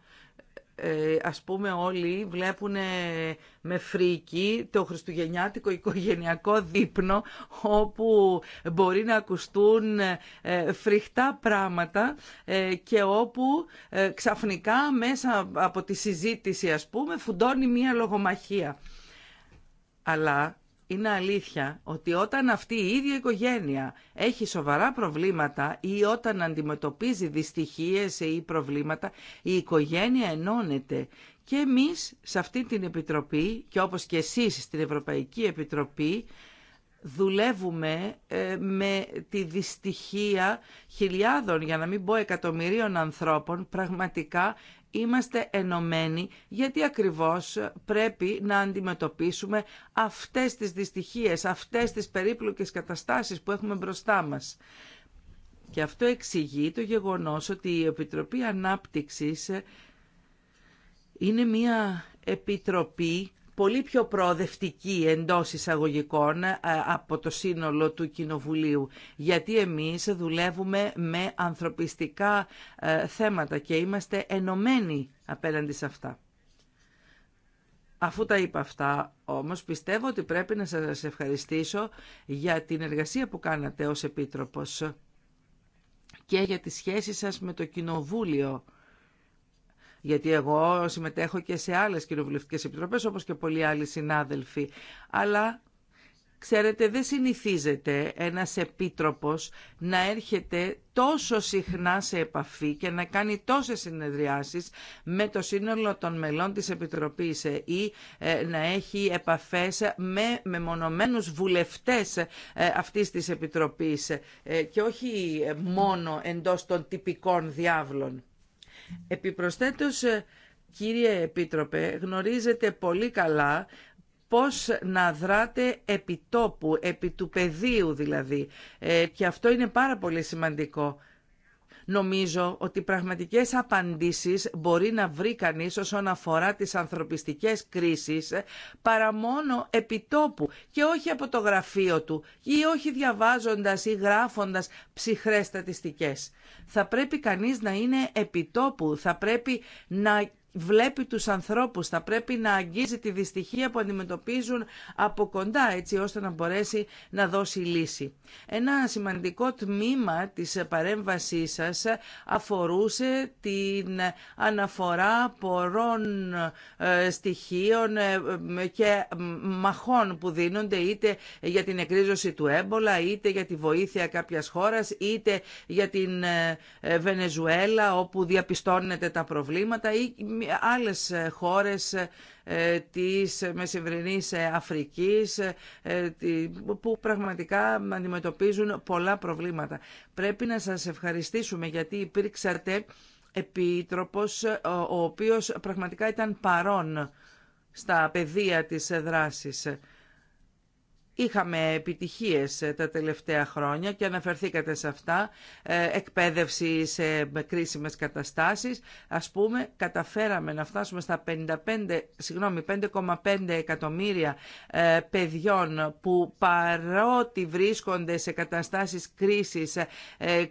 ε, ας πούμε όλοι βλέπουν με φρίκι το χριστουγεννιάτικο οικογενειακό δείπνο όπου μπορεί να ακουστούν ε, φρικτά πράγματα ε, και όπου ξαφνικά μέσα από τη συζήτηση ας πούμε φουντώνει μία λογομαχία. Αλλά είναι αλήθεια ότι όταν αυτή η ίδια οικογένεια έχει σοβαρά προβλήματα ή όταν αντιμετωπίζει δυστυχίες ή προβλήματα, η οικογένεια ενώνεται. Και εμείς σε αυτή την Επιτροπή και όπως και εσείς στην Ευρωπαϊκή Επιτροπή δουλεύουμε ε, με τη δυστυχία χιλιάδων, για να μην πω εκατομμυρίων ανθρώπων, πραγματικά είμαστε ενωμένοι γιατί ακριβώς πρέπει να αντιμετωπίσουμε αυτές τις δυστυχίες, αυτές τις περίπλοκες καταστάσεις που έχουμε μπροστά μας. Και αυτό εξηγεί το γεγονός ότι η Επιτροπή Ανάπτυξης είναι μια επιτροπή πολύ πιο προοδευτική εντό εισαγωγικών ε, από το σύνολο του Κοινοβουλίου, γιατί εμείς δουλεύουμε με ανθρωπιστικά ε, θέματα και είμαστε ενωμένοι απέναντι σε αυτά. Αφού τα είπα αυτά, όμως πιστεύω ότι πρέπει να σας ευχαριστήσω για την εργασία που κάνατε ως Επίτροπος και για τη σχέση σας με το Κοινοβούλιο γιατί εγώ συμμετέχω και σε άλλες κοινοβουλευτικές επιτροπές, όπως και πολλοί άλλοι συνάδελφοι, αλλά Ξέρετε, δεν συνηθίζεται ένας επίτροπος να έρχεται τόσο συχνά σε επαφή και να κάνει τόσες συνεδριάσεις με το σύνολο των μελών της Επιτροπής ε, ή ε, να έχει επαφές με μεμονωμένους βουλευτές ε, αυτής της Επιτροπής και όχι μόνο εντός των τυπικών διάβλων. Επιπροσθέτως, ε, κύριε Επίτροπε, γνωρίζετε πολύ καλά πώς να δράτε επί τόπου, επί του πεδίου δηλαδή. Ε, και αυτό είναι πάρα πολύ σημαντικό. Νομίζω ότι πραγματικές απαντήσεις μπορεί να βρει κανείς όσον αφορά τις ανθρωπιστικές κρίσεις παρά μόνο επιτόπου και όχι από το γραφείο του ή όχι διαβάζοντας ή γράφοντας ψυχρές στατιστικές. Θα πρέπει κανείς να είναι επιτόπου, θα πρέπει να βλέπει τους ανθρώπους, θα πρέπει να αγγίζει τη δυστυχία που αντιμετωπίζουν από κοντά έτσι ώστε να μπορέσει να δώσει λύση. Ένα σημαντικό τμήμα της παρέμβασής σας αφορούσε την αναφορά πορών ε, στοιχείων ε, και μαχών που δίνονται είτε για την εκρίζωση του έμπολα, είτε για τη βοήθεια κάποιας χώρας, είτε για την ε, Βενεζουέλα όπου διαπιστώνεται τα προβλήματα ε, άλλες ε, χώρες ε, της μεσημβρινής Αφρικής που πραγματικά αντιμετωπίζουν πολλά προβλήματα. Πρέπει να σας ευχαριστήσουμε γιατί υπήρξατε επίτροπος ο οποίος πραγματικά ήταν παρόν στα πεδία της δράσης. Είχαμε επιτυχίες ε, τα τελευταία χρόνια και αναφερθήκατε σε αυτά, ε, εκπαίδευση σε κρίσιμες καταστάσεις. Ας πούμε, καταφέραμε να φτάσουμε στα 55, συγγνώμη, 5,5 εκατομμύρια ε, παιδιών που παρότι βρίσκονται σε καταστάσεις κρίσης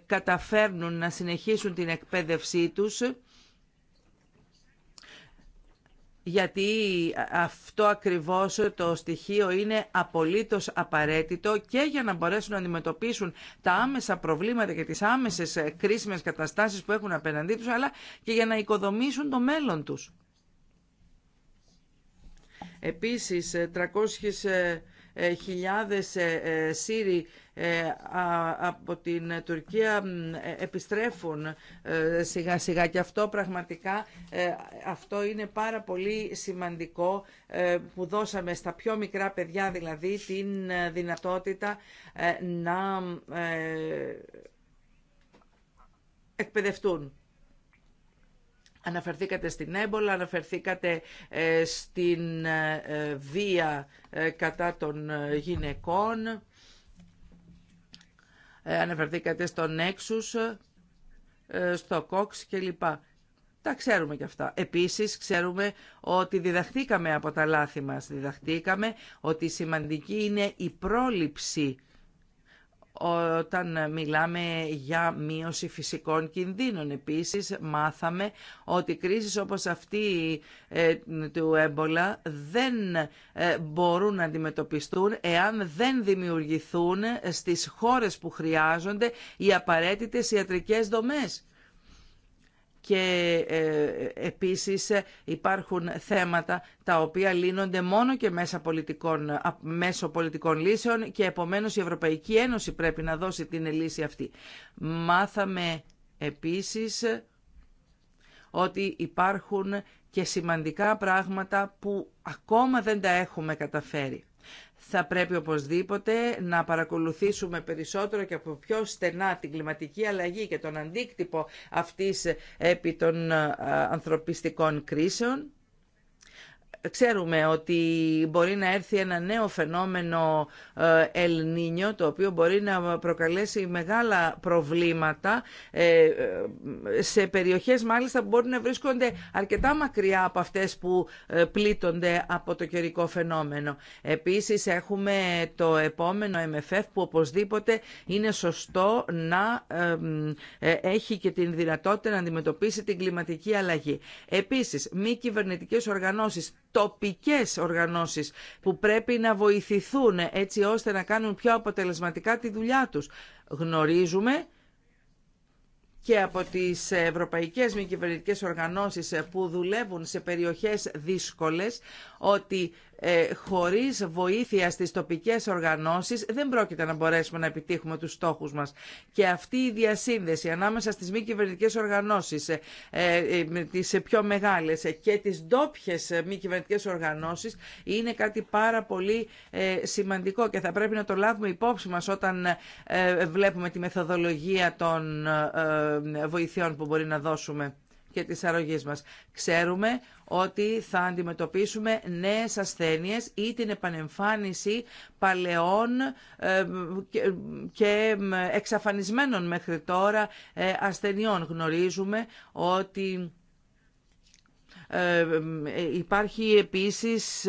καταφέρνουν να συνεχίσουν την εκπαίδευσή τους γιατί ε, αυτό ακριβώς το στοιχείο είναι απολύτως απαραίτητο και για να μπορέσουν να αντιμετωπίσουν τα άμεσα προβλήματα και τις άμεσες ε, κρίσιμες καταστάσεις που έχουν απέναντί τους, αλλά και για να οικοδομήσουν το μέλλον τους. Επίσης, 300 ε, ε, χιλιάδες ε, ε, Σύριοι από την Τουρκία επιστρέφουν σιγά σιγά και αυτό πραγματικά αυτό είναι πάρα πολύ σημαντικό που δώσαμε στα πιο μικρά παιδιά δηλαδή την δυνατότητα να εκπαιδευτούν. Αναφερθήκατε στην έμπολα, αναφερθήκατε ε, στην ε, ε, βία κατά των γυναικών, αναφερθήκατε στον έξους, στο κόξ κλπ. Τα ξέρουμε και αυτά. Επίσης ξέρουμε ότι διδαχτήκαμε από τα λάθη μας. Διδαχτήκαμε ότι σημαντική είναι η πρόληψη όταν μιλάμε για μείωση φυσικών κινδύνων. Επίσης, μάθαμε ότι κρίσεις όπως αυτή ε, του έμπολα δεν ε, μπορούν να αντιμετωπιστούν εάν δεν δημιουργηθούν στις χώρες που χρειάζονται οι απαραίτητες ιατρικές δομές και ε, επίσης ε, υπάρχουν θέματα τα οποία λύνονται μόνο και μέσα πολιτικών, μέσω πολιτικών λύσεων και επομένως η Ευρωπαϊκή Ένωση πρέπει να δώσει την λύση αυτή. Μάθαμε επίσης ότι υπάρχουν και σημαντικά πράγματα που ακόμα δεν τα έχουμε καταφέρει θα πρέπει οπωσδήποτε να παρακολουθήσουμε περισσότερο και από πιο στενά την κλιματική αλλαγή και τον αντίκτυπο αυτής επί των ανθρωπιστικών κρίσεων Ξέρουμε ότι μπορεί να έρθει ένα νέο φαινόμενο ελνίνιο, το οποίο μπορεί να προκαλέσει μεγάλα προβλήματα ε, ε, σε περιοχές μάλιστα που μπορεί να βρίσκονται αρκετά μακριά από αυτές που ε, πλήττονται από το καιρικό φαινόμενο. Επίσης έχουμε το επόμενο MFF που οπωσδήποτε είναι σωστό να έχει και την δυνατότητα να αντιμετωπίσει την κλιματική αλλαγή. Επίσης, μη κυβερνητικές οργανώσεις τοπικές οργανώσεις που πρέπει να βοηθηθούν έτσι ώστε να κάνουν πιο αποτελεσματικά τη δουλειά τους. Γνωρίζουμε και από τις ευρωπαϊκές μη κυβερνητικές οργανώσεις που δουλεύουν σε περιοχές δύσκολες ότι ε, χωρίς βοήθεια στις τοπικές οργανώσεις δεν πρόκειται να μπορέσουμε να επιτύχουμε τους στόχους μας. Και αυτή η διασύνδεση ανάμεσα στις μη κυβερνητικέ οργανώσεις, ε, ε πιο μεγάλες ε, και τις ντόπιε ε, μη κυβερνητικέ οργανώσεις είναι κάτι πάρα πολύ σημαντικό και θα πρέπει να το λάβουμε υπόψη μας όταν βλέπουμε τη μεθοδολογία των βοηθειών που μπορεί να δώσουμε και της αρρωγής μας. Ξέρουμε ότι θα αντιμετωπίσουμε νέες ασθένειες ή την επανεμφάνιση παλαιών ε, και εξαφανισμένων μέχρι τώρα ε, ασθενειών. Γνωρίζουμε ότι ε, υπάρχει επίσης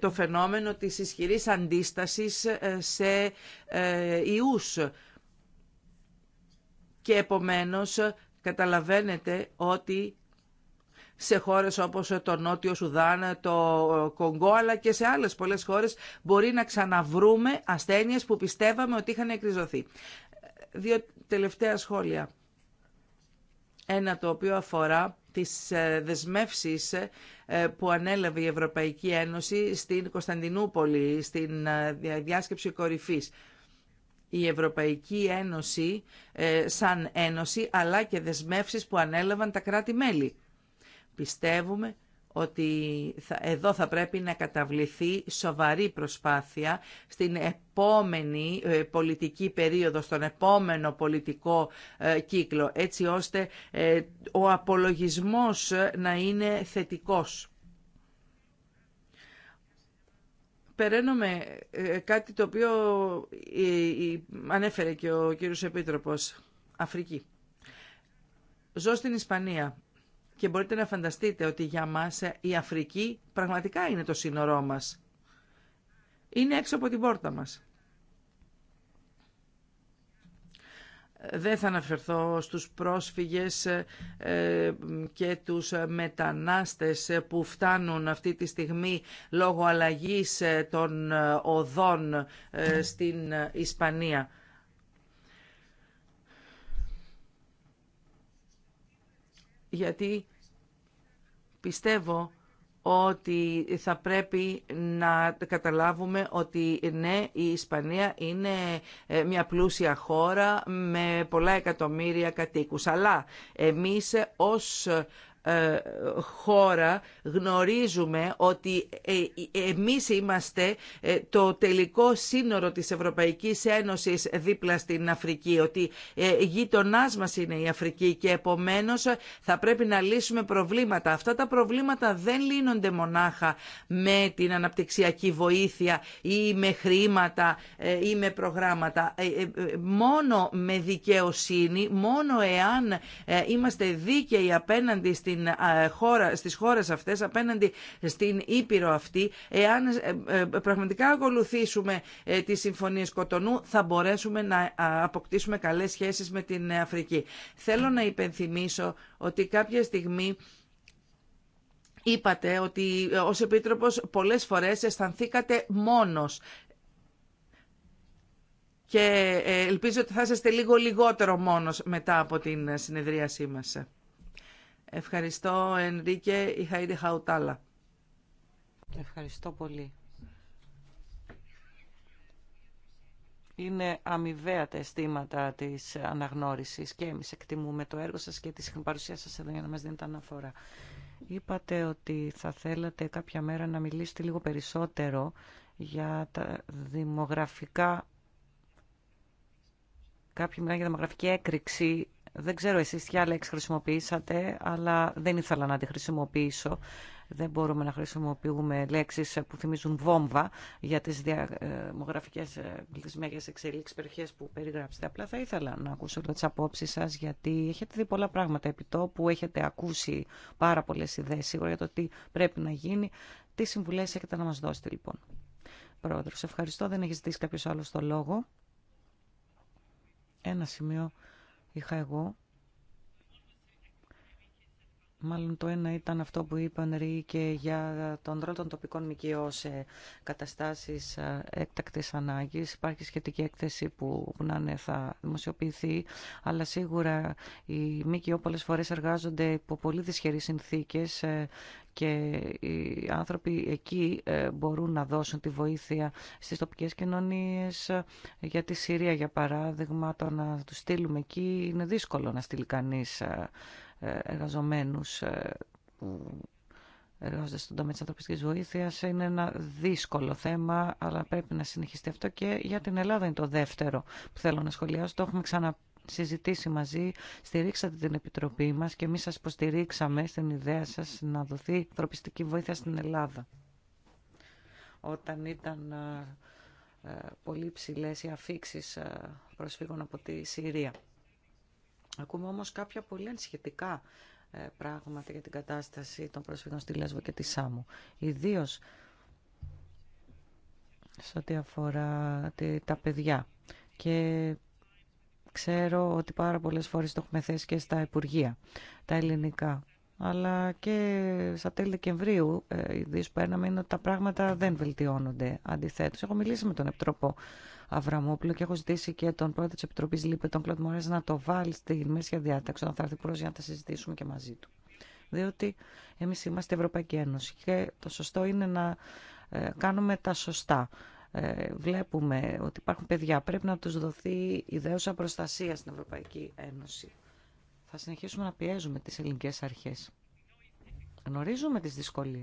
το φαινόμενο της ισχυρής αντίστασης σε ιούς και επομένως Καταλαβαίνετε ότι σε χώρες όπως το Νότιο Σουδάν, το Κονγκό, αλλά και σε άλλες πολλές χώρες μπορεί να ξαναβρούμε ασθένειες που πιστεύαμε ότι είχαν εκκριζωθεί. Δύο τελευταία σχόλια. Ένα το οποίο αφορά τις ε, δεσμεύσεις ε, που ανέλαβε η Ευρωπαϊκή Ένωση στην Κωνσταντινούπολη, στην ε, διάσκεψη κορυφής η Ευρωπαϊκή Ένωση ε, σαν ένωση, αλλά και δεσμεύσεις που ανέλαβαν τα κράτη-μέλη. Πιστεύουμε ότι εδώ θα πρέπει να καταβληθεί σοβαρή προσπάθεια στην επόμενη ε, πολιτική περίοδο, στον επόμενο πολιτικό ε, κύκλο, έτσι ώστε ο απολογισμός να είναι θετικός. περαίνουμε κάτι το οποίο ε, ε, ανέφερε και ο κύριος Επίτροπος, Αφρική. Ζω στην Ισπανία και μπορείτε να φανταστείτε ότι για μας ε, η Αφρική πραγματικά είναι το σύνορό μας. Είναι έξω από την πόρτα μας. Δεν θα αναφερθώ στους πρόσφυγες ε, και τους μετανάστες που φτάνουν αυτή τη στιγμή λόγω αλλαγής ε, των ε, οδών στην Ισπανία. Γιατί πιστεύω ότι θα πρέπει να καταλάβουμε ότι ναι, η Ισπανία είναι ε, μια πλούσια χώρα με πολλά εκατομμύρια κατοίκους. Αλλά εμείς ως ε, χώρα γνωρίζουμε ότι ε, ε, εμείς είμαστε το τελικό σύνορο της Ευρωπαϊκής Ένωσης δίπλα στην Αφρική, ότι γείτονά μας είναι η Αφρική και επομένως θα πρέπει να λύσουμε προβλήματα. Αυτά τα προβλήματα δεν λύνονται μονάχα με την αναπτυξιακή βοήθεια ή με χρήματα ή με προγράμματα. Μόνο με δικαιοσύνη, μόνο εάν είμαστε δίκαιοι απέναντι στην στην ε, χώρα, στις χώρες αυτές, απέναντι στην Ήπειρο αυτή, εάν ε, ε, πραγματικά ακολουθήσουμε τις συμφωνίες Κοτονού, θα μπορέσουμε να αποκτήσουμε καλές σχέσεις με την Αφρική. Θέλω να υπενθυμίσω ότι κάποια στιγμή είπατε ότι ως Επίτροπος πολλές φορές αισθανθήκατε μόνος και ελπίζω ότι θα είστε λίγο λιγότερο μόνος μετά από την συνεδρίασή μας. Ευχαριστώ, Ενρίκε, η Χαϊδη Χαουτάλα. Ευχαριστώ πολύ. Είναι αμοιβαία τα αισθήματα της αναγνώρισης και εμείς εκτιμούμε το έργο σας και τη παρουσία σας εδώ για να μας δίνετε αναφορά. Είπατε ότι θα θέλατε κάποια μέρα να μιλήσετε λίγο περισσότερο για τα δημογραφικά... κάποια μιλάνε δημογραφική έκρηξη δεν ξέρω εσείς τι άλλα χρησιμοποιήσατε, αλλά δεν ήθελα να τη χρησιμοποιήσω. Δεν μπορούμε να χρησιμοποιούμε λέξεις που θυμίζουν βόμβα για τις δημογραφικές τις ε, μέγες εξελίξεις περιοχές που περιγράψετε. Απλά θα ήθελα να ακούσω τι τις απόψεις σας, γιατί έχετε δει πολλά πράγματα επί που έχετε ακούσει πάρα πολλές ιδέες σίγουρα για το τι πρέπει να γίνει. Τι συμβουλές έχετε να μας δώσετε λοιπόν. Πρόεδρος, ευχαριστώ. Δεν έχει ζητήσει κάποιο άλλο το λόγο. Ένα σημείο είχα εγώ Μάλλον το ένα ήταν αυτό που είπαν Ρή και για τον ρόλο των τοπικών ΜΚΟ σε καταστάσεις ε, έκτακτης ανάγκης. Υπάρχει σχετική έκθεση που, που να είναι, θα δημοσιοποιηθεί, αλλά σίγουρα οι ΜΚΟ πολλές φορές εργάζονται υπό πολύ δυσχερείς συνθήκες ε, και οι άνθρωποι εκεί ε, μπορούν να δώσουν τη βοήθεια στις τοπικές κοινωνίες. Για τη Συρία, για παράδειγμα, το να τους στείλουμε εκεί είναι δύσκολο να στείλει κανείς ε, εργαζομένους ε, που εργάζονται στον τομέα της ανθρωπιστικής βοήθειας. Είναι ένα δύσκολο θέμα, αλλά πρέπει να συνεχιστεί αυτό και για την Ελλάδα είναι το δεύτερο που θέλω να σχολιάσω. Το έχουμε ξανασυζητήσει μαζί, στηρίξατε την Επιτροπή μας και εμείς σας υποστηρίξαμε στην ιδέα σας να δοθεί ανθρωπιστική βοήθεια στην Ελλάδα. Όταν ήταν ε, πολύ ψηλές οι αφήξεις προσφύγων από τη Συρία. Ακούμε όμως κάποια πολύ ανησυχητικά ε, πράγματα για την κατάσταση των προσφύγων στη Λέσβο και τη Σάμου. Ιδίω σε ό,τι αφορά τα παιδιά. Και ξέρω ότι πάρα πολλές φορές το έχουμε θέσει και στα Υπουργεία, τα ελληνικά. Αλλά και στα τέλη Δεκεμβρίου, ε, οι που παίρναμε είναι ότι τα πράγματα δεν βελτιώνονται. Αντιθέτως, έχω μιλήσει με τον Επιτροπό Αβραμόπουλο και έχω ζητήσει και τον πρόεδρο τη Επιτροπή Λίπε τον Κλοντ Μωρέ, να το βάλει στη μέση διάταξη όταν θα έρθει πρώτο για να τα συζητήσουμε και μαζί του. Διότι εμεί είμαστε Ευρωπαϊκή Ένωση και το σωστό είναι να ε, κάνουμε τα σωστά. Ε, βλέπουμε ότι υπάρχουν παιδιά. Πρέπει να του δοθεί ιδέουσα προστασία στην Ευρωπαϊκή Ένωση. Θα συνεχίσουμε να πιέζουμε τι ελληνικέ αρχέ. Γνωρίζουμε τι δυσκολίε.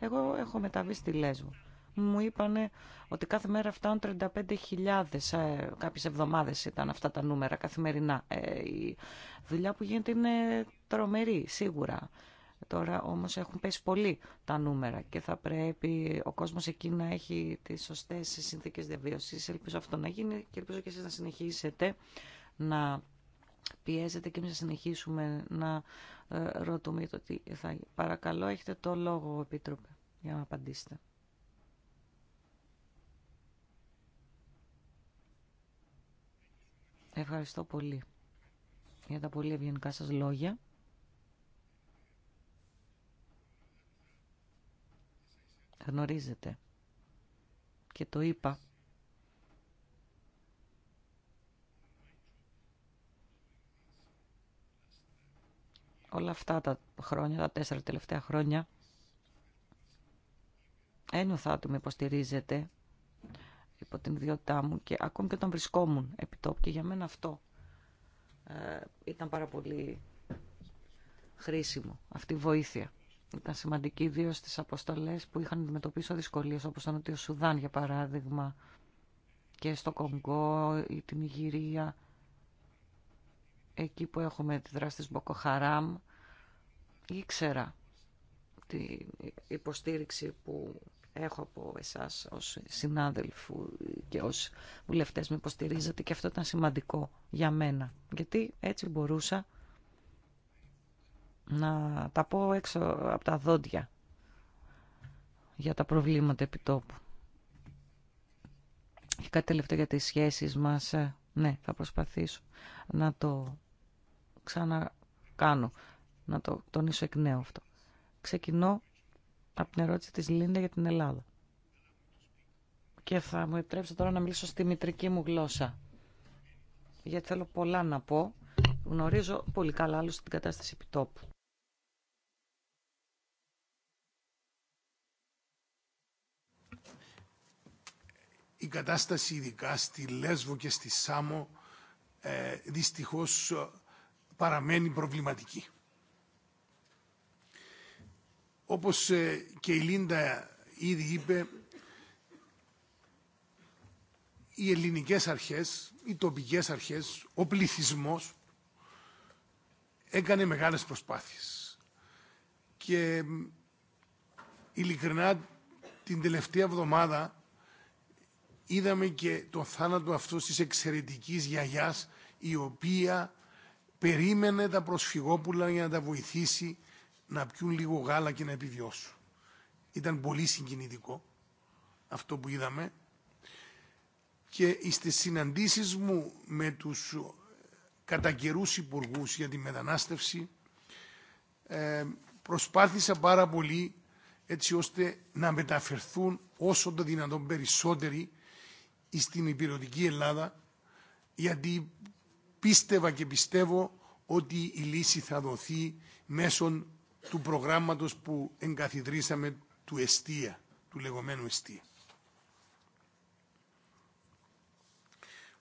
Εγώ έχω μεταβεί στη Λέσβο μου είπανε ότι κάθε μέρα φτάνουν 35.000, ε, κάποιες εβδομάδες ήταν αυτά τα νούμερα καθημερινά. Ε, η δουλειά που γίνεται είναι τρομερή, σίγουρα. Τώρα όμως έχουν πέσει πολύ τα νούμερα και θα πρέπει ο κόσμος εκεί να έχει τις σωστές συνθήκες διαβίωσης. Ελπίζω αυτό να γίνει και ελπίζω και εσείς να συνεχίσετε να πιέζετε και εμείς να συνεχίσουμε να ε, ρωτούμε το Παρακαλώ, έχετε το λόγο, Επίτροπε, για να απαντήσετε. Ευχαριστώ πολύ για τα πολύ ευγενικά σας λόγια. Γνωρίζετε. Και το είπα. Όλα αυτά τα χρόνια, τα τέσσερα τελευταία χρόνια, ένιωθα ότι με υποστηρίζετε υπό την ιδιότητά μου και ακόμη και όταν βρισκόμουν επί τόπου και για μένα αυτό ε, ήταν πάρα πολύ χρήσιμο αυτή η βοήθεια. Ήταν σημαντική ιδίω στι αποστολέ που είχαν αντιμετωπίσει δυσκολίε όπω ότι ο Σουδάν για παράδειγμα και στο Κονγκό ή την Ιγυρία εκεί που έχουμε τη δράση της Μποκοχαράμ ήξερα την υποστήριξη που έχω από εσά ως συνάδελφου και ως βουλευτέ με υποστηρίζετε και αυτό ήταν σημαντικό για μένα. Γιατί έτσι μπορούσα να τα πω έξω από τα δόντια για τα προβλήματα επιτόπου. Και κάτι τελευταίο για τις σχέσεις μας. Ε, ναι, θα προσπαθήσω να το ξανακάνω, να το τονίσω εκ νέου αυτό. Ξεκινώ από την ερώτηση της Λίντα για την Ελλάδα. Και θα μου επιτρέψω τώρα να μιλήσω στη μητρική μου γλώσσα. Γιατί θέλω πολλά να πω. Γνωρίζω πολύ καλά άλλωστε την κατάσταση επιτόπου. Η κατάσταση ειδικά στη Λέσβο και στη Σάμο ε, δυστυχώς παραμένει προβληματική. Όπως ε, και η Λίντα ήδη είπε, οι ελληνικές αρχές, οι τοπικές αρχές, ο πληθυσμός έκανε μεγάλες προσπάθειες. Και ειλικρινά την τελευταία εβδομάδα είδαμε και τον θάνατο αυτό της εξαιρετικής γιαγιάς η οποία περίμενε τα προσφυγόπουλα για να τα βοηθήσει να πιούν λίγο γάλα και να επιβιώσουν. Ήταν πολύ συγκινητικό αυτό που είδαμε και στι συναντήσεις μου με τους ε, κατά καιρού υπουργούς για τη μετανάστευση ε, προσπάθησα πάρα πολύ έτσι ώστε να μεταφερθούν όσο το δυνατόν περισσότεροι στην υπηρετική Ελλάδα γιατί πίστευα και πιστεύω ότι η λύση θα δοθεί μέσω του προγράμματος που εγκαθιδρύσαμε του εστία, του λεγόμενου εστία.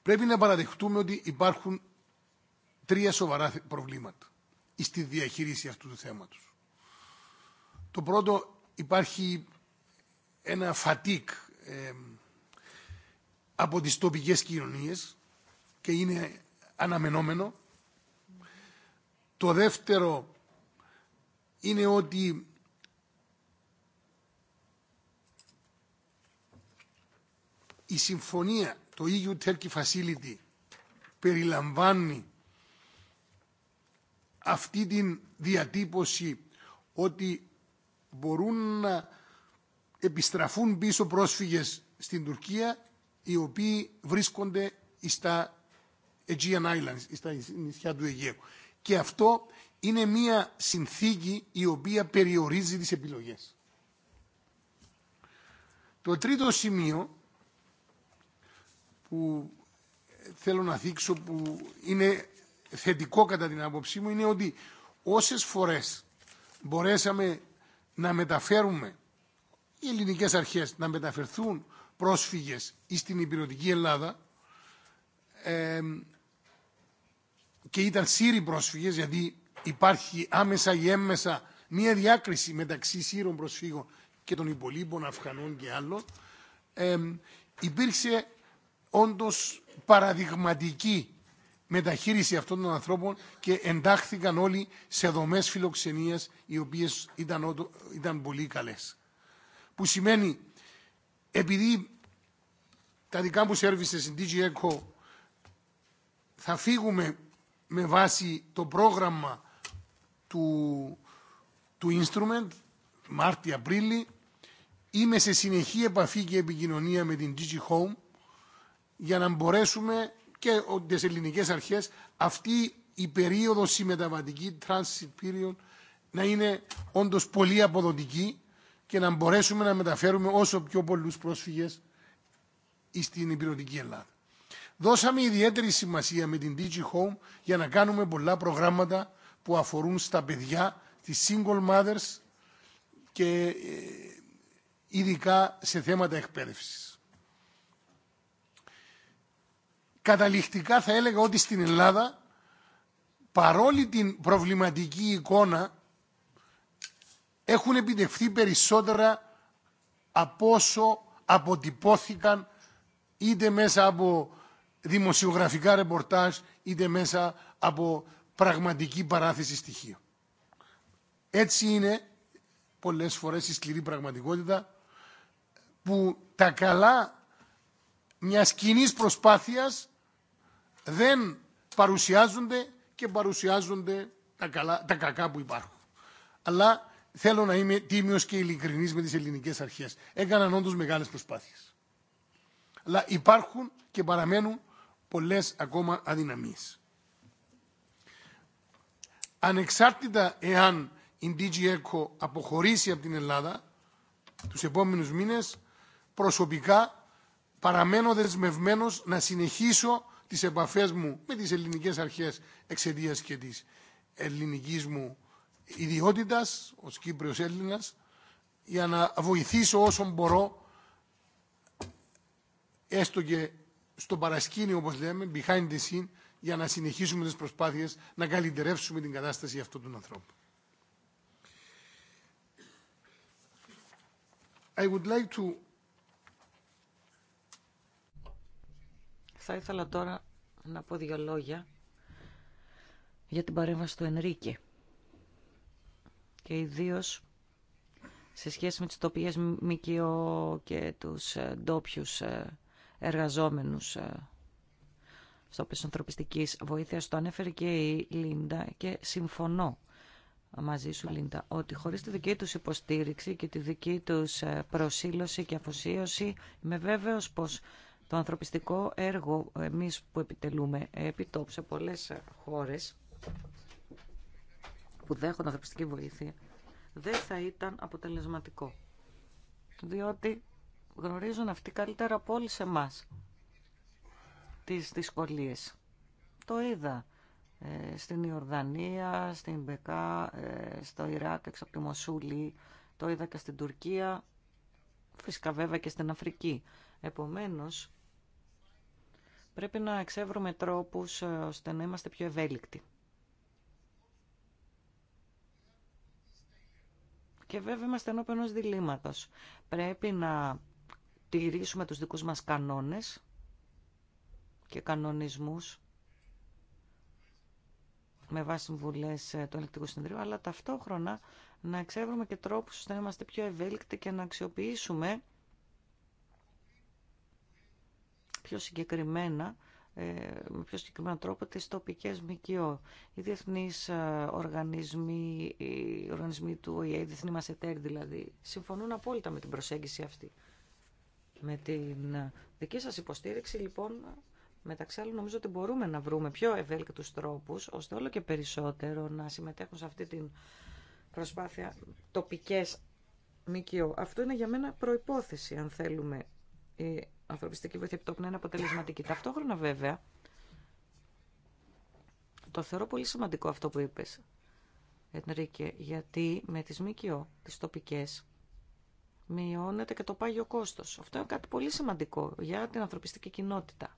Πρέπει να παραδεχτούμε ότι υπάρχουν τρία σοβαρά προβλήματα στη διαχείριση αυτού του θέματος. Το πρώτο υπάρχει ένα φατίκ ε, από τις τοπικές κοινωνίες και είναι αναμενόμενο. Το δεύτερο είναι ότι η συμφωνία, το EU Turkey Facility, περιλαμβάνει αυτή την διατύπωση ότι μπορούν να επιστραφούν πίσω πρόσφυγες στην Τουρκία οι οποίοι βρίσκονται στα Aegean Islands, στα νησιά του Αιγαίου. Και αυτό είναι μια συνθήκη η οποία περιορίζει τις επιλογές. Το τρίτο σημείο που θέλω να δείξω που είναι θετικό κατά την άποψή μου είναι ότι όσες φορές μπορέσαμε να μεταφέρουμε οι ελληνικές αρχές να μεταφερθούν πρόσφυγες στην υπηρετική Ελλάδα ε, και ήταν Σύριοι πρόσφυγες γιατί υπάρχει άμεσα ή έμμεσα μία διάκριση μεταξύ Σύρων προσφύγων και των υπολείπων Αφγανών και άλλων, ε, υπήρξε όντως παραδειγματική μεταχείριση αυτών των ανθρώπων και εντάχθηκαν όλοι σε δομές φιλοξενίας οι οποίες ήταν, ήταν πολύ καλές. Που σημαίνει, επειδή τα δικά μου σερβίσε στην DG θα φύγουμε με βάση το πρόγραμμα του, του instrument, Μάρτι-Απρίλη. Είμαι σε συνεχή επαφή και επικοινωνία με την DigiHome για να μπορέσουμε και τι ελληνικές αρχές αυτή η περίοδος συμμεταβατική transit period να είναι όντως πολύ αποδοτική και να μπορέσουμε να μεταφέρουμε όσο πιο πολλούς πρόσφυγες στην υπηρετική Ελλάδα. Δώσαμε ιδιαίτερη σημασία με την DigiHome Home για να κάνουμε πολλά προγράμματα που αφορούν στα παιδιά, τις single mothers και ε, ειδικά σε θέματα εκπαίδευσης. Καταληκτικά θα έλεγα ότι στην Ελλάδα παρόλη την προβληματική εικόνα έχουν επιτευχθεί περισσότερα από όσο αποτυπώθηκαν είτε μέσα από δημοσιογραφικά ρεπορτάζ είτε μέσα από πραγματική παράθεση στοιχείων. Έτσι είναι πολλές φορές η σκληρή πραγματικότητα που τα καλά μια κοινή προσπάθειας δεν παρουσιάζονται και παρουσιάζονται τα, καλά, τα κακά που υπάρχουν. Αλλά θέλω να είμαι τίμιος και ειλικρινής με τις ελληνικές αρχές. Έκαναν όντως μεγάλες προσπάθειες. Αλλά υπάρχουν και παραμένουν πολλές ακόμα αδυναμίες ανεξάρτητα εάν η DG ECO αποχωρήσει από την Ελλάδα τους επόμενους μήνες, προσωπικά παραμένω δεσμευμένος να συνεχίσω τις επαφές μου με τις ελληνικές αρχές εξαιτίας και της ελληνικής μου ιδιότητας ως Κύπριος Έλληνας για να βοηθήσω όσον μπορώ έστω και στο παρασκήνιο όπως λέμε, behind the scene, για να συνεχίσουμε τις προσπάθειες να καλυτερεύσουμε την κατάσταση αυτού του ανθρώπου. I would like to... Θα ήθελα τώρα να πω δύο λόγια για την παρέμβαση του Ενρίκη και ιδίως σε σχέση με τις τοπίες ΜΚΟ και τους ε, ντόπιου ε, εργαζόμενους ε, στο πλαίσιο ανθρωπιστική βοήθειας. Το ανέφερε και η Λίντα και συμφωνώ μαζί σου Λίντα ότι χωρί τη δική τους υποστήριξη και τη δική τους ε, προσήλωση και αφοσίωση είμαι βέβαιο πως το ανθρωπιστικό έργο εμείς που επιτελούμε επί σε πολλές χώρες που δέχονται ανθρωπιστική βοήθεια δεν θα ήταν αποτελεσματικό. Διότι γνωρίζουν αυτοί καλύτερα από σε εμάς τις δυσκολίες. Το είδα ε, στην Ιορδανία, στην Μπεκά, ε, στο Ιράκ, έξω από τη Μοσούλη, το είδα και στην Τουρκία, φυσικά βέβαια και στην Αφρική. Επομένως, πρέπει να εξεύρουμε τρόπους ε, ώστε να είμαστε πιο ευέλικτοι. Και βέβαια είμαστε ενώπιον διλήμματος. Πρέπει να τηρήσουμε τους δικούς μας κανόνες, και κανονισμούς με βάση συμβουλέ ε, του Ελεκτικού Συνεδρίου, αλλά ταυτόχρονα να εξεύρουμε και τρόπους ώστε να είμαστε πιο ευέλικτοι και να αξιοποιήσουμε πιο συγκεκριμένα ε, με πιο συγκεκριμένο τρόπο τις τοπικές ΜΚΟ. Οι διεθνείς ε, οργανισμοί, οι οργανισμοί του ΟΗΕ, οι διεθνοί μας δηλαδή, συμφωνούν απόλυτα με την προσέγγιση αυτή. Με την δική σας υποστήριξη λοιπόν Μεταξύ άλλων νομίζω ότι μπορούμε να βρούμε πιο ευέλικτους τρόπους, ώστε όλο και περισσότερο να συμμετέχουν σε αυτή την προσπάθεια τοπικές ΜΚΟ. Αυτό είναι για μένα προϋπόθεση, αν θέλουμε η ανθρωπιστική βοήθεια επιτόπου να είναι αποτελεσματική. Ταυτόχρονα βέβαια, το θεωρώ πολύ σημαντικό αυτό που είπες, Ενρίκε, γιατί με τις ΜΚΟ, τις τοπικές, μειώνεται και το πάγιο κόστος. Αυτό είναι κάτι πολύ σημαντικό για την ανθρωπιστική κοινότητα.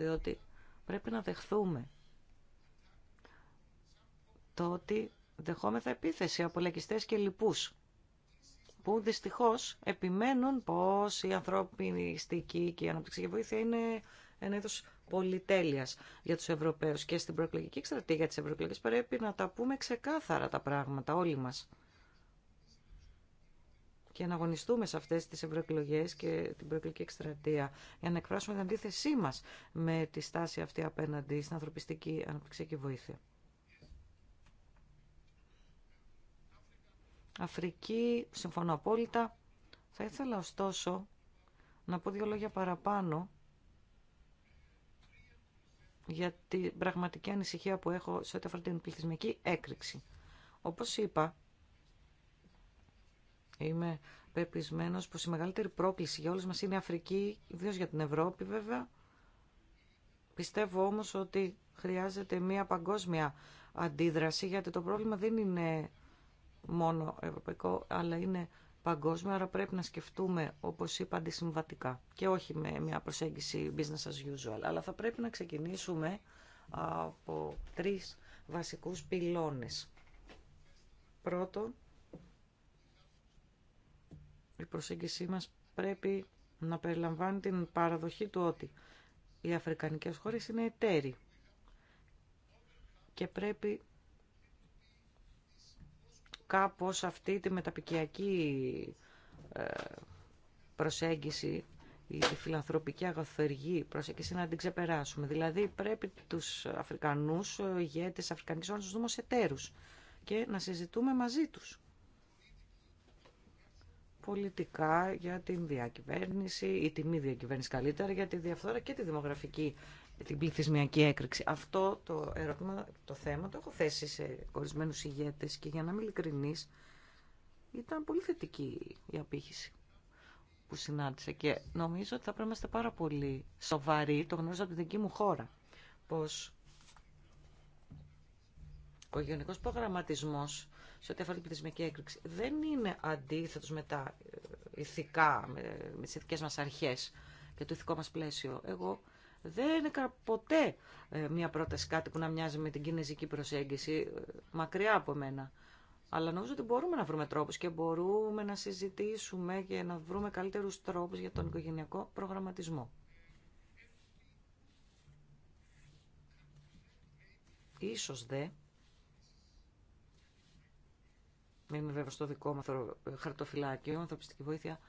Διότι πρέπει να δεχθούμε το ότι δεχόμεθα επίθεση από λαϊκιστές και λοιπούς που δυστυχώς επιμένουν πως η ανθρωπινιστική και η αναπτυξιακή βοήθεια είναι ένα είδος πολυτέλειας για τους Ευρωπαίους και στην προεκλογική στρατηγική της τις πρέπει να τα πούμε ξεκάθαρα τα πράγματα όλοι μας και να αγωνιστούμε σε αυτές τις ευρωεκλογέ και την προεκλογική εκστρατεία για να εκφράσουμε την αντίθεσή μας με τη στάση αυτή απέναντι στην ανθρωπιστική αναπτυξιακή βοήθεια. Αφρική, συμφωνώ απόλυτα. Θα ήθελα ωστόσο να πω δύο λόγια παραπάνω για την πραγματική ανησυχία που έχω σε ό,τι αφορά την πληθυσμική έκρηξη. Όπως είπα, Είμαι πεπισμένος πως η μεγαλύτερη πρόκληση για όλους μας είναι η Αφρική, ιδίως για την Ευρώπη βέβαια. Πιστεύω όμως ότι χρειάζεται μια παγκόσμια αντίδραση, γιατί το πρόβλημα δεν είναι μόνο ευρωπαϊκό, αλλά είναι παγκόσμιο, άρα πρέπει να σκεφτούμε, όπως είπα, αντισυμβατικά και όχι με μια προσέγγιση business as usual. Αλλά θα πρέπει να ξεκινήσουμε από τρεις βασικούς πυλώνες. Πρώτον, η προσέγγιση μας πρέπει να περιλαμβάνει την παραδοχή του ότι οι αφρικανικές χώρες είναι εταίροι και πρέπει κάπως αυτή τη μεταπικιακή ε, προσέγγιση η τη φιλανθρωπική αγαθοργή προσέγγιση να την ξεπεράσουμε. Δηλαδή πρέπει τους Αφρικανούς ε, ηγέτες Αφρικανικής Αφρικανική να τους δούμε ως και να συζητούμε μαζί τους πολιτικά για την διακυβέρνηση ή τη μη διακυβέρνηση καλύτερα για τη διαφθόρα και τη δημογραφική την πληθυσμιακή έκρηξη. Αυτό το ερώτημα, το θέμα το έχω θέσει σε ορισμένου ηγέτε και για να είμαι ειλικρινή, ήταν πολύ θετική η απήχηση που συνάντησε και νομίζω ότι θα πρέπει να είμαστε πάρα πολύ σοβαροί, το γνωρίζω από την δική μου χώρα, πως ο γενικός προγραμματισμός σε ό,τι αφορά την πληθυσμική έκρηξη, δεν είναι αντίθετο με τα ε, ηθικά, με, με τι ηθικέ μα αρχέ και το ηθικό μα πλαίσιο. Εγώ δεν έκανα ποτέ ε, μία πρόταση κάτι που να μοιάζει με την κινέζικη προσέγγιση, ε, μακριά από μένα. Αλλά νομίζω ότι μπορούμε να βρούμε τρόπους και μπορούμε να συζητήσουμε και να βρούμε καλύτερους τρόπους για τον οικογενειακό προγραμματισμό. Ίσως δε είμαι βέβαια στο δικό μου χαρτοφυλάκιο, ανθρωπιστική βοήθεια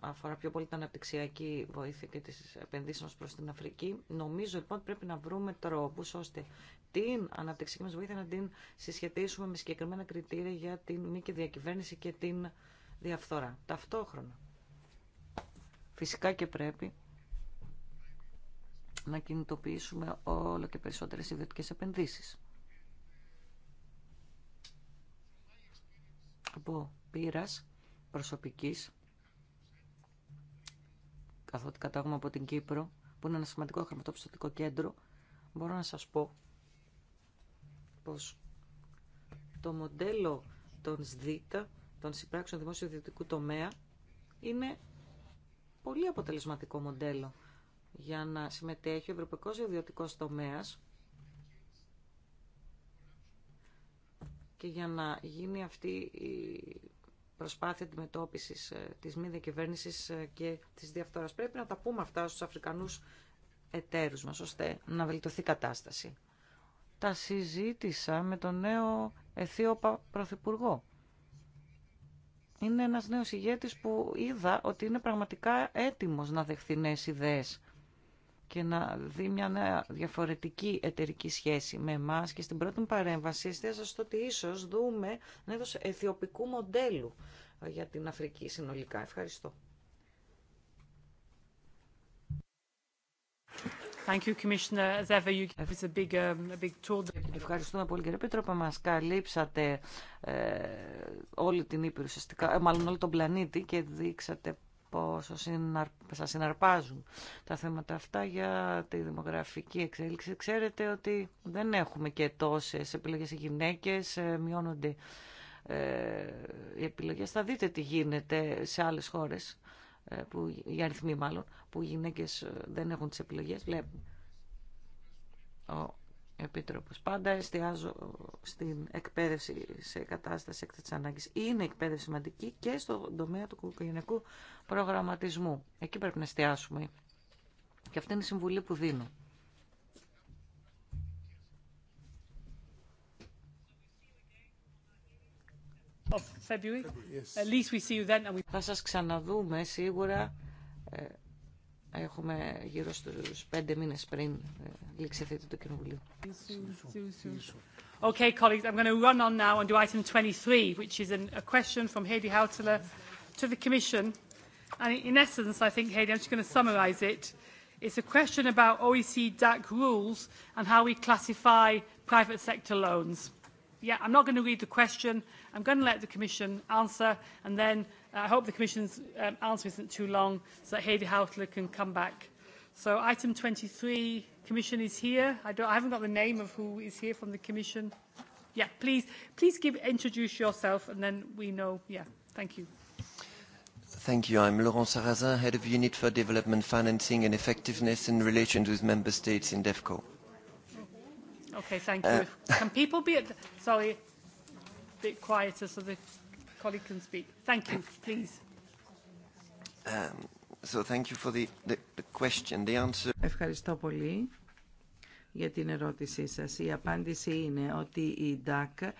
αφορά πιο πολύ την αναπτυξιακή βοήθεια και τις επενδύσεις μας προς την Αφρική. Νομίζω λοιπόν ότι πρέπει να βρούμε τρόπους ώστε την αναπτυξιακή μα βοήθεια να την συσχετίσουμε με συγκεκριμένα κριτήρια για την μη και διακυβέρνηση και την διαφθορά. Ταυτόχρονα. Φυσικά και πρέπει να κινητοποιήσουμε όλο και περισσότερες ιδιωτικές επενδύσεις. από πείρας προσωπικής, καθότι κατάγομαι από την Κύπρο, που είναι ένα σημαντικό χρηματοπιστωτικό κέντρο, μπορώ να σας πω πως το μοντέλο των ΣΔΙΤΑ, των συμπράξεων δημόσιο ιδιωτικού τομέα, είναι πολύ αποτελεσματικό μοντέλο για να συμμετέχει ο ευρωπαϊκός ιδιωτικός τομέας και για να γίνει αυτή η προσπάθεια αντιμετώπιση ε, της μη διακυβέρνηση ε, και της διαφθοράς. Πρέπει να τα πούμε αυτά στου αφρικανού εταίρου μας, ώστε να βελτιωθεί η κατάσταση. Τα συζήτησα με τον νέο Αιθίωπα Πρωθυπουργό. Είναι ένας νέος ηγέτης που είδα ότι είναι πραγματικά έτοιμος να δεχθεί νέες ιδέες και να δει μια διαφορετική εταιρική σχέση με εμά. Και στην πρώτη μου παρέμβαση εστίασα στο ότι ίσω δούμε ένα είδο αιθιοπικού μοντέλου για την Αφρική συνολικά. Ευχαριστώ. Thank you, Commissioner. a big, um, a big Ευχαριστούμε πολύ κύριε που Μας καλύψατε ε, όλη την Ήπειρο ουσιαστικά, ε, μάλλον όλο τον πλανήτη και δείξατε πόσο σας συναρπάζουν τα θέματα αυτά για τη δημογραφική εξέλιξη. Ξέρετε ότι δεν έχουμε και τόσες επιλογές οι γυναίκες, ε, μειώνονται ε, οι επιλογές. Θα δείτε τι γίνεται σε άλλες χώρες, ε, που, οι αριθμοί μάλλον, που οι γυναίκες δεν έχουν τις επιλογές. Βλέπουμε. Επίτροπος. Πάντα εστιάζω στην εκπαίδευση σε κατάσταση έκτακτη ανάγκη. Είναι εκπαίδευση σημαντική και στον τομέα του οικογενειακού προγραμματισμού. Εκεί πρέπει να εστιάσουμε. Και αυτή είναι η συμβουλή που δίνω. Θα σας ξαναδούμε σίγουρα ε, έχουμε γύρω στους πέντε μήνες πριν λήξει αυτή του Okay, colleagues, I'm going to run on now and do item 23, which is an, a question from Heidi Hautala to the Commission. And in essence, I think, Heidi, I'm just going to summarise it. It's a question about OECD DAC rules and how we classify private sector loans. Yeah, I'm not going to read the question. I'm going to let the Commission answer, and then I hope the Commission's answer isn't too long so that Heidi Hautler can come back. So item 23, Commission is here. I, don't, I haven't got the name of who is here from the Commission. Yeah, please, please give, introduce yourself, and then we know. Yeah, thank you. Thank you. I'm Laurent Sarrazin, Head of Unit for Development Financing and Effectiveness in Relations with Member States in DEFCO. Okay, thank you. Can people be, sorry, a bit quieter so the colleague can speak. Thank you, please. Um So thank you for the, the, the question. The answer... Ευχαριστώ για την ερώτησή σας. Η απάντηση είναι ότι η ΔΑΚ ε,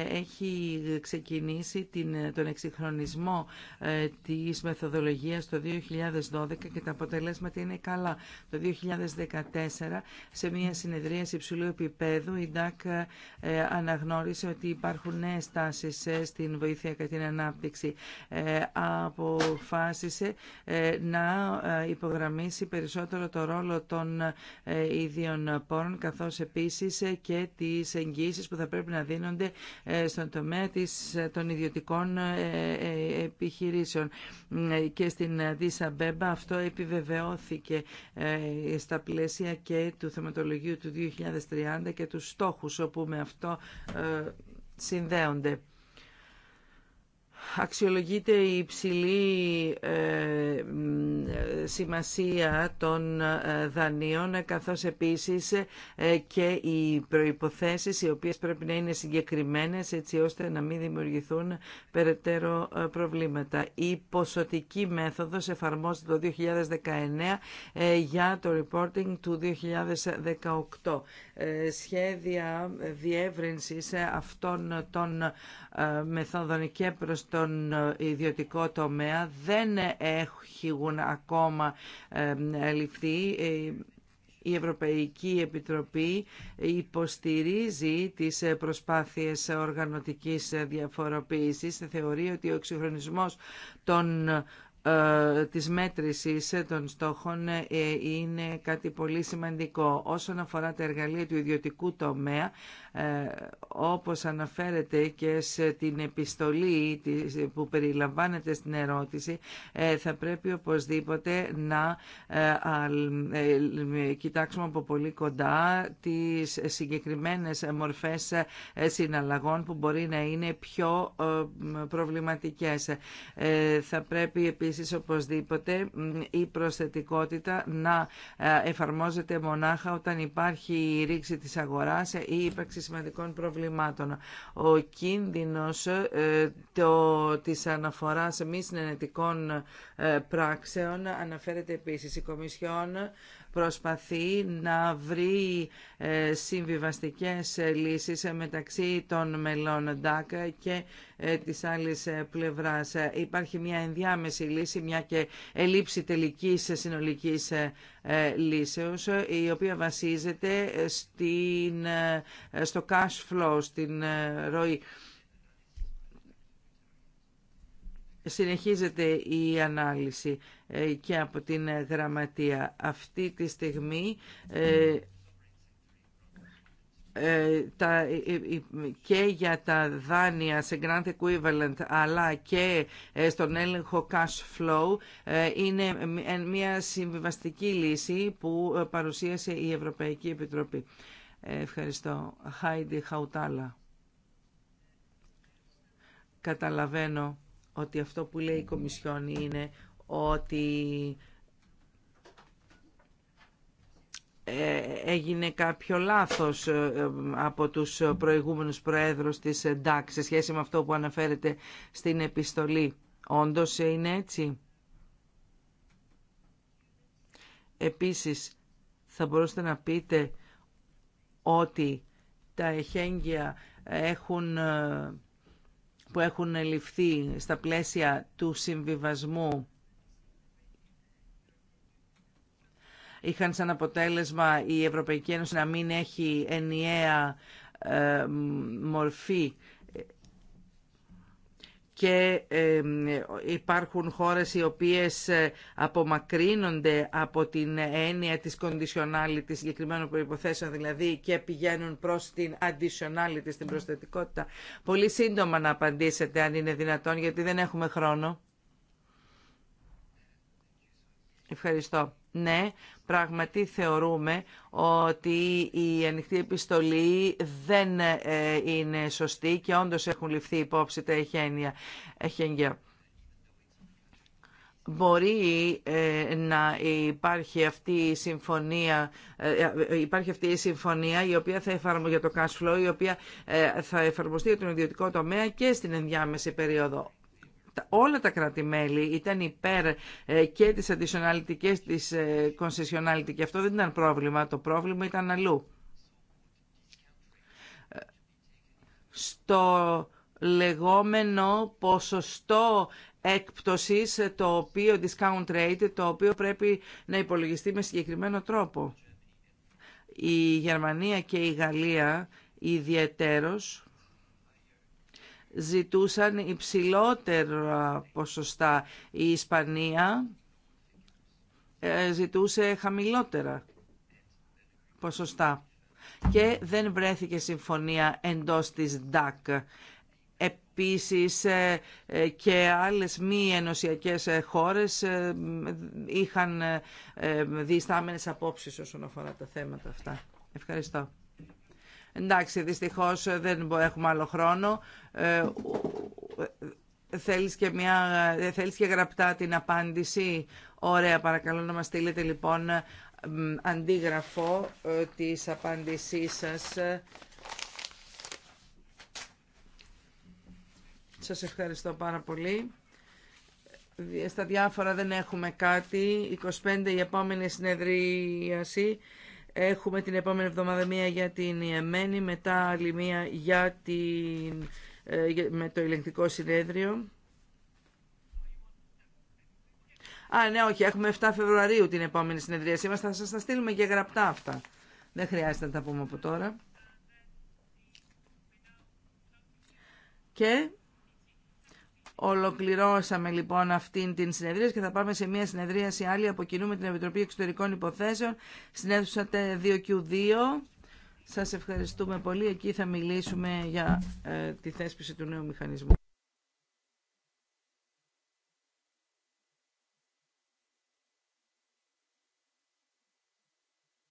έχει ξεκινήσει την, τον εξυγχρονισμό ε, της μεθοδολογίας το 2012 και τα αποτελέσματα είναι καλά. Το 2014 σε μια συνεδρία υψηλού επίπεδου η ΔΑΚ ε, αναγνώρισε ότι υπάρχουν νέες τάσεις στην βοήθεια και την ανάπτυξη. Αποφάσισε να υπογραμμίσει περισσότερο το ρόλο των ίδιων πόρων καθώς επίσης και τις εγγύσεις που θα πρέπει να δίνονται ε, στον τομέα της, ε, των ιδιωτικών ε, επιχειρήσεων. Και στην μπεμπα. αυτό επιβεβαιώθηκε στα πλαίσια και του θεματολογίου του 2030 και του στόχους όπου με αυτό συνδέονται αξιολογείται η υψηλή ε, σημασία των ε, δανείων καθώς επίσης ε, και οι προϋποθέσεις οι οποίες πρέπει να είναι συγκεκριμένες έτσι ώστε να μην δημιουργηθούν περαιτέρω προβλήματα. Η ποσοτική μέθοδος εφαρμόζεται το 2019 για το reporting του 2018. Ε, σχέδια διεύρυνσης αυτών των ε, μεθόδων και προς τον ε, ιδιωτικό τομέα δεν έχουν ακόμα ληφθεί. Η Ευρωπαϊκή Επιτροπή υποστηρίζει τις προσπάθειες οργανωτικής διαφοροποίησης. Θεωρεί ότι ο εξυγχρονισμός των ε, της μέτρησης των στόχων ε, είναι κάτι πολύ σημαντικό. Όσον αφορά τα εργαλεία του ιδιωτικού τομέα, ε, όπως αναφέρεται και σε την επιστολή που περιλαμβάνεται στην ερώτηση, ε, θα πρέπει οπωσδήποτε να ε, κοιτάξουμε από πολύ κοντά τις συγκεκριμένες μορφές συναλλαγών που μπορεί να είναι πιο προβληματικές. Θα πρέπει επίσης οπωσδήποτε η προσθετικότητα να εφαρμόζεται μονάχα όταν υπάρχει η ρήξη της αγοράς ή η ύπαρξη σημαντικών προβλημάτων. Ο κίνδυνος ε, το, της αναφοράς μη συνενετικών ε, πράξεων αναφέρεται επίσης. Η Κομισιόν προσπαθεί να βρει ε, συμβιβαστικές ε, λύσεις ε, μεταξύ των μελών ΝΤΑΚ και της άλλης πλευράς. Υπάρχει μια ενδιάμεση λύση, μια και ελήψη τελικής συνολικής λύσεως, η οποία βασίζεται στην, στο cash flow, στην ροή. Συνεχίζεται η ανάλυση. Ε, και από την γραμματεία. Αυτή τη στιγμή ε, ε, και για τα δάνεια σε grant equivalent αλλά και στον έλεγχο cash flow είναι μια συμβιβαστική λύση που παρουσίασε η Ευρωπαϊκή Επιτροπή. Ευχαριστώ. Χάιντι Χαουτάλα. Καταλαβαίνω ότι αυτό που λέει η Κομισιόν είναι ότι ε, έγινε κάποιο λάθος ε, από τους προηγούμενους προέδρους της ΝΤΑΚ σε σχέση με αυτό που αναφέρεται στην επιστολή. Όντως είναι έτσι. Επίσης, θα μπορούσατε να πείτε ότι τα εχέγγυα έχουν, ε, που έχουν ληφθεί στα πλαίσια του συμβιβασμού είχαν σαν αποτέλεσμα η Ευρωπαϊκή Ένωση να μην έχει ενιαία ε, μορφή και ε, υπάρχουν χώρες οι οποίες ε, απομακρύνονται από την έννοια της conditionality συγκεκριμένων προϋποθέσεων δηλαδή και πηγαίνουν προς την additionality, στην προσθετικότητα. Πολύ σύντομα να απαντήσετε αν είναι δυνατόν γιατί δεν έχουμε χρόνο. Ευχαριστώ. Ναι, Πράγματι θεωρούμε ότι η ανοιχτή επιστολή δεν ε, είναι σωστή και όντως έχουν ληφθεί υπόψη τα εχένια. Μπορεί ε, να υπάρχει αυτή η συμφωνία, ε, υπάρχει αυτή η συμφωνία η οποία θα εφαρμοστεί για το cash flow, η οποία θα εφαρμοστεί για τον ιδιωτικό τομέα και στην ενδιάμεση περίοδο όλα τα κράτη-μέλη ήταν υπέρ ε, και της additionality και της ε, concessionality και αυτό δεν ήταν πρόβλημα, το πρόβλημα ήταν αλλού. Ε, στο λεγόμενο ποσοστό έκπτωσης, το οποίο discount rate, το οποίο πρέπει να υπολογιστεί με συγκεκριμένο τρόπο. Η Γερμανία και η Γαλλία ιδιαίτερος ζητούσαν υψηλότερα ποσοστά. Η Ισπανία ε, ζητούσε χαμηλότερα ποσοστά και δεν βρέθηκε συμφωνία εντός της ΔΑΚ. Επίσης ε, ε, και άλλες μη ενωσιακές χώρες είχαν διστάμενες απόψεις όσον αφορά τα θέματα αυτά. Ευχαριστώ. Εντάξει, δυστυχώς ε, δεν έχουμε άλλο χρόνο. Ε, ε θέλεις, και μια, ε, θέλεις και γραπτά την απάντηση. Ωραία, παρακαλώ να μας στείλετε λοιπόν αντίγραφο της απάντησής σας. Σας ευχαριστώ πάρα πολύ. Στα διάφορα δεν έχουμε κάτι. 25 η επόμενη συνεδρίαση. Έχουμε την επόμενη εβδομάδα μία για την Ιεμένη, μετά άλλη μία για την, ε, με το ηλεκτρικό συνέδριο. Α, ναι, όχι, έχουμε 7 Φεβρουαρίου την επόμενη συνεδρία σήμερα, Θα σας τα στείλουμε και γραπτά αυτά. Δεν χρειάζεται να τα πούμε από τώρα. Και Ολοκληρώσαμε λοιπόν αυτήν την συνεδρίαση και θα πάμε σε μια συνεδρίαση άλλη από κοινού με την Επιτροπή Εξωτερικών Υποθέσεων στην αίθουσα 2Q2. Σας ευχαριστούμε πολύ. Εκεί θα μιλήσουμε για ε, τη θέσπιση του νέου μηχανισμού.